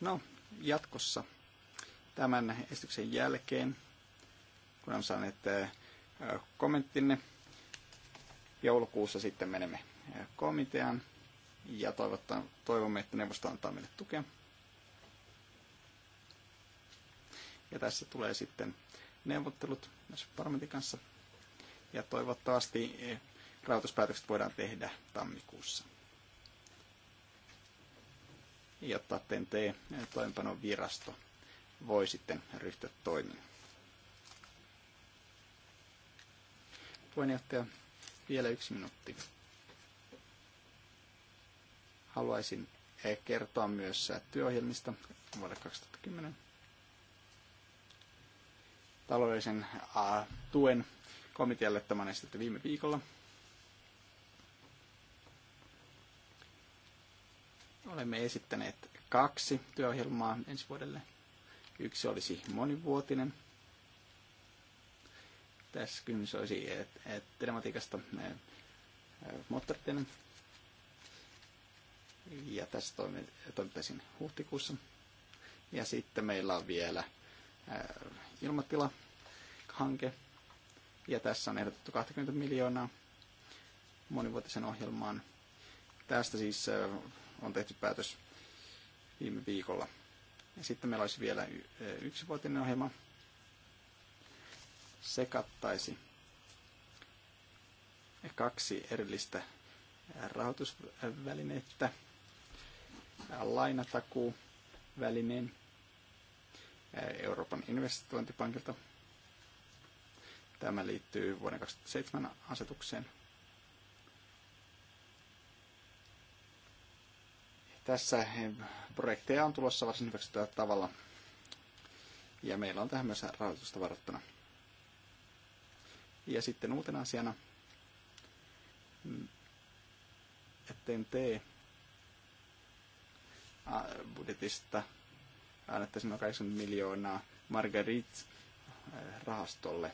No, jatkossa tämän esityksen jälkeen, kun on saaneet kommenttinne. Joulukuussa sitten menemme komiteaan ja toivomme, että neuvosto antaa meille tukea. Ja tässä tulee sitten neuvottelut myös parlamentin kanssa. Ja toivottavasti rahoituspäätökset voidaan tehdä tammikuussa. Jotta TNT toimeenpanon virasto voi sitten ryhtyä toimiin. Puheenjohtaja, vielä yksi minuutti. Haluaisin kertoa myös työohjelmista vuodelle 2010. Taloudellisen tuen komitealle tämä on esitetty viime viikolla. Olemme esittäneet kaksi työohjelmaa ensi vuodelle – Yksi olisi monivuotinen. Tässä kysymys olisi et, et, telematiikasta äh, moottoriteinen. Ja tässä toimittaisin huhtikuussa. Ja sitten meillä on vielä äh, ilmatilahanke. Ja tässä on ehdotettu 20 miljoonaa monivuotisen ohjelmaan. Tästä siis äh, on tehty päätös viime viikolla. Sitten meillä olisi vielä yksivuotinen ohjelma. Se kattaisi kaksi erillistä rahoitusvälineettä, lainatakuu välineen Euroopan investointipankilta. Tämä liittyy vuoden 2007 asetukseen Tässä projekteja on tulossa varsin tavalla. Ja meillä on tähän myös rahoitusta varattuna. Ja sitten uutena asiana en mm, tee budjetista annettaisiin noin 80 miljoonaa Margarit rahastolle,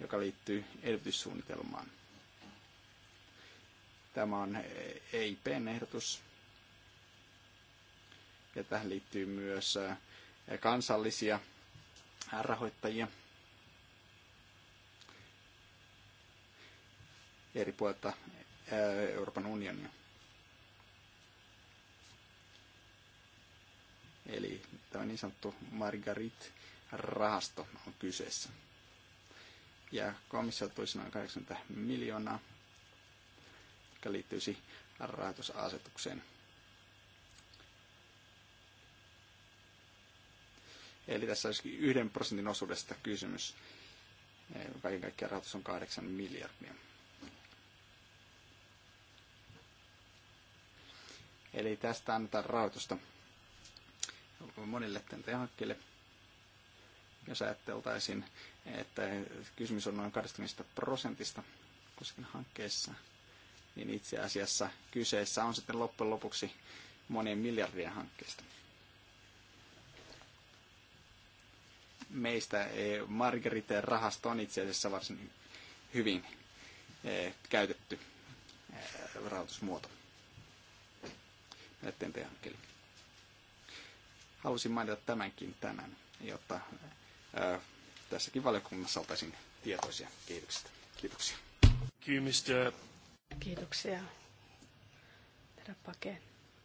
joka liittyy elvytyssuunnitelmaan. Tämä on EIPn ehdotus ja tähän liittyy myös kansallisia rahoittajia eri puolilta Euroopan unionia. Eli tämä niin sanottu Margarit-rahasto on kyseessä. Ja komissio toisi noin 80 miljoonaa, joka liittyisi rahoitusasetukseen Eli tässä olisi yhden prosentin osuudesta kysymys. Kaiken kaikkiaan rahoitus on 8 miljardia. Eli tästä annetaan rahoitusta monille tentehankkeille. hankkeille Jos ajatteltaisiin, että kysymys on noin 20 prosentista kuskin hankkeessa, niin itse asiassa kyseessä on sitten loppujen lopuksi monien miljardien hankkeista. meistä e, Margeriteen rahasto on itse asiassa varsin hyvin e, käytetty e, rahoitusmuoto TNT-hankkeelle. Halusin mainita tämänkin tänään, jotta tässäkin valiokunnassa oltaisiin tietoisia kehityksistä. Kiitoksia. Kiitoksia. Kiitoksia. Herra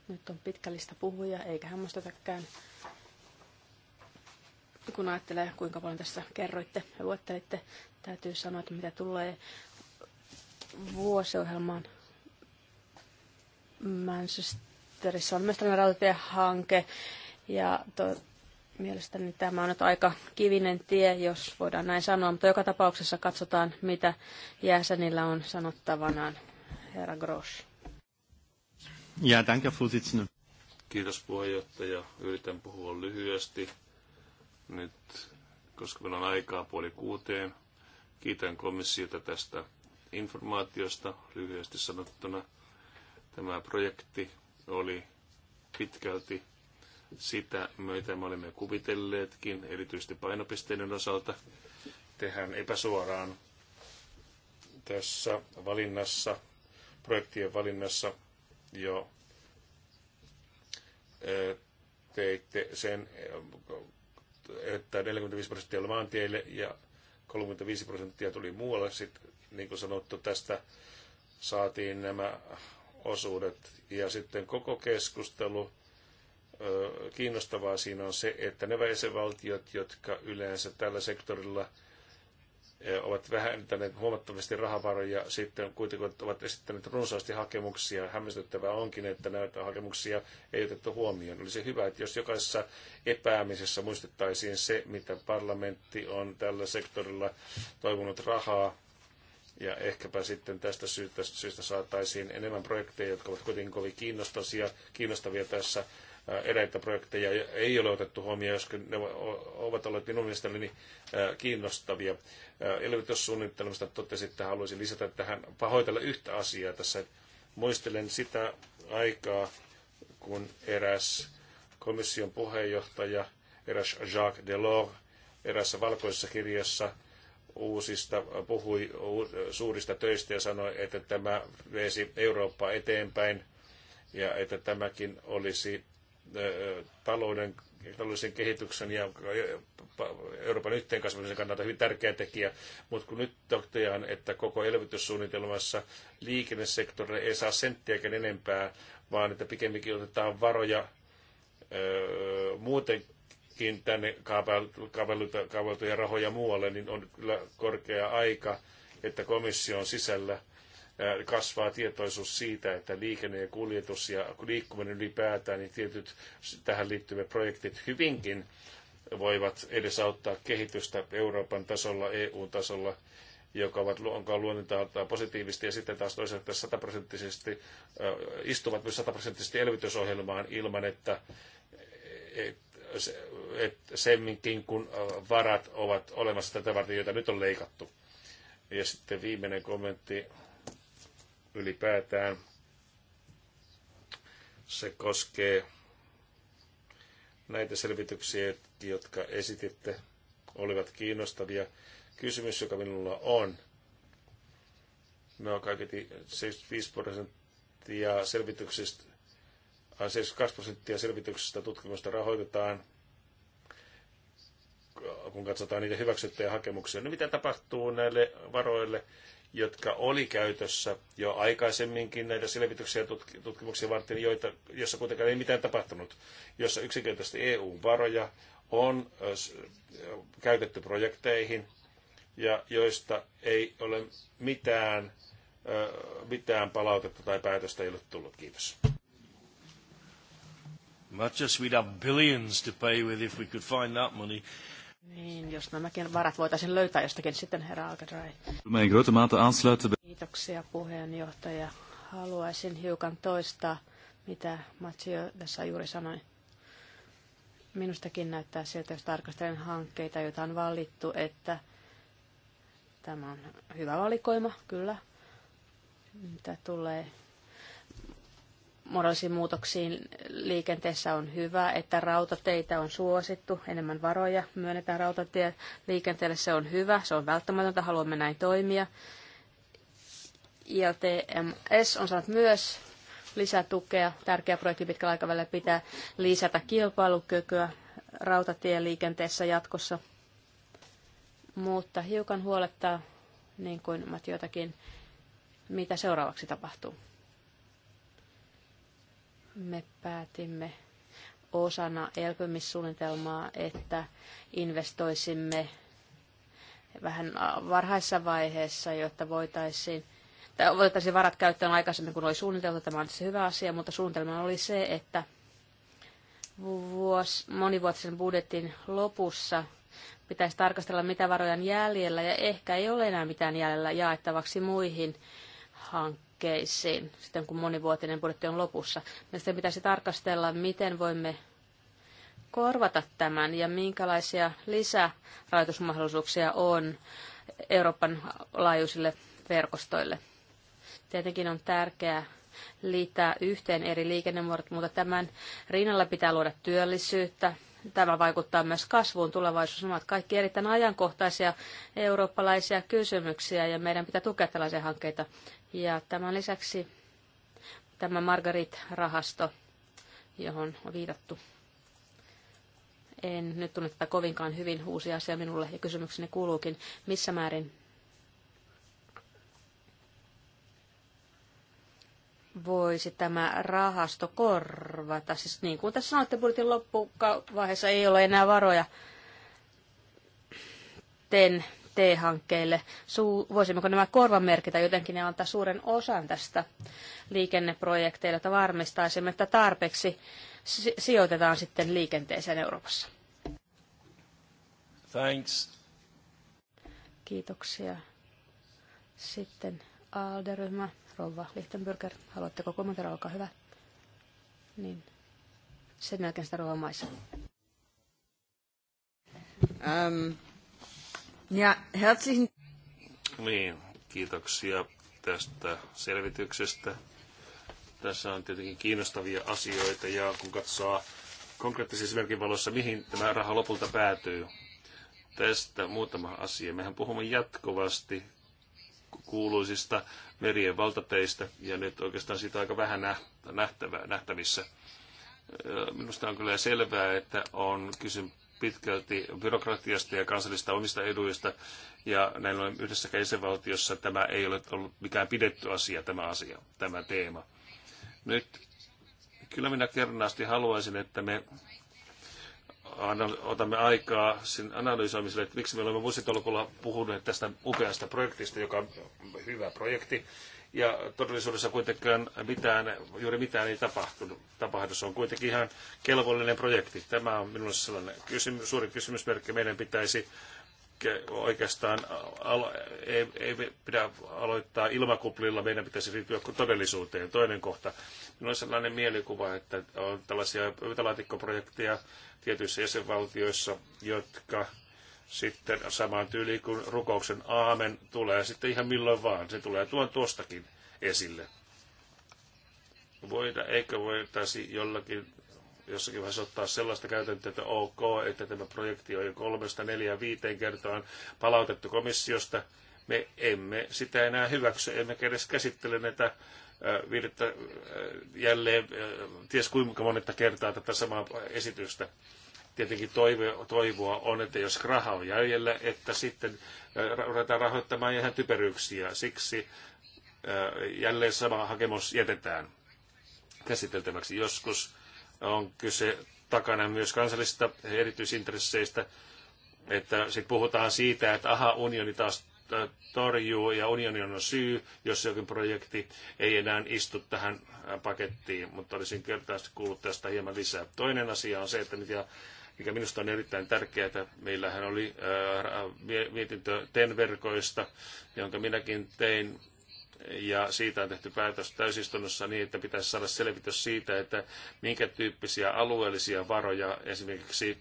Nyt on pitkä lista puhuja, eikä hän hämmästytäkään kun ajattelee, kuinka paljon tässä kerroitte ja luettelitte, täytyy sanoa, että mitä tulee vuosiohjelmaan Manchesterissa on myös tällainen rautatiehanke, ja to, mielestäni tämä on nyt aika kivinen tie, jos voidaan näin sanoa, mutta joka tapauksessa katsotaan, mitä jäsenillä on sanottavanaan. Herra Grosch. Ja, danke, Kiitos puheenjohtaja. Yritän puhua lyhyesti nyt, koska meillä on aikaa puoli kuuteen. Kiitän komissiota tästä informaatiosta lyhyesti sanottuna. Tämä projekti oli pitkälti sitä, mitä me olimme kuvitelleetkin, erityisesti painopisteiden osalta. Tehän epäsuoraan tässä valinnassa, projektien valinnassa jo eh, teitte sen että 45 prosenttia oli maantielle ja 35 prosenttia tuli muualle. Sitten, niin kuin sanottu, tästä saatiin nämä osuudet. Ja sitten koko keskustelu, kiinnostavaa siinä on se, että ne jäsenvaltiot, jotka yleensä tällä sektorilla – ovat vähentäneet huomattavasti rahavaroja, sitten kuitenkin ovat esittäneet runsaasti hakemuksia. Hämmästyttävää onkin, että näitä hakemuksia ei otettu huomioon. Olisi hyvä, että jos jokaisessa epäämisessä muistettaisiin se, mitä parlamentti on tällä sektorilla toivonut rahaa, ja ehkäpä sitten tästä syystä, syystä saataisiin enemmän projekteja, jotka ovat kuitenkin kovin kiinnostavia, kiinnostavia tässä Äh, eräitä projekteja ei ole otettu huomioon, joskin ne ovat olleet minun mielestäni niin, äh, kiinnostavia. Äh, Elvytyssuunnittelusta totesin, että haluaisin lisätä tähän pahoitella yhtä asiaa tässä. Muistelen sitä aikaa, kun eräs komission puheenjohtaja, eräs Jacques Delors, erässä valkoisessa kirjassa uusista, puhui suurista töistä ja sanoi, että tämä veisi Eurooppaa eteenpäin ja että tämäkin olisi talouden, taloudellisen kehityksen ja Euroopan yhteenkasvamisen kannalta hyvin tärkeä tekijä, mutta kun nyt totean, että koko elvytyssuunnitelmassa liikennesektorille ei saa senttiäkään enempää, vaan että pikemminkin otetaan varoja muutenkin tänne kaavailtuja rahoja muualle, niin on kyllä korkea aika, että komission sisällä – kasvaa tietoisuus siitä, että liikenne ja kuljetus ja liikkuminen ylipäätään, niin tietyt tähän liittyvät projektit hyvinkin voivat edesauttaa kehitystä Euroopan tasolla, EU-tasolla, joka ovat, onkaan luonnetaan positiivisesti, ja sitten taas toisaalta sataprosenttisesti istuvat myös sataprosenttisesti elvytysohjelmaan ilman, että semminkin kun varat ovat olemassa tätä varten, joita nyt on leikattu. Ja sitten viimeinen kommentti ylipäätään. Se koskee näitä selvityksiä, jotka esititte, olivat kiinnostavia. Kysymys, joka minulla on, no kaiketi 75 prosenttia selvityksistä, 72 äh, prosenttia selvityksistä tutkimusta rahoitetaan, kun katsotaan niitä hakemuksia. No mitä tapahtuu näille varoille, jotka oli käytössä jo aikaisemminkin näitä selvityksiä ja tutkimuksia varten, joita, jossa kuitenkaan ei mitään tapahtunut, jossa yksinkertaisesti EU-varoja on käytetty projekteihin ja joista ei ole mitään, mitään palautetta tai päätöstä ei ole tullut. Kiitos. Much as we'd have billions to pay with if we could find that money. Niin, jos nämäkin varat voitaisiin löytää jostakin sitten, herra Alcadray. Kiitoksia puheenjohtaja. Haluaisin hiukan toistaa, mitä Matsio tässä juuri sanoi. Minustakin näyttää siltä, jos tarkastelen hankkeita, joita on valittu, että tämä on hyvä valikoima, kyllä, mitä tulee moraalisiin muutoksiin liikenteessä on hyvä, että rautateitä on suosittu, enemmän varoja myönnetään rautatieliikenteelle, se on hyvä, se on välttämätöntä, haluamme näin toimia. ILTMS on saanut myös lisätukea, tärkeä projekti pitkällä aikavälillä pitää lisätä kilpailukykyä rautatieliikenteessä jatkossa, mutta hiukan huolettaa, niin kuin Matiotakin, mitä seuraavaksi tapahtuu. Me päätimme osana elpymissuunnitelmaa, että investoisimme vähän varhaisessa vaiheessa, jotta voitaisiin voitaisiin varat käyttöön aikaisemmin kun oli suunniteltu. Tämä on siis hyvä asia, mutta suunnitelma oli se, että vuos, monivuotisen budjetin lopussa pitäisi tarkastella, mitä varoja on jäljellä, ja ehkä ei ole enää mitään jäljellä jaettavaksi muihin hankkeisiin hankkeisiin, sitten kun monivuotinen budjetti on lopussa. Mielestäni pitäisi tarkastella, miten voimme korvata tämän ja minkälaisia lisärahoitusmahdollisuuksia on Euroopan laajuisille verkostoille. Tietenkin on tärkeää liittää yhteen eri liikennemuodot, mutta tämän rinnalla pitää luoda työllisyyttä. Tämä vaikuttaa myös kasvuun tulevaisuudessa. Nämä ovat kaikki erittäin ajankohtaisia eurooppalaisia kysymyksiä ja meidän pitää tukea tällaisia hankkeita ja tämän lisäksi tämä Margarit-rahasto, johon on viitattu. En nyt tunne tätä kovinkaan hyvin uusi asia minulle ja kysymykseni kuuluukin, missä määrin voisi tämä rahasto korvata? Siis niin kuin tässä sanoitte, budjetin loppuvaiheessa ei ole enää varoja ten t hankkeille voisimmeko nämä korvamerkitä jotenkin ja antaa suuren osan tästä liikenneprojekteille, jotta varmistaisimme, että tarpeeksi sijoitetaan sitten liikenteeseen Euroopassa? Thanks. Kiitoksia. Sitten ALDE-ryhmä, Rova Lichtenbürger, haluatteko kommentoida, olkaa hyvä. Niin. Sen jälkeen sitä Rova Maissa. Um, ähm, ja herzlichen... Niin, kiitoksia tästä selvityksestä. Tässä on tietenkin kiinnostavia asioita ja kun katsoo konkreettisessa esimerkin valossa, mihin tämä raha lopulta päätyy. Tästä muutama asia. Mehän puhumme jatkuvasti kuuluisista merien valtateistä, ja nyt oikeastaan siitä aika vähän nähtävää, nähtävissä. Minusta on kyllä selvää, että on kysymys pitkälti byrokratiasta ja kansallisista omista eduista, ja näillä on yhdessäkään jäsenvaltiossa tämä ei ole ollut mikään pidetty asia, tämä asia, tämä teema. Nyt kyllä minä kernaasti haluaisin, että me otamme aikaa sen analysoimiselle, että miksi me olemme vuositolkulla puhuneet tästä upeasta projektista, joka on hyvä projekti, ja todellisuudessa kuitenkaan mitään, juuri mitään ei tapahtunut. Tapahdu. Se on kuitenkin ihan kelvollinen projekti. Tämä on minulle sellainen kysymys, suuri kysymysmerkki. Meidän pitäisi oikeastaan alo- ei, ei pidä aloittaa ilmakuplilla, meidän pitäisi liittyä todellisuuteen. Toinen kohta. Minulla on sellainen mielikuva, että on tällaisia pöytälaatikkoprojekteja tietyissä jäsenvaltioissa, jotka sitten samaan tyyliin kuin rukouksen aamen tulee sitten ihan milloin vaan. Se tulee tuon tuostakin esille. Voida, eikö voitaisi jollakin, jossakin vaiheessa ottaa sellaista käytäntöä, että ok, että tämä projekti on jo kolmesta, neljä, viiteen kertaan palautettu komissiosta. Me emme sitä enää hyväksy, emme edes käsittele näitä virta jälleen ties kuinka monetta kertaa tätä samaa esitystä. Tietenkin toive, toivoa on, että jos raha on jäljellä, että sitten ruvetaan rahoittamaan ihan typeryyksiä. Siksi jälleen sama hakemus jätetään käsiteltäväksi. Joskus on kyse takana myös kansallisista erityisintresseistä, että sitten puhutaan siitä, että aha, unioni taas torjuu ja unioni on syy, jos jokin projekti ei enää istu tähän pakettiin, mutta olisin kertaasti kuullut tästä hieman lisää. Toinen asia on se, että mitä mikä minusta on erittäin tärkeää. Meillähän oli äh, mietintö TEN-verkoista, jonka minäkin tein, ja siitä on tehty päätös täysistunnossa niin, että pitäisi saada selvitys siitä, että minkä tyyppisiä alueellisia varoja esimerkiksi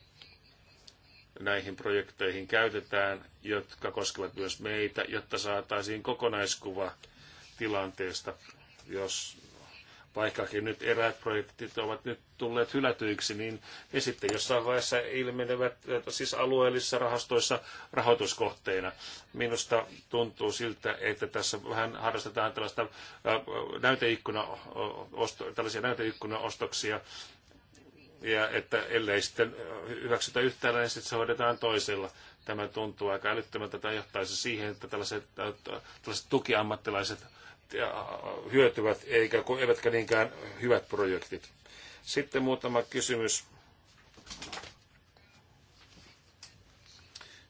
näihin projekteihin käytetään, jotka koskevat myös meitä, jotta saataisiin kokonaiskuva tilanteesta, jos Vaikkakin nyt eräät projektit ovat nyt tulleet hylätyiksi, niin ne sitten jossain vaiheessa ilmenevät siis alueellisissa rahastoissa rahoituskohteina. Minusta tuntuu siltä, että tässä vähän harrastetaan tällaista äh, näyteikkuna, äh, tällaisia näyteikkunaostoksia, ja että ellei sitten hyväksytä yhtään, niin sitten se hoidetaan toisella. Tämä tuntuu aika älyttömältä. Tämä johtaisi siihen, että tällaiset, äh, tällaiset tukiammattilaiset hyötyvät, eikä, eivätkä niinkään hyvät projektit. Sitten muutama kysymys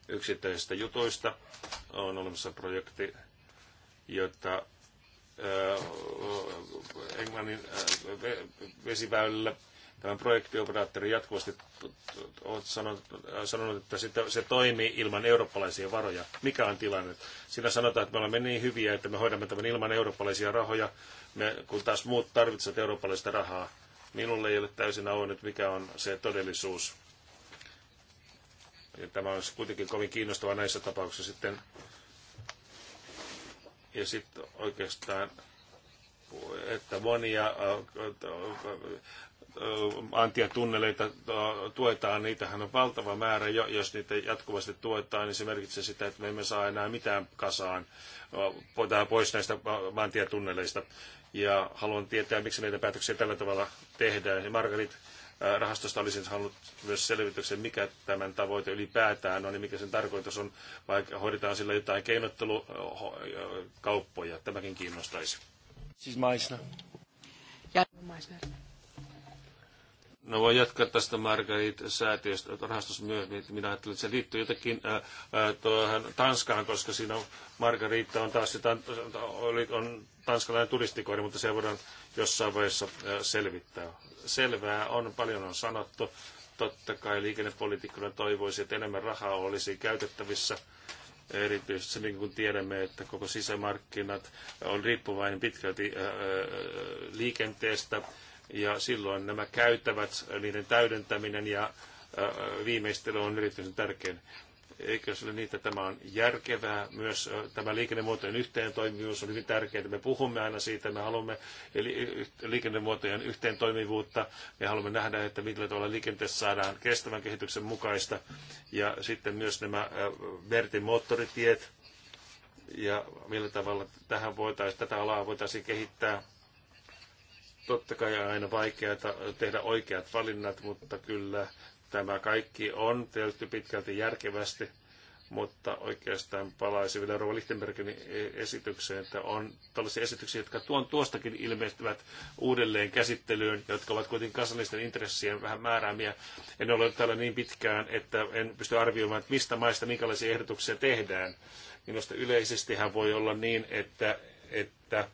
yksittäisistä jutuista. On olemassa projekti, jota Englannin vesiväylillä Tämä projektioperaattorin jatkuvasti olet äh, sanonut, että se toimii ilman eurooppalaisia varoja. Mikä on tilanne? Siinä sanotaan, että me olemme niin hyviä, että me hoidamme tämän ilman eurooppalaisia rahoja, me, kun taas muut tarvitsevat eurooppalaista rahaa. Minulle ei ole täysin että mikä on se todellisuus. Ja tämä olisi kuitenkin kovin kiinnostava näissä tapauksissa sitten. Ja sitten oikeastaan, että monia äh, antia tunneleita tuetaan, niitähän on valtava määrä. Jos niitä jatkuvasti tuetaan, niin se merkitsee sitä, että me emme saa enää mitään kasaan pois näistä maantietunneleista. Ja haluan tietää, miksi näitä päätöksiä tällä tavalla tehdään. Ja Margarit, rahastosta olisin halunnut myös selvityksen, mikä tämän tavoite ylipäätään on ja mikä sen tarkoitus on, vaikka hoidetaan sillä jotain keinottelukauppoja. Tämäkin kiinnostaisi. Siis Maisna. Ja Maisner. No voin jatkaa tästä Margarit-säätiöstä rahastossa myöhemmin. Minä ajattelin, että se liittyy jotenkin ää, tuohon Tanskaan, koska siinä Margarita on taas sitä, oli, on tanskalainen turistikoiri, mutta se voidaan jossain vaiheessa ää, selvittää. Selvää on, paljon on sanottu. Totta kai liikennepolitiikkoina toivoisi, että enemmän rahaa olisi käytettävissä. Erityisesti niin kun tiedämme, että koko sisämarkkinat on riippuvainen pitkälti ää, liikenteestä ja silloin nämä käytävät, niiden täydentäminen ja viimeistely on erityisen tärkeää. Eikö se ole niin, että tämä on järkevää? Myös tämä liikennemuotojen yhteentoimivuus on hyvin tärkeää. Me puhumme aina siitä, me haluamme liikennemuotojen yhteentoimivuutta. Me haluamme nähdä, että millä tavalla liikenteessä saadaan kestävän kehityksen mukaista. Ja sitten myös nämä Vertin moottoritiet ja millä tavalla tähän voitaisiin, tätä alaa voitaisiin kehittää Totta kai on aina vaikeaa tehdä oikeat valinnat, mutta kyllä tämä kaikki on tehty pitkälti järkevästi. Mutta oikeastaan palaisin vielä Rova Lichtenbergin e- esitykseen, että on tällaisia esityksiä, jotka tuon tuostakin ilmestyvät uudelleen käsittelyyn, jotka ovat kuitenkin kansallisten intressien vähän määräämiä. En ole täällä niin pitkään, että en pysty arvioimaan, että mistä maista minkälaisia ehdotuksia tehdään. Minusta yleisestihän voi olla niin, että, että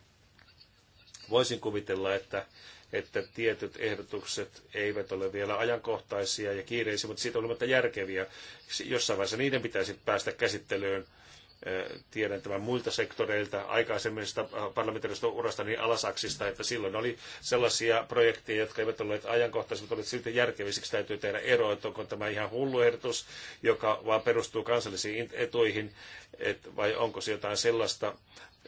Voisin kuvitella, että, että tietyt ehdotukset eivät ole vielä ajankohtaisia ja kiireisiä, mutta siitä olematta järkeviä. Jossain vaiheessa niiden pitäisi päästä käsittelyyn tiedän tämän muilta sektoreilta aikaisemmista äh, parlamentaarisesta urasta niin Alasaksista, että silloin oli sellaisia projekteja, jotka eivät olleet ajankohtaisia, mutta olivat silti siksi Täytyy tehdä ero, että onko tämä ihan hullu ehdotus, joka vaan perustuu kansallisiin etuihin, et, vai onko se jotain sellaista,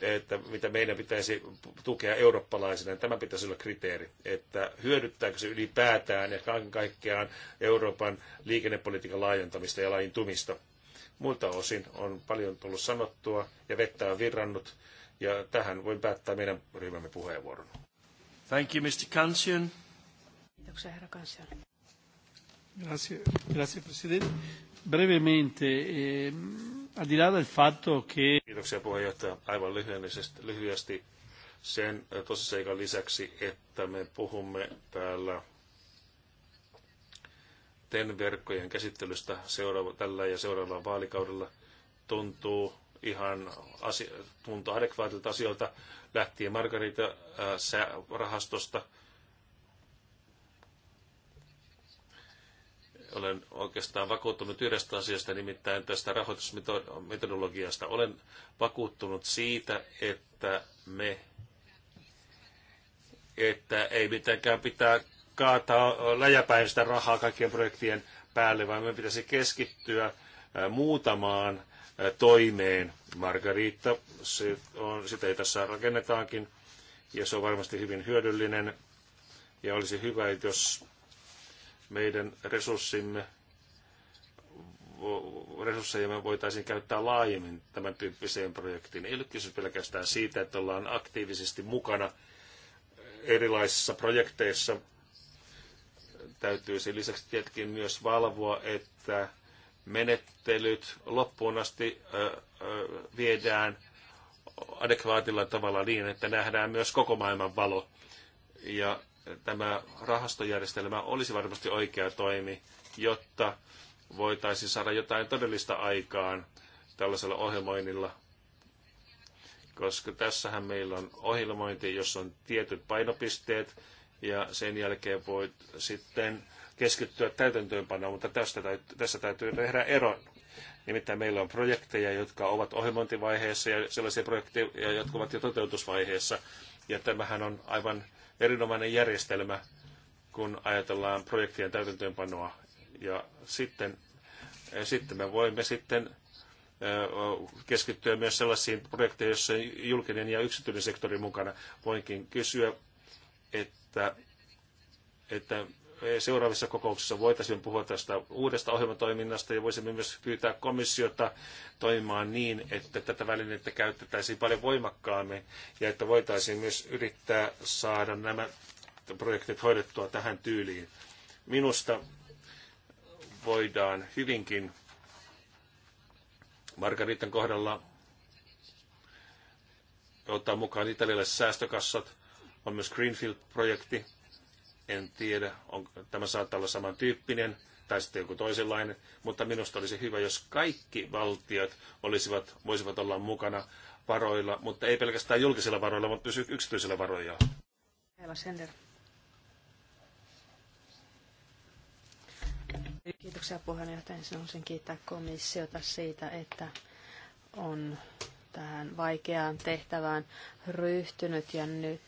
että mitä meidän pitäisi tukea eurooppalaisena. Tämä pitäisi olla kriteeri, että hyödyttääkö se ylipäätään ja kaiken kaikkiaan Euroopan liikennepolitiikan laajentamista ja laajentumista Muilta osin on paljon tullut sanottua ja vettä on virrannut, ja tähän voin päättää meidän ryhmämme puheenvuoron. Thank you, Mr. Kansion. Kiitoksia, herra Kansion. Grazie, grazie Presidente. Brevemente, eh, al di là del fatto che... Kiitoksia puheenjohtaja. Aivan lyhyesti sen eh, tosiseikan lisäksi, että me puhumme täällä TEN-verkkojen käsittelystä seuraava, tällä ja seuraavalla vaalikaudella tuntuu ihan asia, tuntuu adekvaatilta asioilta lähtien Margarita-rahastosta. Äh, Olen oikeastaan vakuuttunut yhdestä asiasta, nimittäin tästä rahoitusmetodologiasta. Olen vakuuttunut siitä, että me että ei mitenkään pitää kaataa läjäpäin sitä rahaa kaikkien projektien päälle, vaan meidän pitäisi keskittyä muutamaan toimeen. Margarita, se on, sitä ei tässä rakennetaankin, ja se on varmasti hyvin hyödyllinen. Ja olisi hyvä, jos meidän resurssimme resursseja me voitaisiin käyttää laajemmin tämän tyyppiseen projektiin. Ei ole kysymys pelkästään siitä, että ollaan aktiivisesti mukana erilaisissa projekteissa, täytyy sen lisäksi tietenkin myös valvoa, että menettelyt loppuun asti viedään adekvaatilla tavalla niin, että nähdään myös koko maailman valo. Ja tämä rahastojärjestelmä olisi varmasti oikea toimi, jotta voitaisiin saada jotain todellista aikaan tällaisella ohjelmoinnilla. Koska tässähän meillä on ohjelmointi, jossa on tietyt painopisteet, ja sen jälkeen voit sitten keskittyä täytäntöönpanoon, mutta tästä täytyy, tässä täytyy tehdä ero. Nimittäin meillä on projekteja, jotka ovat ohjelmointivaiheessa ja sellaisia projekteja, jotka ovat jo toteutusvaiheessa. Ja tämähän on aivan erinomainen järjestelmä, kun ajatellaan projektien täytäntöönpanoa. Ja sitten, eh, sitten me voimme sitten eh, keskittyä myös sellaisiin projekteihin, joissa julkinen ja yksityinen sektori mukana. Voinkin kysyä, että että, että seuraavissa kokouksissa voitaisiin puhua tästä uudesta ohjelmatoiminnasta ja voisimme myös pyytää komissiota toimimaan niin, että tätä välinettä käytettäisiin paljon voimakkaammin ja että voitaisiin myös yrittää saada nämä projektit hoidettua tähän tyyliin. Minusta voidaan hyvinkin Margaritan kohdalla ottaa mukaan italialaiset säästökassat – on myös Greenfield-projekti. En tiedä, on, tämä saattaa olla samantyyppinen tai sitten joku toisenlainen, mutta minusta olisi hyvä, jos kaikki valtiot olisivat, voisivat olla mukana varoilla, mutta ei pelkästään julkisilla varoilla, vaan myös yksityisillä varoilla. Kiitoksia puheenjohtaja. Haluaisin kiittää komissiota siitä, että on tähän vaikeaan tehtävään ryhtynyt ja nyt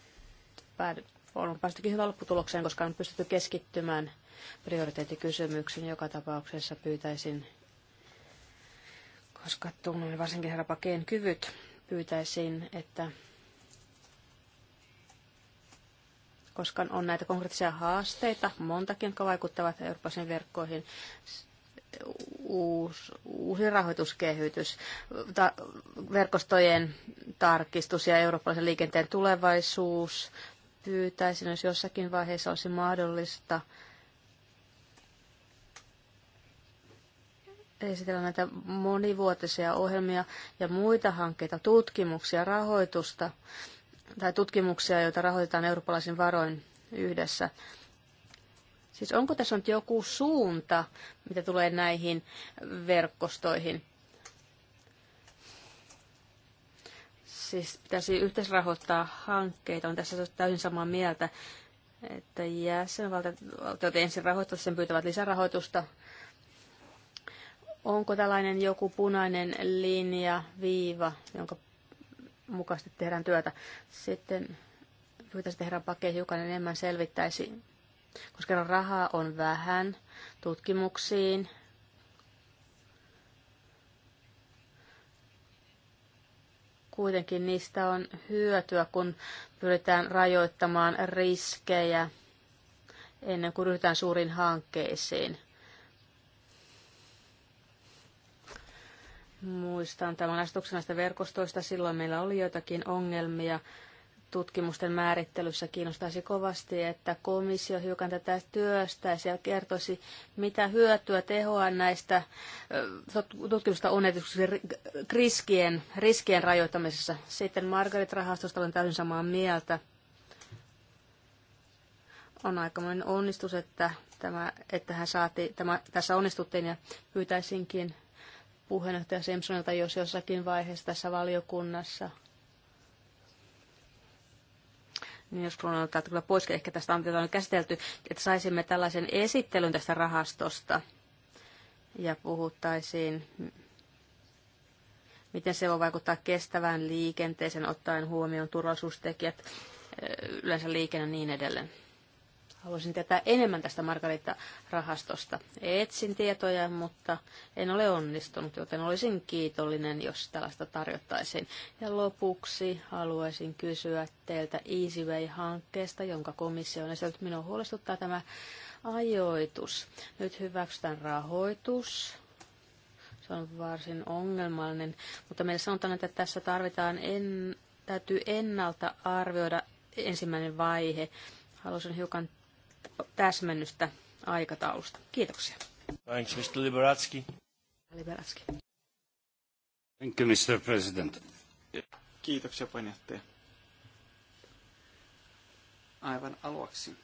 on päästykin hyvään lopputulokseen, koska on pystytty keskittymään prioriteettikysymyksiin. Joka tapauksessa pyytäisin, koska tunnen varsinkin herra Pakeen kyvyt, pyytäisin, että koska on näitä konkreettisia haasteita, montakin, jotka vaikuttavat Euroopan verkkoihin, uusi, uusi rahoituskehitys, ta, verkostojen tarkistus ja eurooppalaisen liikenteen tulevaisuus, pyytäisin, jos jossakin vaiheessa olisi mahdollista esitellä näitä monivuotisia ohjelmia ja muita hankkeita, tutkimuksia, rahoitusta tai tutkimuksia, joita rahoitetaan eurooppalaisin varoin yhdessä. Siis onko tässä nyt joku suunta, mitä tulee näihin verkostoihin? siis pitäisi yhteisrahoittaa hankkeita. On tässä täysin samaa mieltä, että jäsenvaltiot ensin rahoittavat, sen pyytävät lisärahoitusta. Onko tällainen joku punainen linja, viiva, jonka mukaisesti tehdään työtä? Sitten pyytäisi tehdä Pake hiukan enemmän selvittäisi, koska rahaa on vähän tutkimuksiin, Kuitenkin niistä on hyötyä, kun pyritään rajoittamaan riskejä ennen kuin ryhdytään suuriin hankkeisiin. Muistan tämän asetuksen näistä verkostoista. Silloin meillä oli joitakin ongelmia tutkimusten määrittelyssä kiinnostaisi kovasti, että komissio hiukan tätä työstäisi ja kertoisi, mitä hyötyä tehoa näistä tutkimusta on riskien, riskien rajoittamisessa. Sitten Margaret-rahastosta olen täysin samaa mieltä. On aikamoinen onnistus, että, tämä, että hän saati, tämä, tässä onnistuttiin ja pyytäisinkin puheenjohtaja Simpsonilta, jos jossakin vaiheessa tässä valiokunnassa – niin jos ottaa kyllä pois, ehkä tästä on on käsitelty, että saisimme tällaisen esittelyn tästä rahastosta ja puhuttaisiin, miten se voi vaikuttaa kestävään liikenteeseen ottaen huomioon turvallisuustekijät, yleensä liikenne ja niin edelleen. Haluaisin tietää enemmän tästä Margarita-rahastosta. Etsin tietoja, mutta en ole onnistunut, joten olisin kiitollinen, jos tällaista tarjottaisiin. Ja lopuksi haluaisin kysyä teiltä Easyway-hankkeesta, jonka komissio on esitellyt. Minua huolestuttaa tämä ajoitus. Nyt hyväksytään rahoitus. Se on varsin ongelmallinen, mutta meillä sanotaan, että tässä tarvitaan en, täytyy ennalta arvioida ensimmäinen vaihe halusin hiukan täsmennystä aikataulusta. Kiitoksia. Thanks, Mr. Liberatski. Liberatski. Thank you, Mr. President. Kiitoksia, puheenjohtaja. Aivan aluksi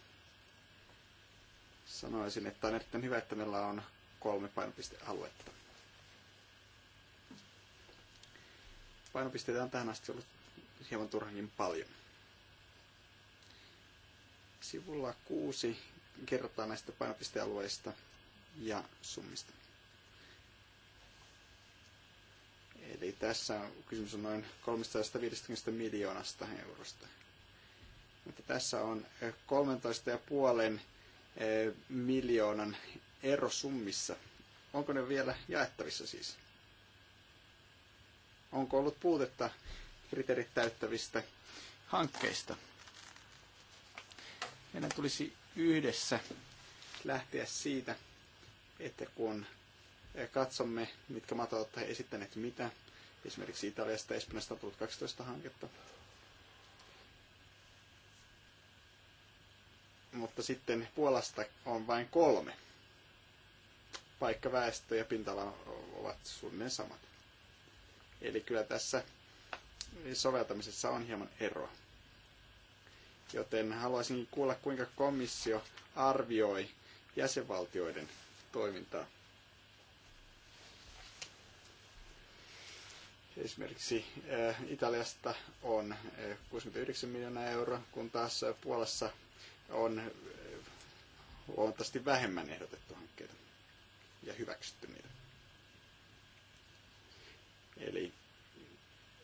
sanoisin, että on erittäin hyvä, että meillä on kolme painopistealuetta. Painopisteitä on tähän asti ollut hieman turhankin paljon – Sivulla kuusi kerrotaan näistä painopistealueista ja summista. Eli tässä on kysymys on noin 350 miljoonasta eurosta. Mutta tässä on 13,5 miljoonan ero summissa. Onko ne vielä jaettavissa siis? Onko ollut puutetta kriteerit täyttävistä hankkeista? Meidän tulisi yhdessä lähteä siitä, että kun katsomme, mitkä maat ovat esittäneet mitä, esimerkiksi Italiasta ja Espanjasta on tullut 12 hanketta. Mutta sitten Puolasta on vain kolme. Paikka, väestö ja pinta ovat suunnilleen samat. Eli kyllä tässä soveltamisessa on hieman eroa joten haluaisin kuulla, kuinka komissio arvioi jäsenvaltioiden toimintaa. Esimerkiksi eh, Italiasta on 69 eh, miljoonaa euroa, kun taas Puolassa on eh, huomattavasti vähemmän ehdotettu hankkeita ja hyväksytty niitä. Eli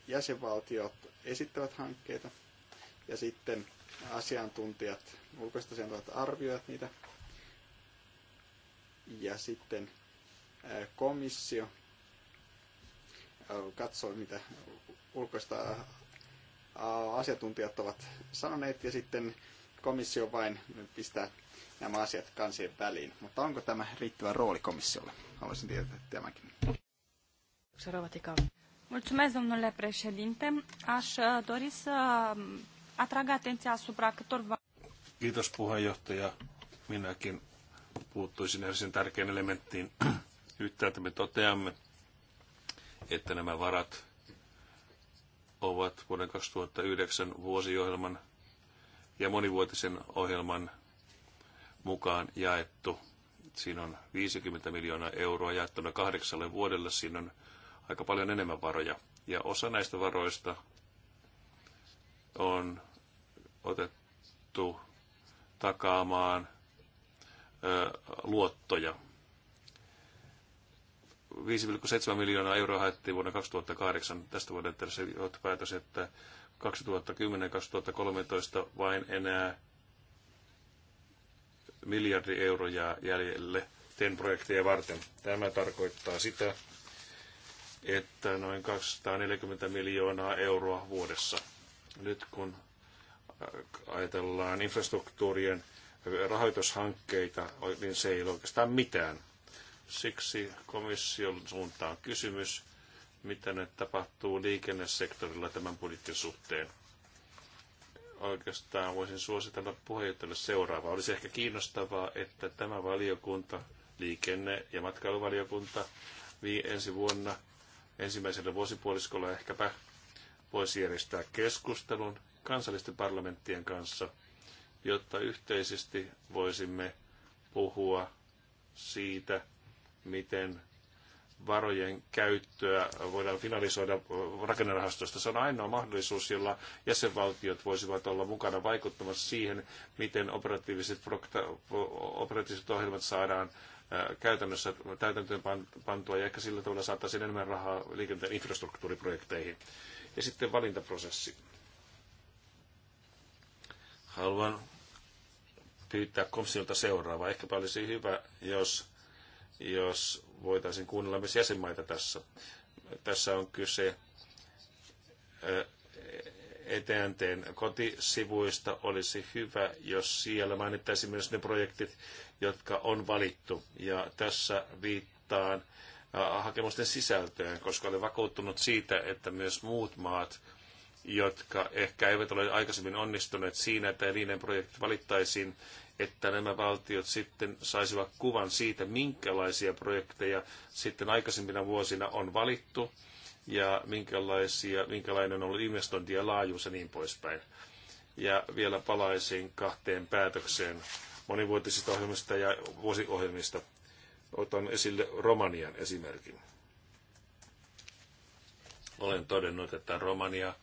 jäsenvaltiot esittävät hankkeita ja sitten asiantuntijat, ulkoiset asiantuntijat arvioivat niitä. Ja sitten komissio katsoi, mitä ulkoista asiantuntijat ovat sanoneet, ja sitten komissio vain pistää nämä asiat kansien väliin. Mutta onko tämä riittävä rooli komissiolle? Haluaisin tietää tämänkin. Mulțumesc, domnule președinte. Aș uh, dori să um, atrag atenția asupra câtorva... Kiitos puheenjohtaja. Minäkin puuttuisin ensin tärkeän elementtiin. [CLEARS THROAT] Yhtäältä me toteamme, että nämä varat ovat vuoden 2009 vuosiohjelman ja monivuotisen ohjelman mukaan jaettu. Siinä on 50 miljoonaa euroa jaettuna kahdeksalle vuodelle. Siinä on aika paljon enemmän varoja. Ja osa näistä varoista on otettu takaamaan luottoja. 5,7 miljoonaa euroa haettiin vuonna 2008. Tästä voidaan tehdä se johtopäätös, että 2010-2013 vain enää miljardi euroja jäljelle TEN-projekteja varten. Tämä tarkoittaa sitä, että noin 240 miljoonaa euroa vuodessa. Nyt kun ajatellaan infrastruktuurien rahoitushankkeita, niin se ei ole oikeastaan mitään. Siksi komission suuntaan kysymys, mitä nyt tapahtuu liikennesektorilla tämän budjetin suhteen. Oikeastaan voisin suositella puheenjohtajalle seuraavaa. Olisi ehkä kiinnostavaa, että tämä valiokunta, liikenne- ja matkailuvaliokunta, ensi vuonna ensimmäisellä vuosipuoliskolla ehkäpä voisi järjestää keskustelun kansallisten parlamenttien kanssa, jotta yhteisesti voisimme puhua siitä, miten varojen käyttöä voidaan finalisoida rakennerahastosta. Se on ainoa mahdollisuus, jolla jäsenvaltiot voisivat olla mukana vaikuttamassa siihen, miten operatiiviset, operatiiviset ohjelmat saadaan äh, käytännössä täytäntöön pantua ja ehkä sillä tavalla saataisiin enemmän rahaa liikenteen infrastruktuuriprojekteihin. Ja sitten valintaprosessi. Haluan pyytää komissiolta seuraavaa. Ehkäpä olisi hyvä, jos, jos voitaisiin kuunnella myös jäsenmaita tässä. Tässä on kyse eteenteen kotisivuista. Olisi hyvä, jos siellä mainittaisiin myös ne projektit, jotka on valittu. Ja tässä viittaan hakemusten sisältöön, koska olen vakuuttunut siitä, että myös muut maat jotka ehkä eivät ole aikaisemmin onnistuneet siinä, että niiden projektit valittaisiin, että nämä valtiot sitten saisivat kuvan siitä, minkälaisia projekteja sitten aikaisempina vuosina on valittu ja minkälaisia, minkälainen on ollut investointien laajuus ja niin poispäin. Ja vielä palaisin kahteen päätökseen monivuotisista ohjelmista ja vuosiohjelmista. Otan esille Romanian esimerkin. Olen todennut, että Romania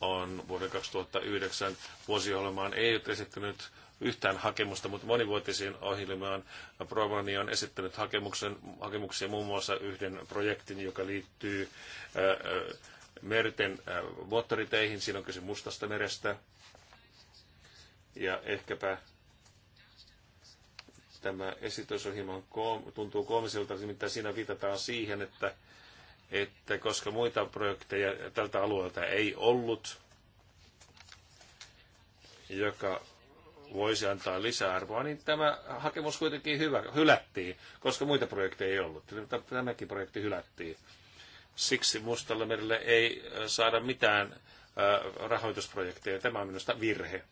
on vuoden 2009 vuosiohjelmaan ei ole esittänyt yhtään hakemusta, mutta monivuotisiin ohjelmaan Provani on esittänyt hakemuksen, hakemuksia muun muassa yhden projektin, joka liittyy äh, äh, merten äh, moottoriteihin. Siinä on kyse Mustasta merestä. Ja ehkäpä tämä esitysohjelma tuntuu koomiselta, nimittäin siinä viitataan siihen, että että koska muita projekteja tältä alueelta ei ollut, joka voisi antaa lisäarvoa, niin tämä hakemus kuitenkin hyvä, hylättiin, koska muita projekteja ei ollut. Tämäkin projekti hylättiin. Siksi Mustalla merelle ei äh, saada mitään äh, rahoitusprojekteja. Tämä on minusta virhe,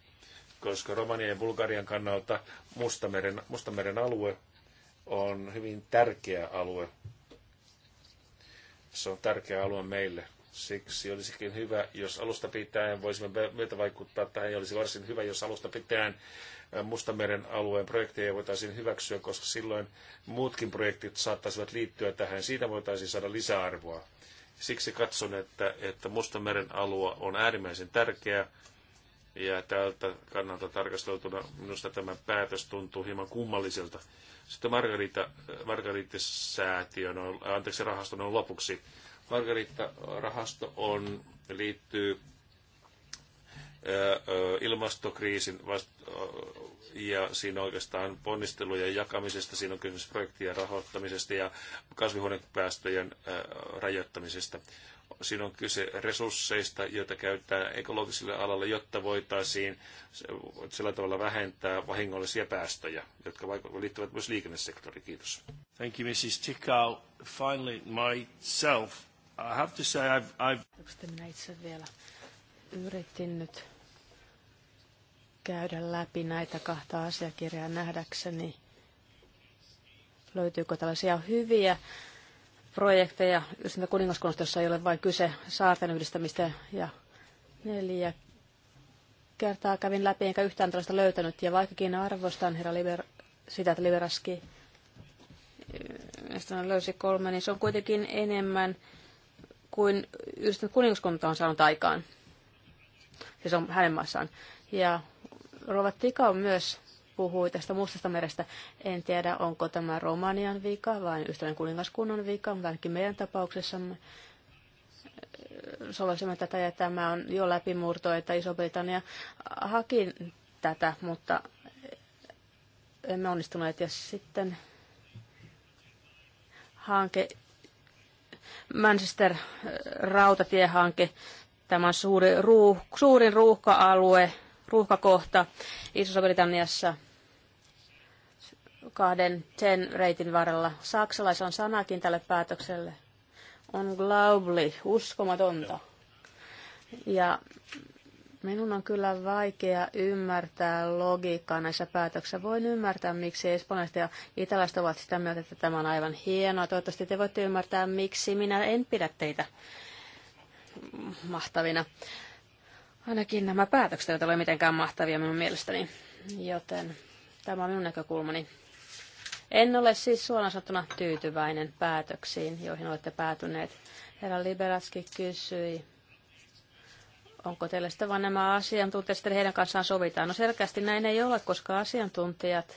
koska Romanian ja Bulgarian kannalta Mustameren, Mustameren alue on hyvin tärkeä alue se on tärkeä alue meille. Siksi olisikin hyvä, jos alusta pitäen voisimme myötä vaikuttaa tähän, ja olisi varsin hyvä, jos alusta pitäen Mustameren alueen projekteja voitaisiin hyväksyä, koska silloin muutkin projektit saattaisivat liittyä tähän. Siitä voitaisiin saada lisäarvoa. Siksi katson, että, että Mustameren alue on äärimmäisen tärkeä, ja tältä kannalta tarkasteltuna minusta tämä päätös tuntuu hieman kummalliselta. Sitten Margarita, Margarita-säätiön, anteeksi rahaston on lopuksi. Margarita-rahasto on, liittyy ilmastokriisin vast- ja siinä oikeastaan ponnistelujen jakamisesta, siinä on kysymys projektien rahoittamisesta ja kasvihuonepäästöjen rajoittamisesta. Siinä on kyse resursseista, joita käytetään ekologiselle alalle, jotta voitaisiin sillä tavalla vähentää vahingollisia päästöjä, jotka liittyvät myös liikennesektoriin. Kiitos. Thank you, Mrs. Tikau. Finally, myself. I have to say I've... I've... Minä itse vielä yritin nyt käydä läpi näitä kahta asiakirjaa nähdäkseni, löytyykö tällaisia hyviä projekteja yhdistyntä kuningaskunnasta, jossa ei ole vain kyse saarten yhdistämistä ja neljä kertaa kävin läpi enkä yhtään tällaista löytänyt. Ja vaikkakin arvostan herra Liber, sitä, että Liberaski eh, löysi kolme, niin se on kuitenkin enemmän kuin yhdistynyt kuningaskunta on saanut aikaan. Siis on hänen maassaan. Ja Rova Tika on myös puhui tästä Mustasta merestä. En tiedä, onko tämä Romanian vika vai ystävän kuningaskunnan vika, mutta ainakin meidän tapauksessamme eh, sovelsimme tätä ja tämä on jo läpimurto, että Iso-Britannia haki tätä, mutta emme onnistuneet. Ja sitten hanke, Manchester eh, rautatiehanke, tämä on suuri ruuh, suurin ruuhka-alue, ruuhkakohta Iso-Britanniassa kahden ten reitin varrella. Saksalais on sanakin tälle päätökselle. On glaubli, uskomatonta. Ja minun on kyllä vaikea ymmärtää logiikkaa näissä päätöksissä. Voin ymmärtää, miksi espanjalaiset ja italaiset ovat sitä mieltä, että tämä on aivan hienoa. Toivottavasti te voitte ymmärtää, miksi minä en pidä teitä mahtavina. Ainakin nämä päätökset eivät ole mitenkään mahtavia minun mielestäni, joten tämä on minun näkökulmani. En ole siis suoraan tyytyväinen päätöksiin, joihin olette päätyneet. Herra Liberatski kysyi, onko teillä sitten vain nämä asiantuntijat, sitten heidän kanssaan sovitaan. No selkeästi näin ei ole, koska asiantuntijat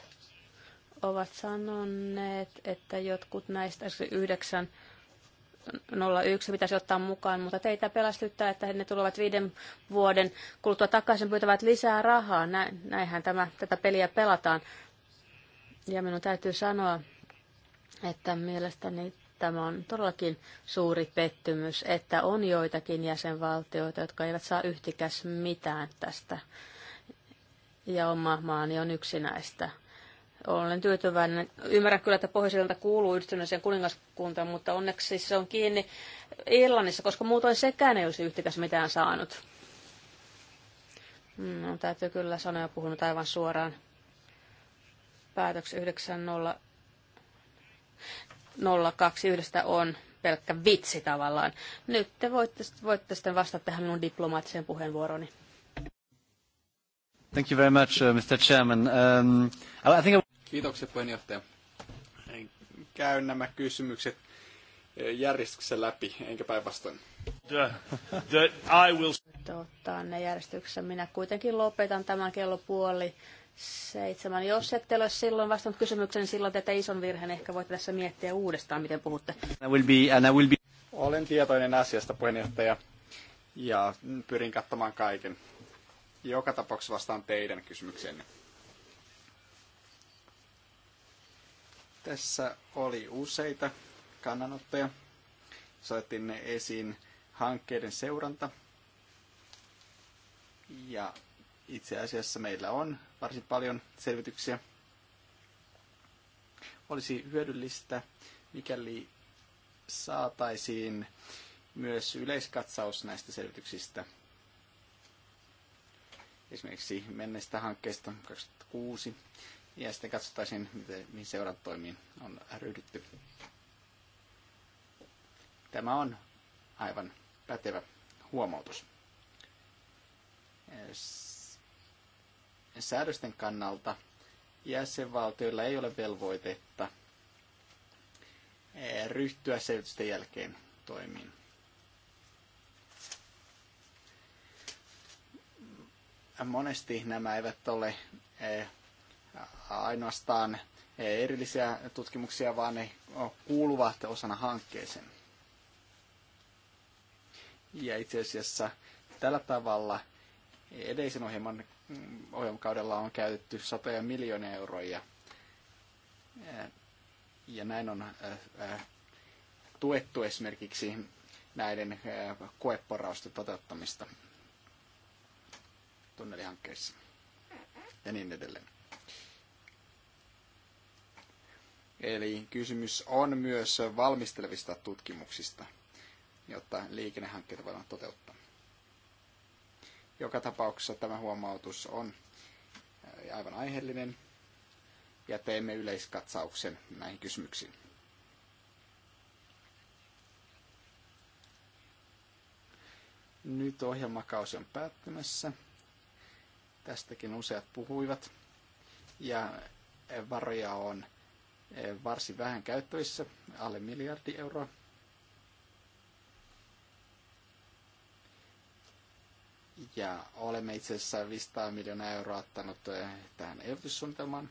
ovat sanoneet, että jotkut näistä 9 01 pitäisi ottaa mukaan, mutta teitä pelästyttää, että ne tulevat viiden vuoden kuluttua takaisin pyytävät lisää rahaa. Näinhän tämä, tätä peliä pelataan. Ja minun täytyy sanoa, että mielestäni tämä on todellakin suuri pettymys, että on joitakin jäsenvaltioita, jotka eivät saa yhtikäs mitään tästä. Ja oma maani on yksi näistä. Olen tyytyväinen. Ymmärrän kyllä, että pohjoiselta kuuluu yhdistyneeseen kuningaskuntaan, mutta onneksi se on kiinni Irlannissa, koska muutoin sekään ei olisi yhtikäs mitään saanut. Mm, no, täytyy kyllä sanoa ja puhunut aivan suoraan. Päätöks 9002 yhdestä on pelkkä vitsi tavallaan. Nyt te voitte, voitte sitten vastata tähän minun diplomaattiseen puheenvuoroni. Thank you very much, uh, Mr. Chairman. Um, I think I... Kiitoksia puheenjohtaja. Käyn nämä kysymykset eh, järjestyksen läpi, enkä päinvastoin. I will... Totta, ne järjestyksessä. Minä kuitenkin lopetan tämän kello puoli Seitsemän. Jos ette ole silloin vastannut kysymykseen, niin silloin teette ison virheen. Ehkä voitte tässä miettiä uudestaan, miten puhutte. I will be, and I will be. Olen tietoinen asiasta, puheenjohtaja, ja pyrin kattamaan kaiken. Joka tapauksessa vastaan teidän kysymykseenne. Tässä oli useita kannanottoja. soitin ne esiin hankkeiden seuranta. Ja itse asiassa meillä on varsin paljon selvityksiä. Olisi hyödyllistä, mikäli saataisiin myös yleiskatsaus näistä selvityksistä. Esimerkiksi menneistä hankkeista 2006 ja sitten katsottaisiin, miten, mihin seurantoimiin on ryhdytty. Tämä on aivan pätevä huomautus säädösten kannalta jäsenvaltioilla ei ole velvoitetta eh, ryhtyä selvitysten jälkeen toimiin. Monesti nämä eivät ole eh, ainoastaan eh, erillisiä tutkimuksia, vaan ne kuuluvat osana hankkeeseen. Ja itse asiassa tällä tavalla edellisen ohjelman ohjelmakaudella on käytetty satoja miljoonia euroja. Ja näin on äh, äh, tuettu esimerkiksi näiden äh, koeporausten toteuttamista tunnelihankkeissa ja niin edelleen. Eli kysymys on myös valmistelevista tutkimuksista, jotta liikennehankkeita voidaan toteuttaa. Joka tapauksessa tämä huomautus on äh, aivan aiheellinen ja teemme yleiskatsauksen näihin kysymyksiin. Nyt ohjelmakausi on päättymässä. Tästäkin useat puhuivat. Ja äh, varoja on äh, varsin vähän käyttöissä, alle miljardi euroa. Ja olemme itse asiassa 500 miljoonaa euroa ottanut eh, tähän elvytyssuunnitelmaan.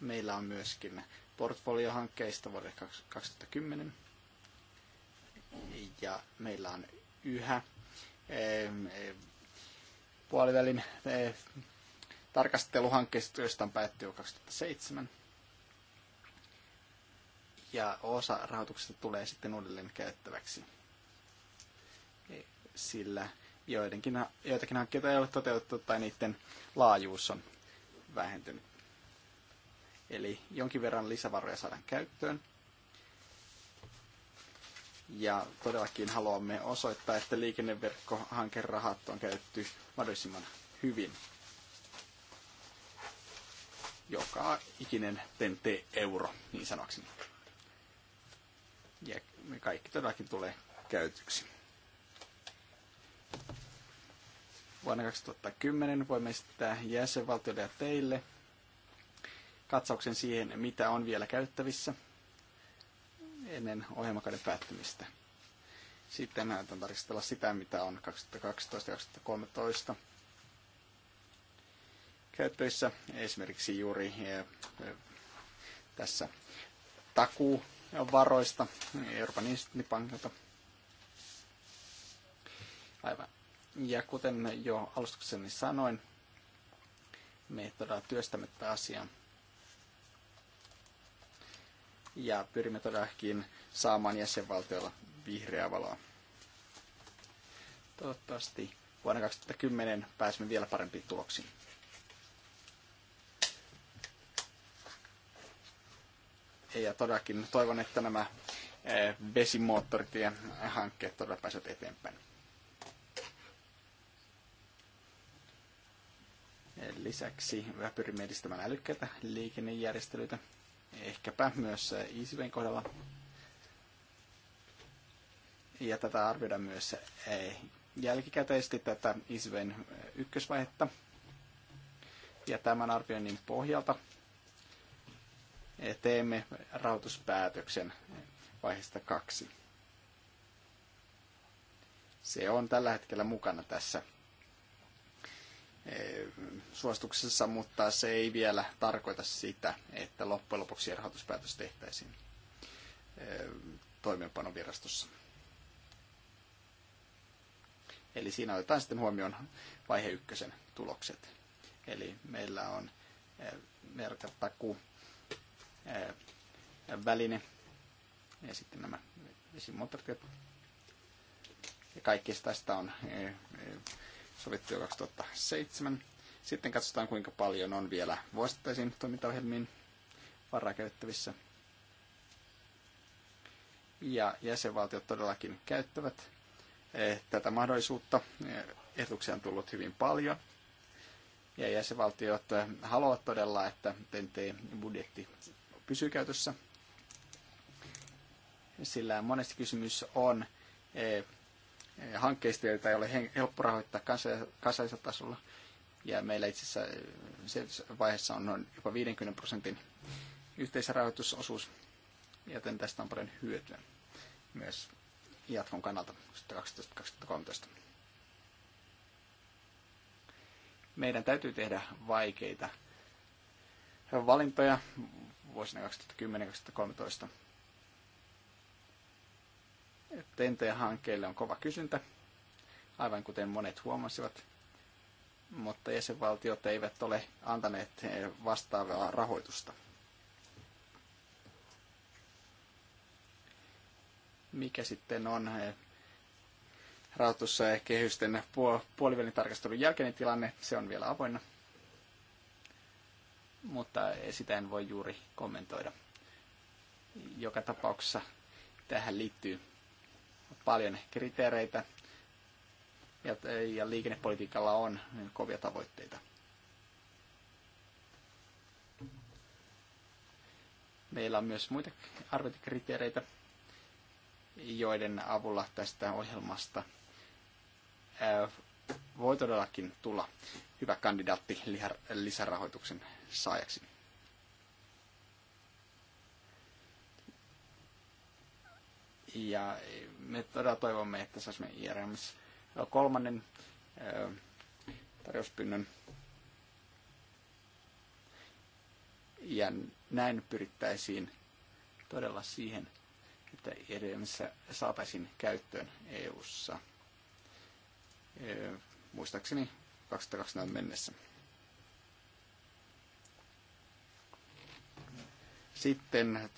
Meillä on myöskin portfoliohankkeista vuodelle 2010. Ja meillä on yhä puolivälin eh, tarkasteluhankkeista, joista on päätty jo 2007. Ja osa rahoituksesta tulee sitten uudelleen käyttäväksi sillä joidenkin, joitakin hankkeita ei ole toteutettu tai niiden laajuus on vähentynyt. Eli jonkin verran lisävaroja saadaan käyttöön. Ja todellakin haluamme osoittaa, että liikenneverkkohankerahat on käytetty mahdollisimman hyvin. Joka ikinen TNT-euro, niin sanoksi. Ja me kaikki todellakin tulee käytyksi. Vuonna 2010 voimme esittää jäsenvaltioille ja teille katsauksen siihen, mitä on vielä käyttävissä ennen ohjelmakauden päättymistä. Sitten näytän tarkistella sitä, mitä on 2012-2013 käyttöissä. Esimerkiksi juuri eh, tässä varoista Euroopan instituutipankilta. Aivan ja kuten jo alustukseni sanoin, me todella työstämme tätä asiaa. Ja pyrimme todellakin saamaan jäsenvaltiolla vihreää valoa. Toivottavasti vuonna 2010 pääsemme vielä parempiin tuloksiin. Ja todellakin toivon, että nämä ja eh, hankkeet todella pääsevät eteenpäin. Lisäksi me pyrimme edistämään älykkäitä liikennejärjestelyitä, ehkäpä myös Iisiven kohdalla. Ja tätä arvioidaan myös eh, jälkikäteisesti tätä Iisiven ykkösvaihetta. Ja tämän arvioinnin pohjalta eh, teemme rahoituspäätöksen vaiheesta kaksi. Se on tällä hetkellä mukana tässä Eh, suosituksessa, mutta se ei vielä tarkoita sitä, että loppujen lopuksi rahoituspäätös tehtäisiin eh, toimeenpanovirastossa. Eli siinä otetaan sitten huomioon vaihe ykkösen tulokset. Eli meillä on eh, merkatakuu väline ja sitten nämä vesimoottorityöt. Ja kaikista tästä on sovittu jo 2007. Sitten katsotaan, kuinka paljon on vielä vuosittaisiin toimintaohjelmiin varaa käyttävissä. Ja jäsenvaltiot todellakin käyttävät eh, tätä mahdollisuutta. Eh, ehdotuksia on tullut hyvin paljon. Ja jäsenvaltiot eh, haluavat todella, että TNT-budjetti pysyy käytössä. Sillä monesti kysymys on hankkeista, joita ei ole helppo rahoittaa kansallisella tasolla. Ja meillä itse asiassa eh, vaiheessa on noin jopa 50 prosentin yhteisrahoitusosuus, joten tästä on paljon hyötyä myös jatkon kannalta 2012-2013. Meidän täytyy tehdä vaikeita valintoja vuosina 2010-2013 TNT-hankkeille on kova kysyntä, aivan kuten monet huomasivat, mutta jäsenvaltiot eivät ole antaneet vastaavaa rahoitusta. Mikä sitten on eh, kehysten puolivälin tarkastelun jälkeinen tilanne, se on vielä avoinna, mutta sitä en voi juuri kommentoida. Joka tapauksessa tähän liittyy paljon kriteereitä ja, ja liikennepolitiikalla on kovia tavoitteita. Meillä on myös muita arviointikriteereitä, joiden avulla tästä ohjelmasta äh, voi todellakin tulla hyvä kandidaatti lisärahoituksen saajaksi. Ja me todella toivomme, että saisimme IRMs kolmannen tarjouspyynnön. Ja näin pyrittäisiin todella siihen, että IRMs saataisiin käyttöön EU-ssa muistaakseni 2020 mennessä. Sitten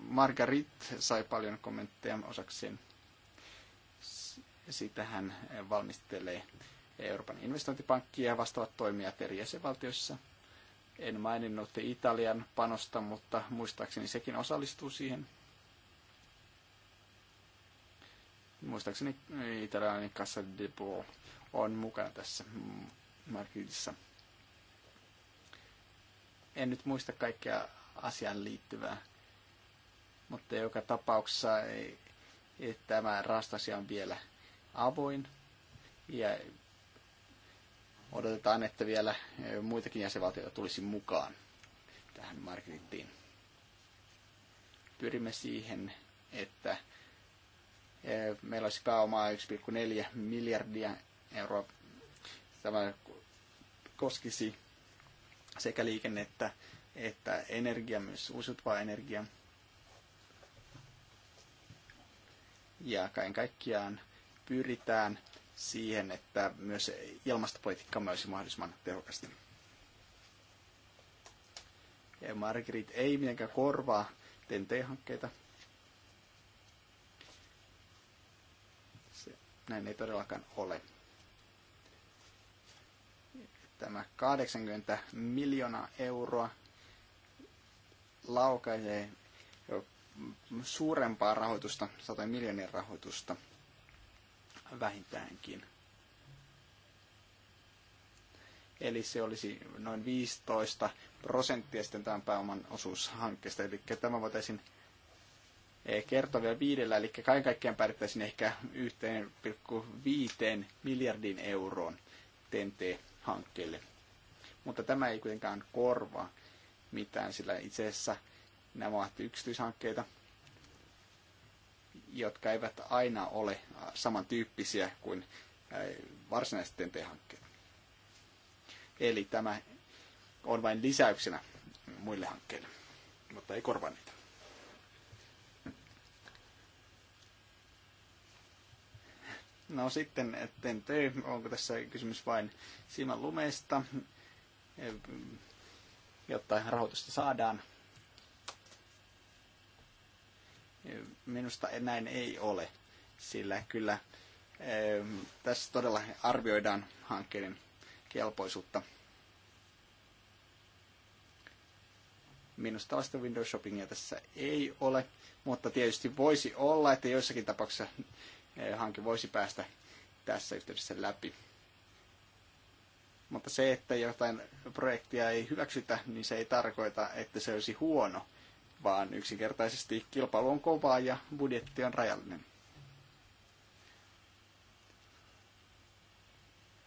Margarit sai paljon kommentteja osakseen sitä hän valmistelee Euroopan investointipankki ja vastaavat toimijat eri jäsenvaltioissa. En maininnut Italian panosta, mutta muistaakseni sekin osallistuu siihen. Muistaakseni italialainen Cassa Depot on mukana tässä markkinoissa. En nyt muista kaikkea asiaan liittyvää, mutta joka tapauksessa ei, tämä rastasia on vielä avoin ja odotetaan, että vielä muitakin jäsenvaltioita tulisi mukaan tähän marketittiin. Pyrimme siihen, että meillä olisi pääomaa 1,4 miljardia euroa. Tämä koskisi sekä liikennettä että energiaa, myös uusiutuvaa energiaa. Ja kaiken kaikkiaan pyritään siihen, että myös ilmastopolitiikka olisi mahdollisimman tehokasta. Ja Margrit ei mitenkään korvaa TNT-hankkeita. Se, näin ei todellakaan ole. Tämä 80 miljoonaa euroa laukaisee suurempaa rahoitusta, 100 miljoonien rahoitusta vähintäänkin. Eli se olisi noin 15 prosenttia sitten tämän pääoman osuus hankkeesta. Eli tämä voitaisiin eh, kertoa vielä viidellä, eli kaiken kaikkiaan päädyttäisiin ehkä 1,5 miljardin euroon TNT-hankkeelle. Mutta tämä ei kuitenkaan korvaa mitään, sillä itse asiassa nämä ovat yksityishankkeita, jotka eivät aina ole samantyyppisiä kuin varsinaiset TNT-hankkeet. Eli tämä on vain lisäyksenä muille hankkeille, mutta ei korvaa niitä. No sitten TNT, onko tässä kysymys vain silmän lumeista, jotta rahoitusta saadaan Minusta näin ei ole, sillä kyllä tässä todella arvioidaan hankkeiden kelpoisuutta. Minusta tällaista window shoppingia tässä ei ole, mutta tietysti voisi olla, että joissakin tapauksissa eh, hanke voisi päästä tässä yhteydessä läpi. Mutta se, että jotain projektia ei hyväksytä, niin se ei tarkoita, että se olisi huono vaan yksinkertaisesti kilpailu on kovaa ja budjetti on rajallinen.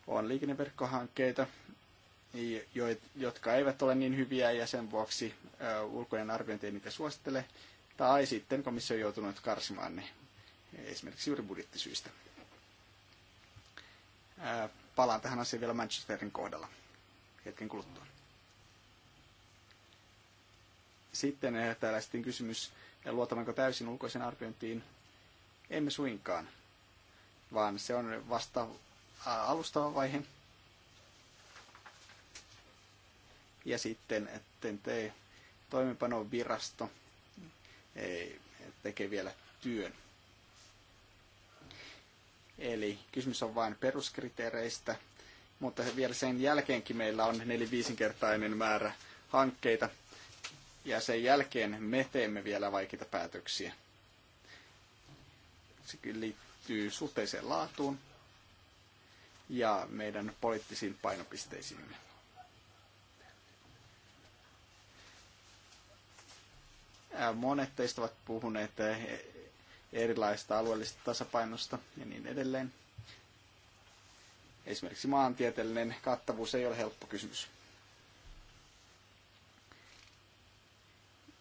On liikenneverkkohankkeita, jotka eivät ole niin hyviä ja sen vuoksi ulkoinen arviointi ei niitä suosittele, tai sitten komissio on joutunut karsimaan ne esimerkiksi juuri budjettisyistä. Palaan tähän asiaan vielä Manchesterin kohdalla hetken kuluttua. Sitten eh, täällä sitten kysymys, eh, luotammeko täysin ulkoisen arviointiin? Emme suinkaan, vaan se on vasta alustava vaihe. Ja sitten eh, TNT toimenpanovirasto tekee vielä työn. Eli kysymys on vain peruskriteereistä, mutta vielä sen jälkeenkin meillä on nelivisinkertainen määrä hankkeita, ja sen jälkeen me teemme vielä vaikeita päätöksiä. Se kyllä liittyy suhteeseen laatuun ja meidän poliittisiin painopisteisiimme. Monet teistä ovat puhuneet erilaista alueellista tasapainosta ja niin edelleen. Esimerkiksi maantieteellinen kattavuus ei ole helppo kysymys.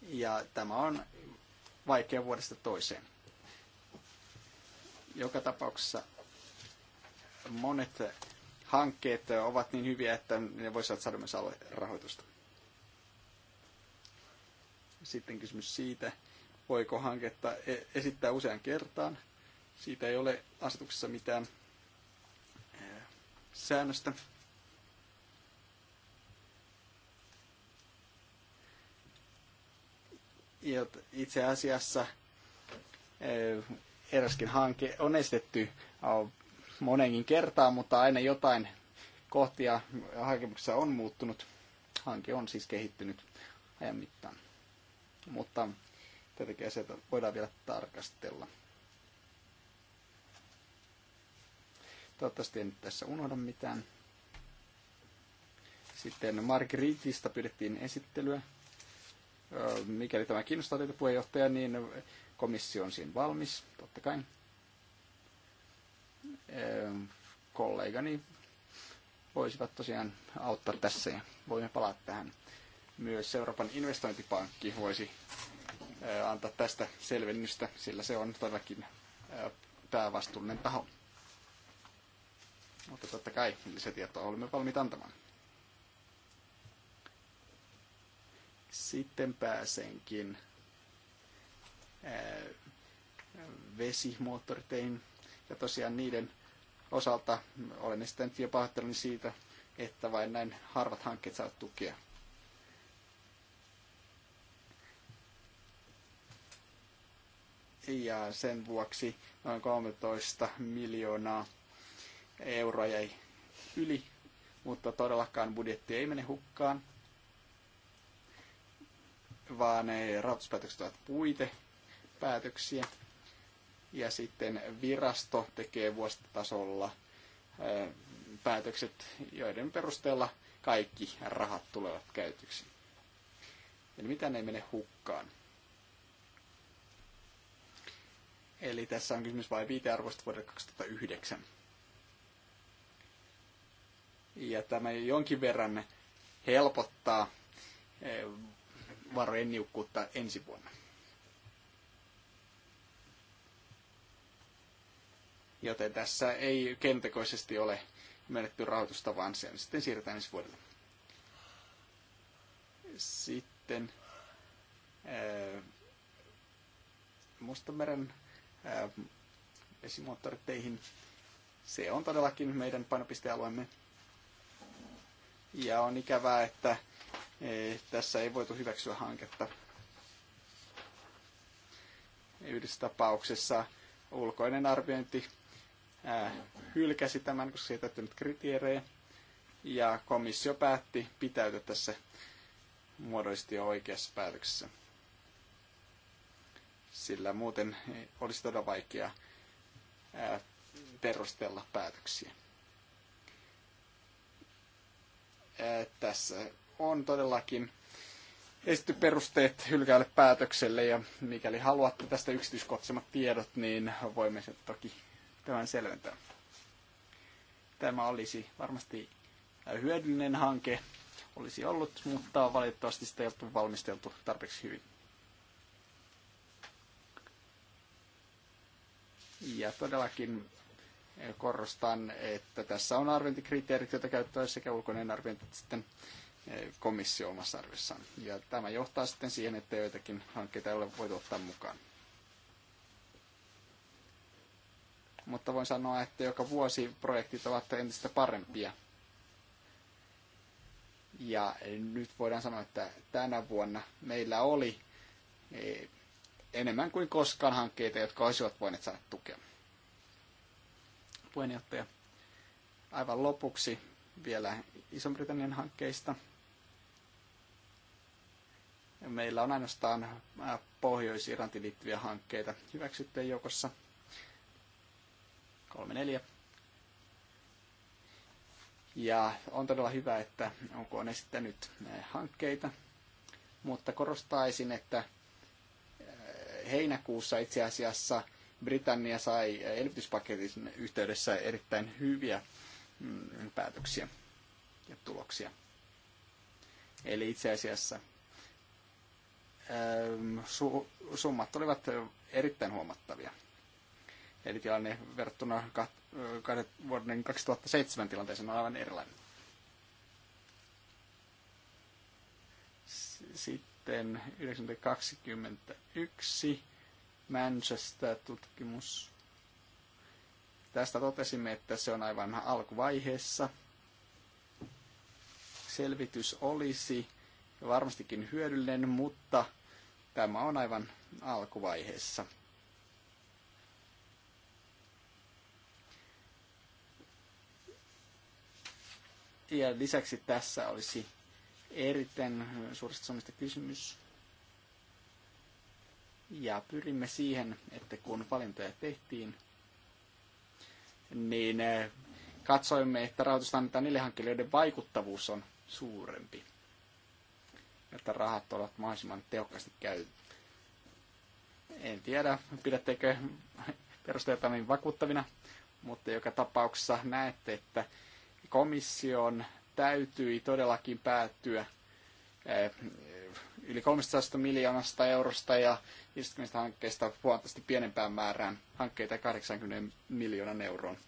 ja tämä on vaikea vuodesta toiseen. Joka tapauksessa monet hankkeet ovat niin hyviä, että ne voisivat saada myös rahoitusta. Sitten kysymys siitä, voiko hanketta e- esittää usean kertaan. Siitä ei ole asetuksessa mitään e- säännöstä. itse asiassa eh, eräskin hanke on estetty monenkin kertaan, mutta aina jotain kohtia hakemuksessa on muuttunut. Hanke on siis kehittynyt ajan mittaan. Mutta tietenkin se voidaan vielä tarkastella. Toivottavasti en tässä unohda mitään. Sitten Margritista pyydettiin esittelyä. Mikäli tämä kiinnostaa teitä puheenjohtaja, niin komissio on siinä valmis, totta kai. Kollegani voisivat tosiaan auttaa tässä ja voimme palata tähän. Myös Euroopan investointipankki voisi antaa tästä selvennystä, sillä se on todellakin päävastuullinen taho. Mutta totta kai lisätietoa olemme valmiit antamaan. Sitten pääsenkin vesimoottoritein ja tosiaan niiden osalta olen sitten jo pahoittelen siitä, että vain näin harvat hankkeet saavat tukea. Ja sen vuoksi noin 13 miljoonaa euroa jäi yli, mutta todellakaan budjetti ei mene hukkaan vaan ne rahoituspäätökset ovat puitepäätöksiä. Ja sitten virasto tekee vuositasolla päätökset, joiden perusteella kaikki rahat tulevat käytyksi. Eli ne ei mene hukkaan. Eli tässä on kysymys vain viitearvoista vuodelta 2009. Ja tämä jonkin verran helpottaa varojen niukkuutta ensi vuonna. Joten tässä ei kentekoisesti ole menetty rahoitusta, vaan sen sitten siirretään ensi vuodelle. Sitten ää, Mustameren vesimoottoriteihin. Se on todellakin meidän painopistealueemme. Ja on ikävää, että tässä ei voitu hyväksyä hanketta. Yhdessä tapauksessa ulkoinen arviointi hylkäsi tämän, koska se ei täyttänyt kriteerejä. Ja komissio päätti pitäytyä tässä muodollisesti oikeassa päätöksessä. Sillä muuten olisi todella vaikea perustella päätöksiä. Tässä on todellakin esityperusteet perusteet hylkäälle päätökselle ja mikäli haluatte tästä yksityiskohtaisemmat tiedot, niin voimme sen toki tämän selventää. Tämä olisi varmasti hyödyllinen hanke, olisi ollut, mutta valitettavasti sitä ei ole valmisteltu tarpeeksi hyvin. Ja todellakin korostan, että tässä on arviointikriteerit, joita käyttää sekä ulkoinen arviointi että sitten komissio omassa arviossaan. Ja tämä johtaa sitten siihen, että joitakin hankkeita ei ole voitu ottaa mukaan. Mutta voin sanoa, että joka vuosi projektit ovat entistä parempia. Ja nyt voidaan sanoa, että tänä vuonna meillä oli e, enemmän kuin koskaan hankkeita, jotka olisivat voineet saada tukea. Puheenjohtaja, aivan lopuksi vielä Iso-Britannian hankkeista. Meillä on ainoastaan Pohjois-Irlantiin liittyviä hankkeita hyväksyttyjen joukossa. Kolme neljä. Ja on todella hyvä, että onko on esittänyt hankkeita, mutta korostaisin, että heinäkuussa itse asiassa Britannia sai elvytyspaketin yhteydessä erittäin hyviä mm, päätöksiä ja tuloksia. Eli itse asiassa Ehm, summat olivat erittäin huomattavia. Eli tilanne verrattuna vuoden 2007 tilanteeseen on aivan erilainen. Sitten 1921 Manchester-tutkimus. Tästä totesimme, että se on aivan alkuvaiheessa. Selvitys olisi varmastikin hyödyllinen, mutta – Tämä on aivan alkuvaiheessa. Ja lisäksi tässä olisi erittäin suuresta kysymys. Ja pyrimme siihen, että kun valintoja tehtiin, niin eh, katsoimme, että rahoitusta annetaan niille hankkeille, joiden vaikuttavuus on suurempi että rahat ovat mahdollisimman tehokkaasti käytetty. En tiedä, pidättekö perusteita niin vakuuttavina, mutta joka tapauksessa näette, että komission täytyi todellakin päättyä eh, yli 300 miljoonasta eurosta ja 50 hankkeesta huomattavasti pienempään määrään hankkeita 80 miljoonan euroon.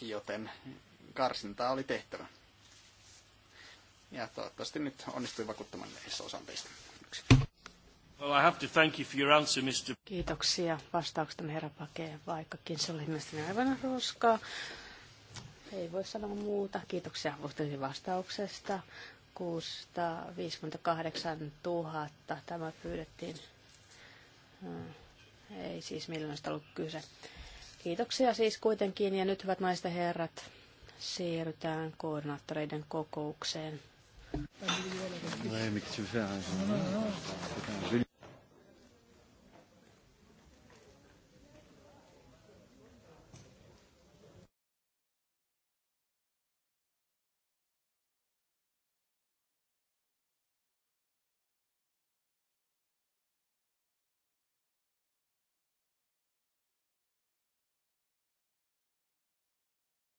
Joten karsintaa oli tehtävä ja toivottavasti nyt onnistuin vakuuttamaan meissä osan teistä. Well, I have to thank you for your answer, Mr. Kiitoksia vastauksesta, herra Pake, vaikkakin se oli mielestäni aivan roskaa. Ei voi sanoa muuta. Kiitoksia Vuhtelin vastauksesta. 658 000 tämä pyydettiin. Hmm. Ei siis miljoonasta ollut kyse. Kiitoksia siis kuitenkin ja nyt hyvät naiset ja herrat, siirrytään koordinaattoreiden kokoukseen. Ouais, mais qu'est-ce que tu veux faire euh,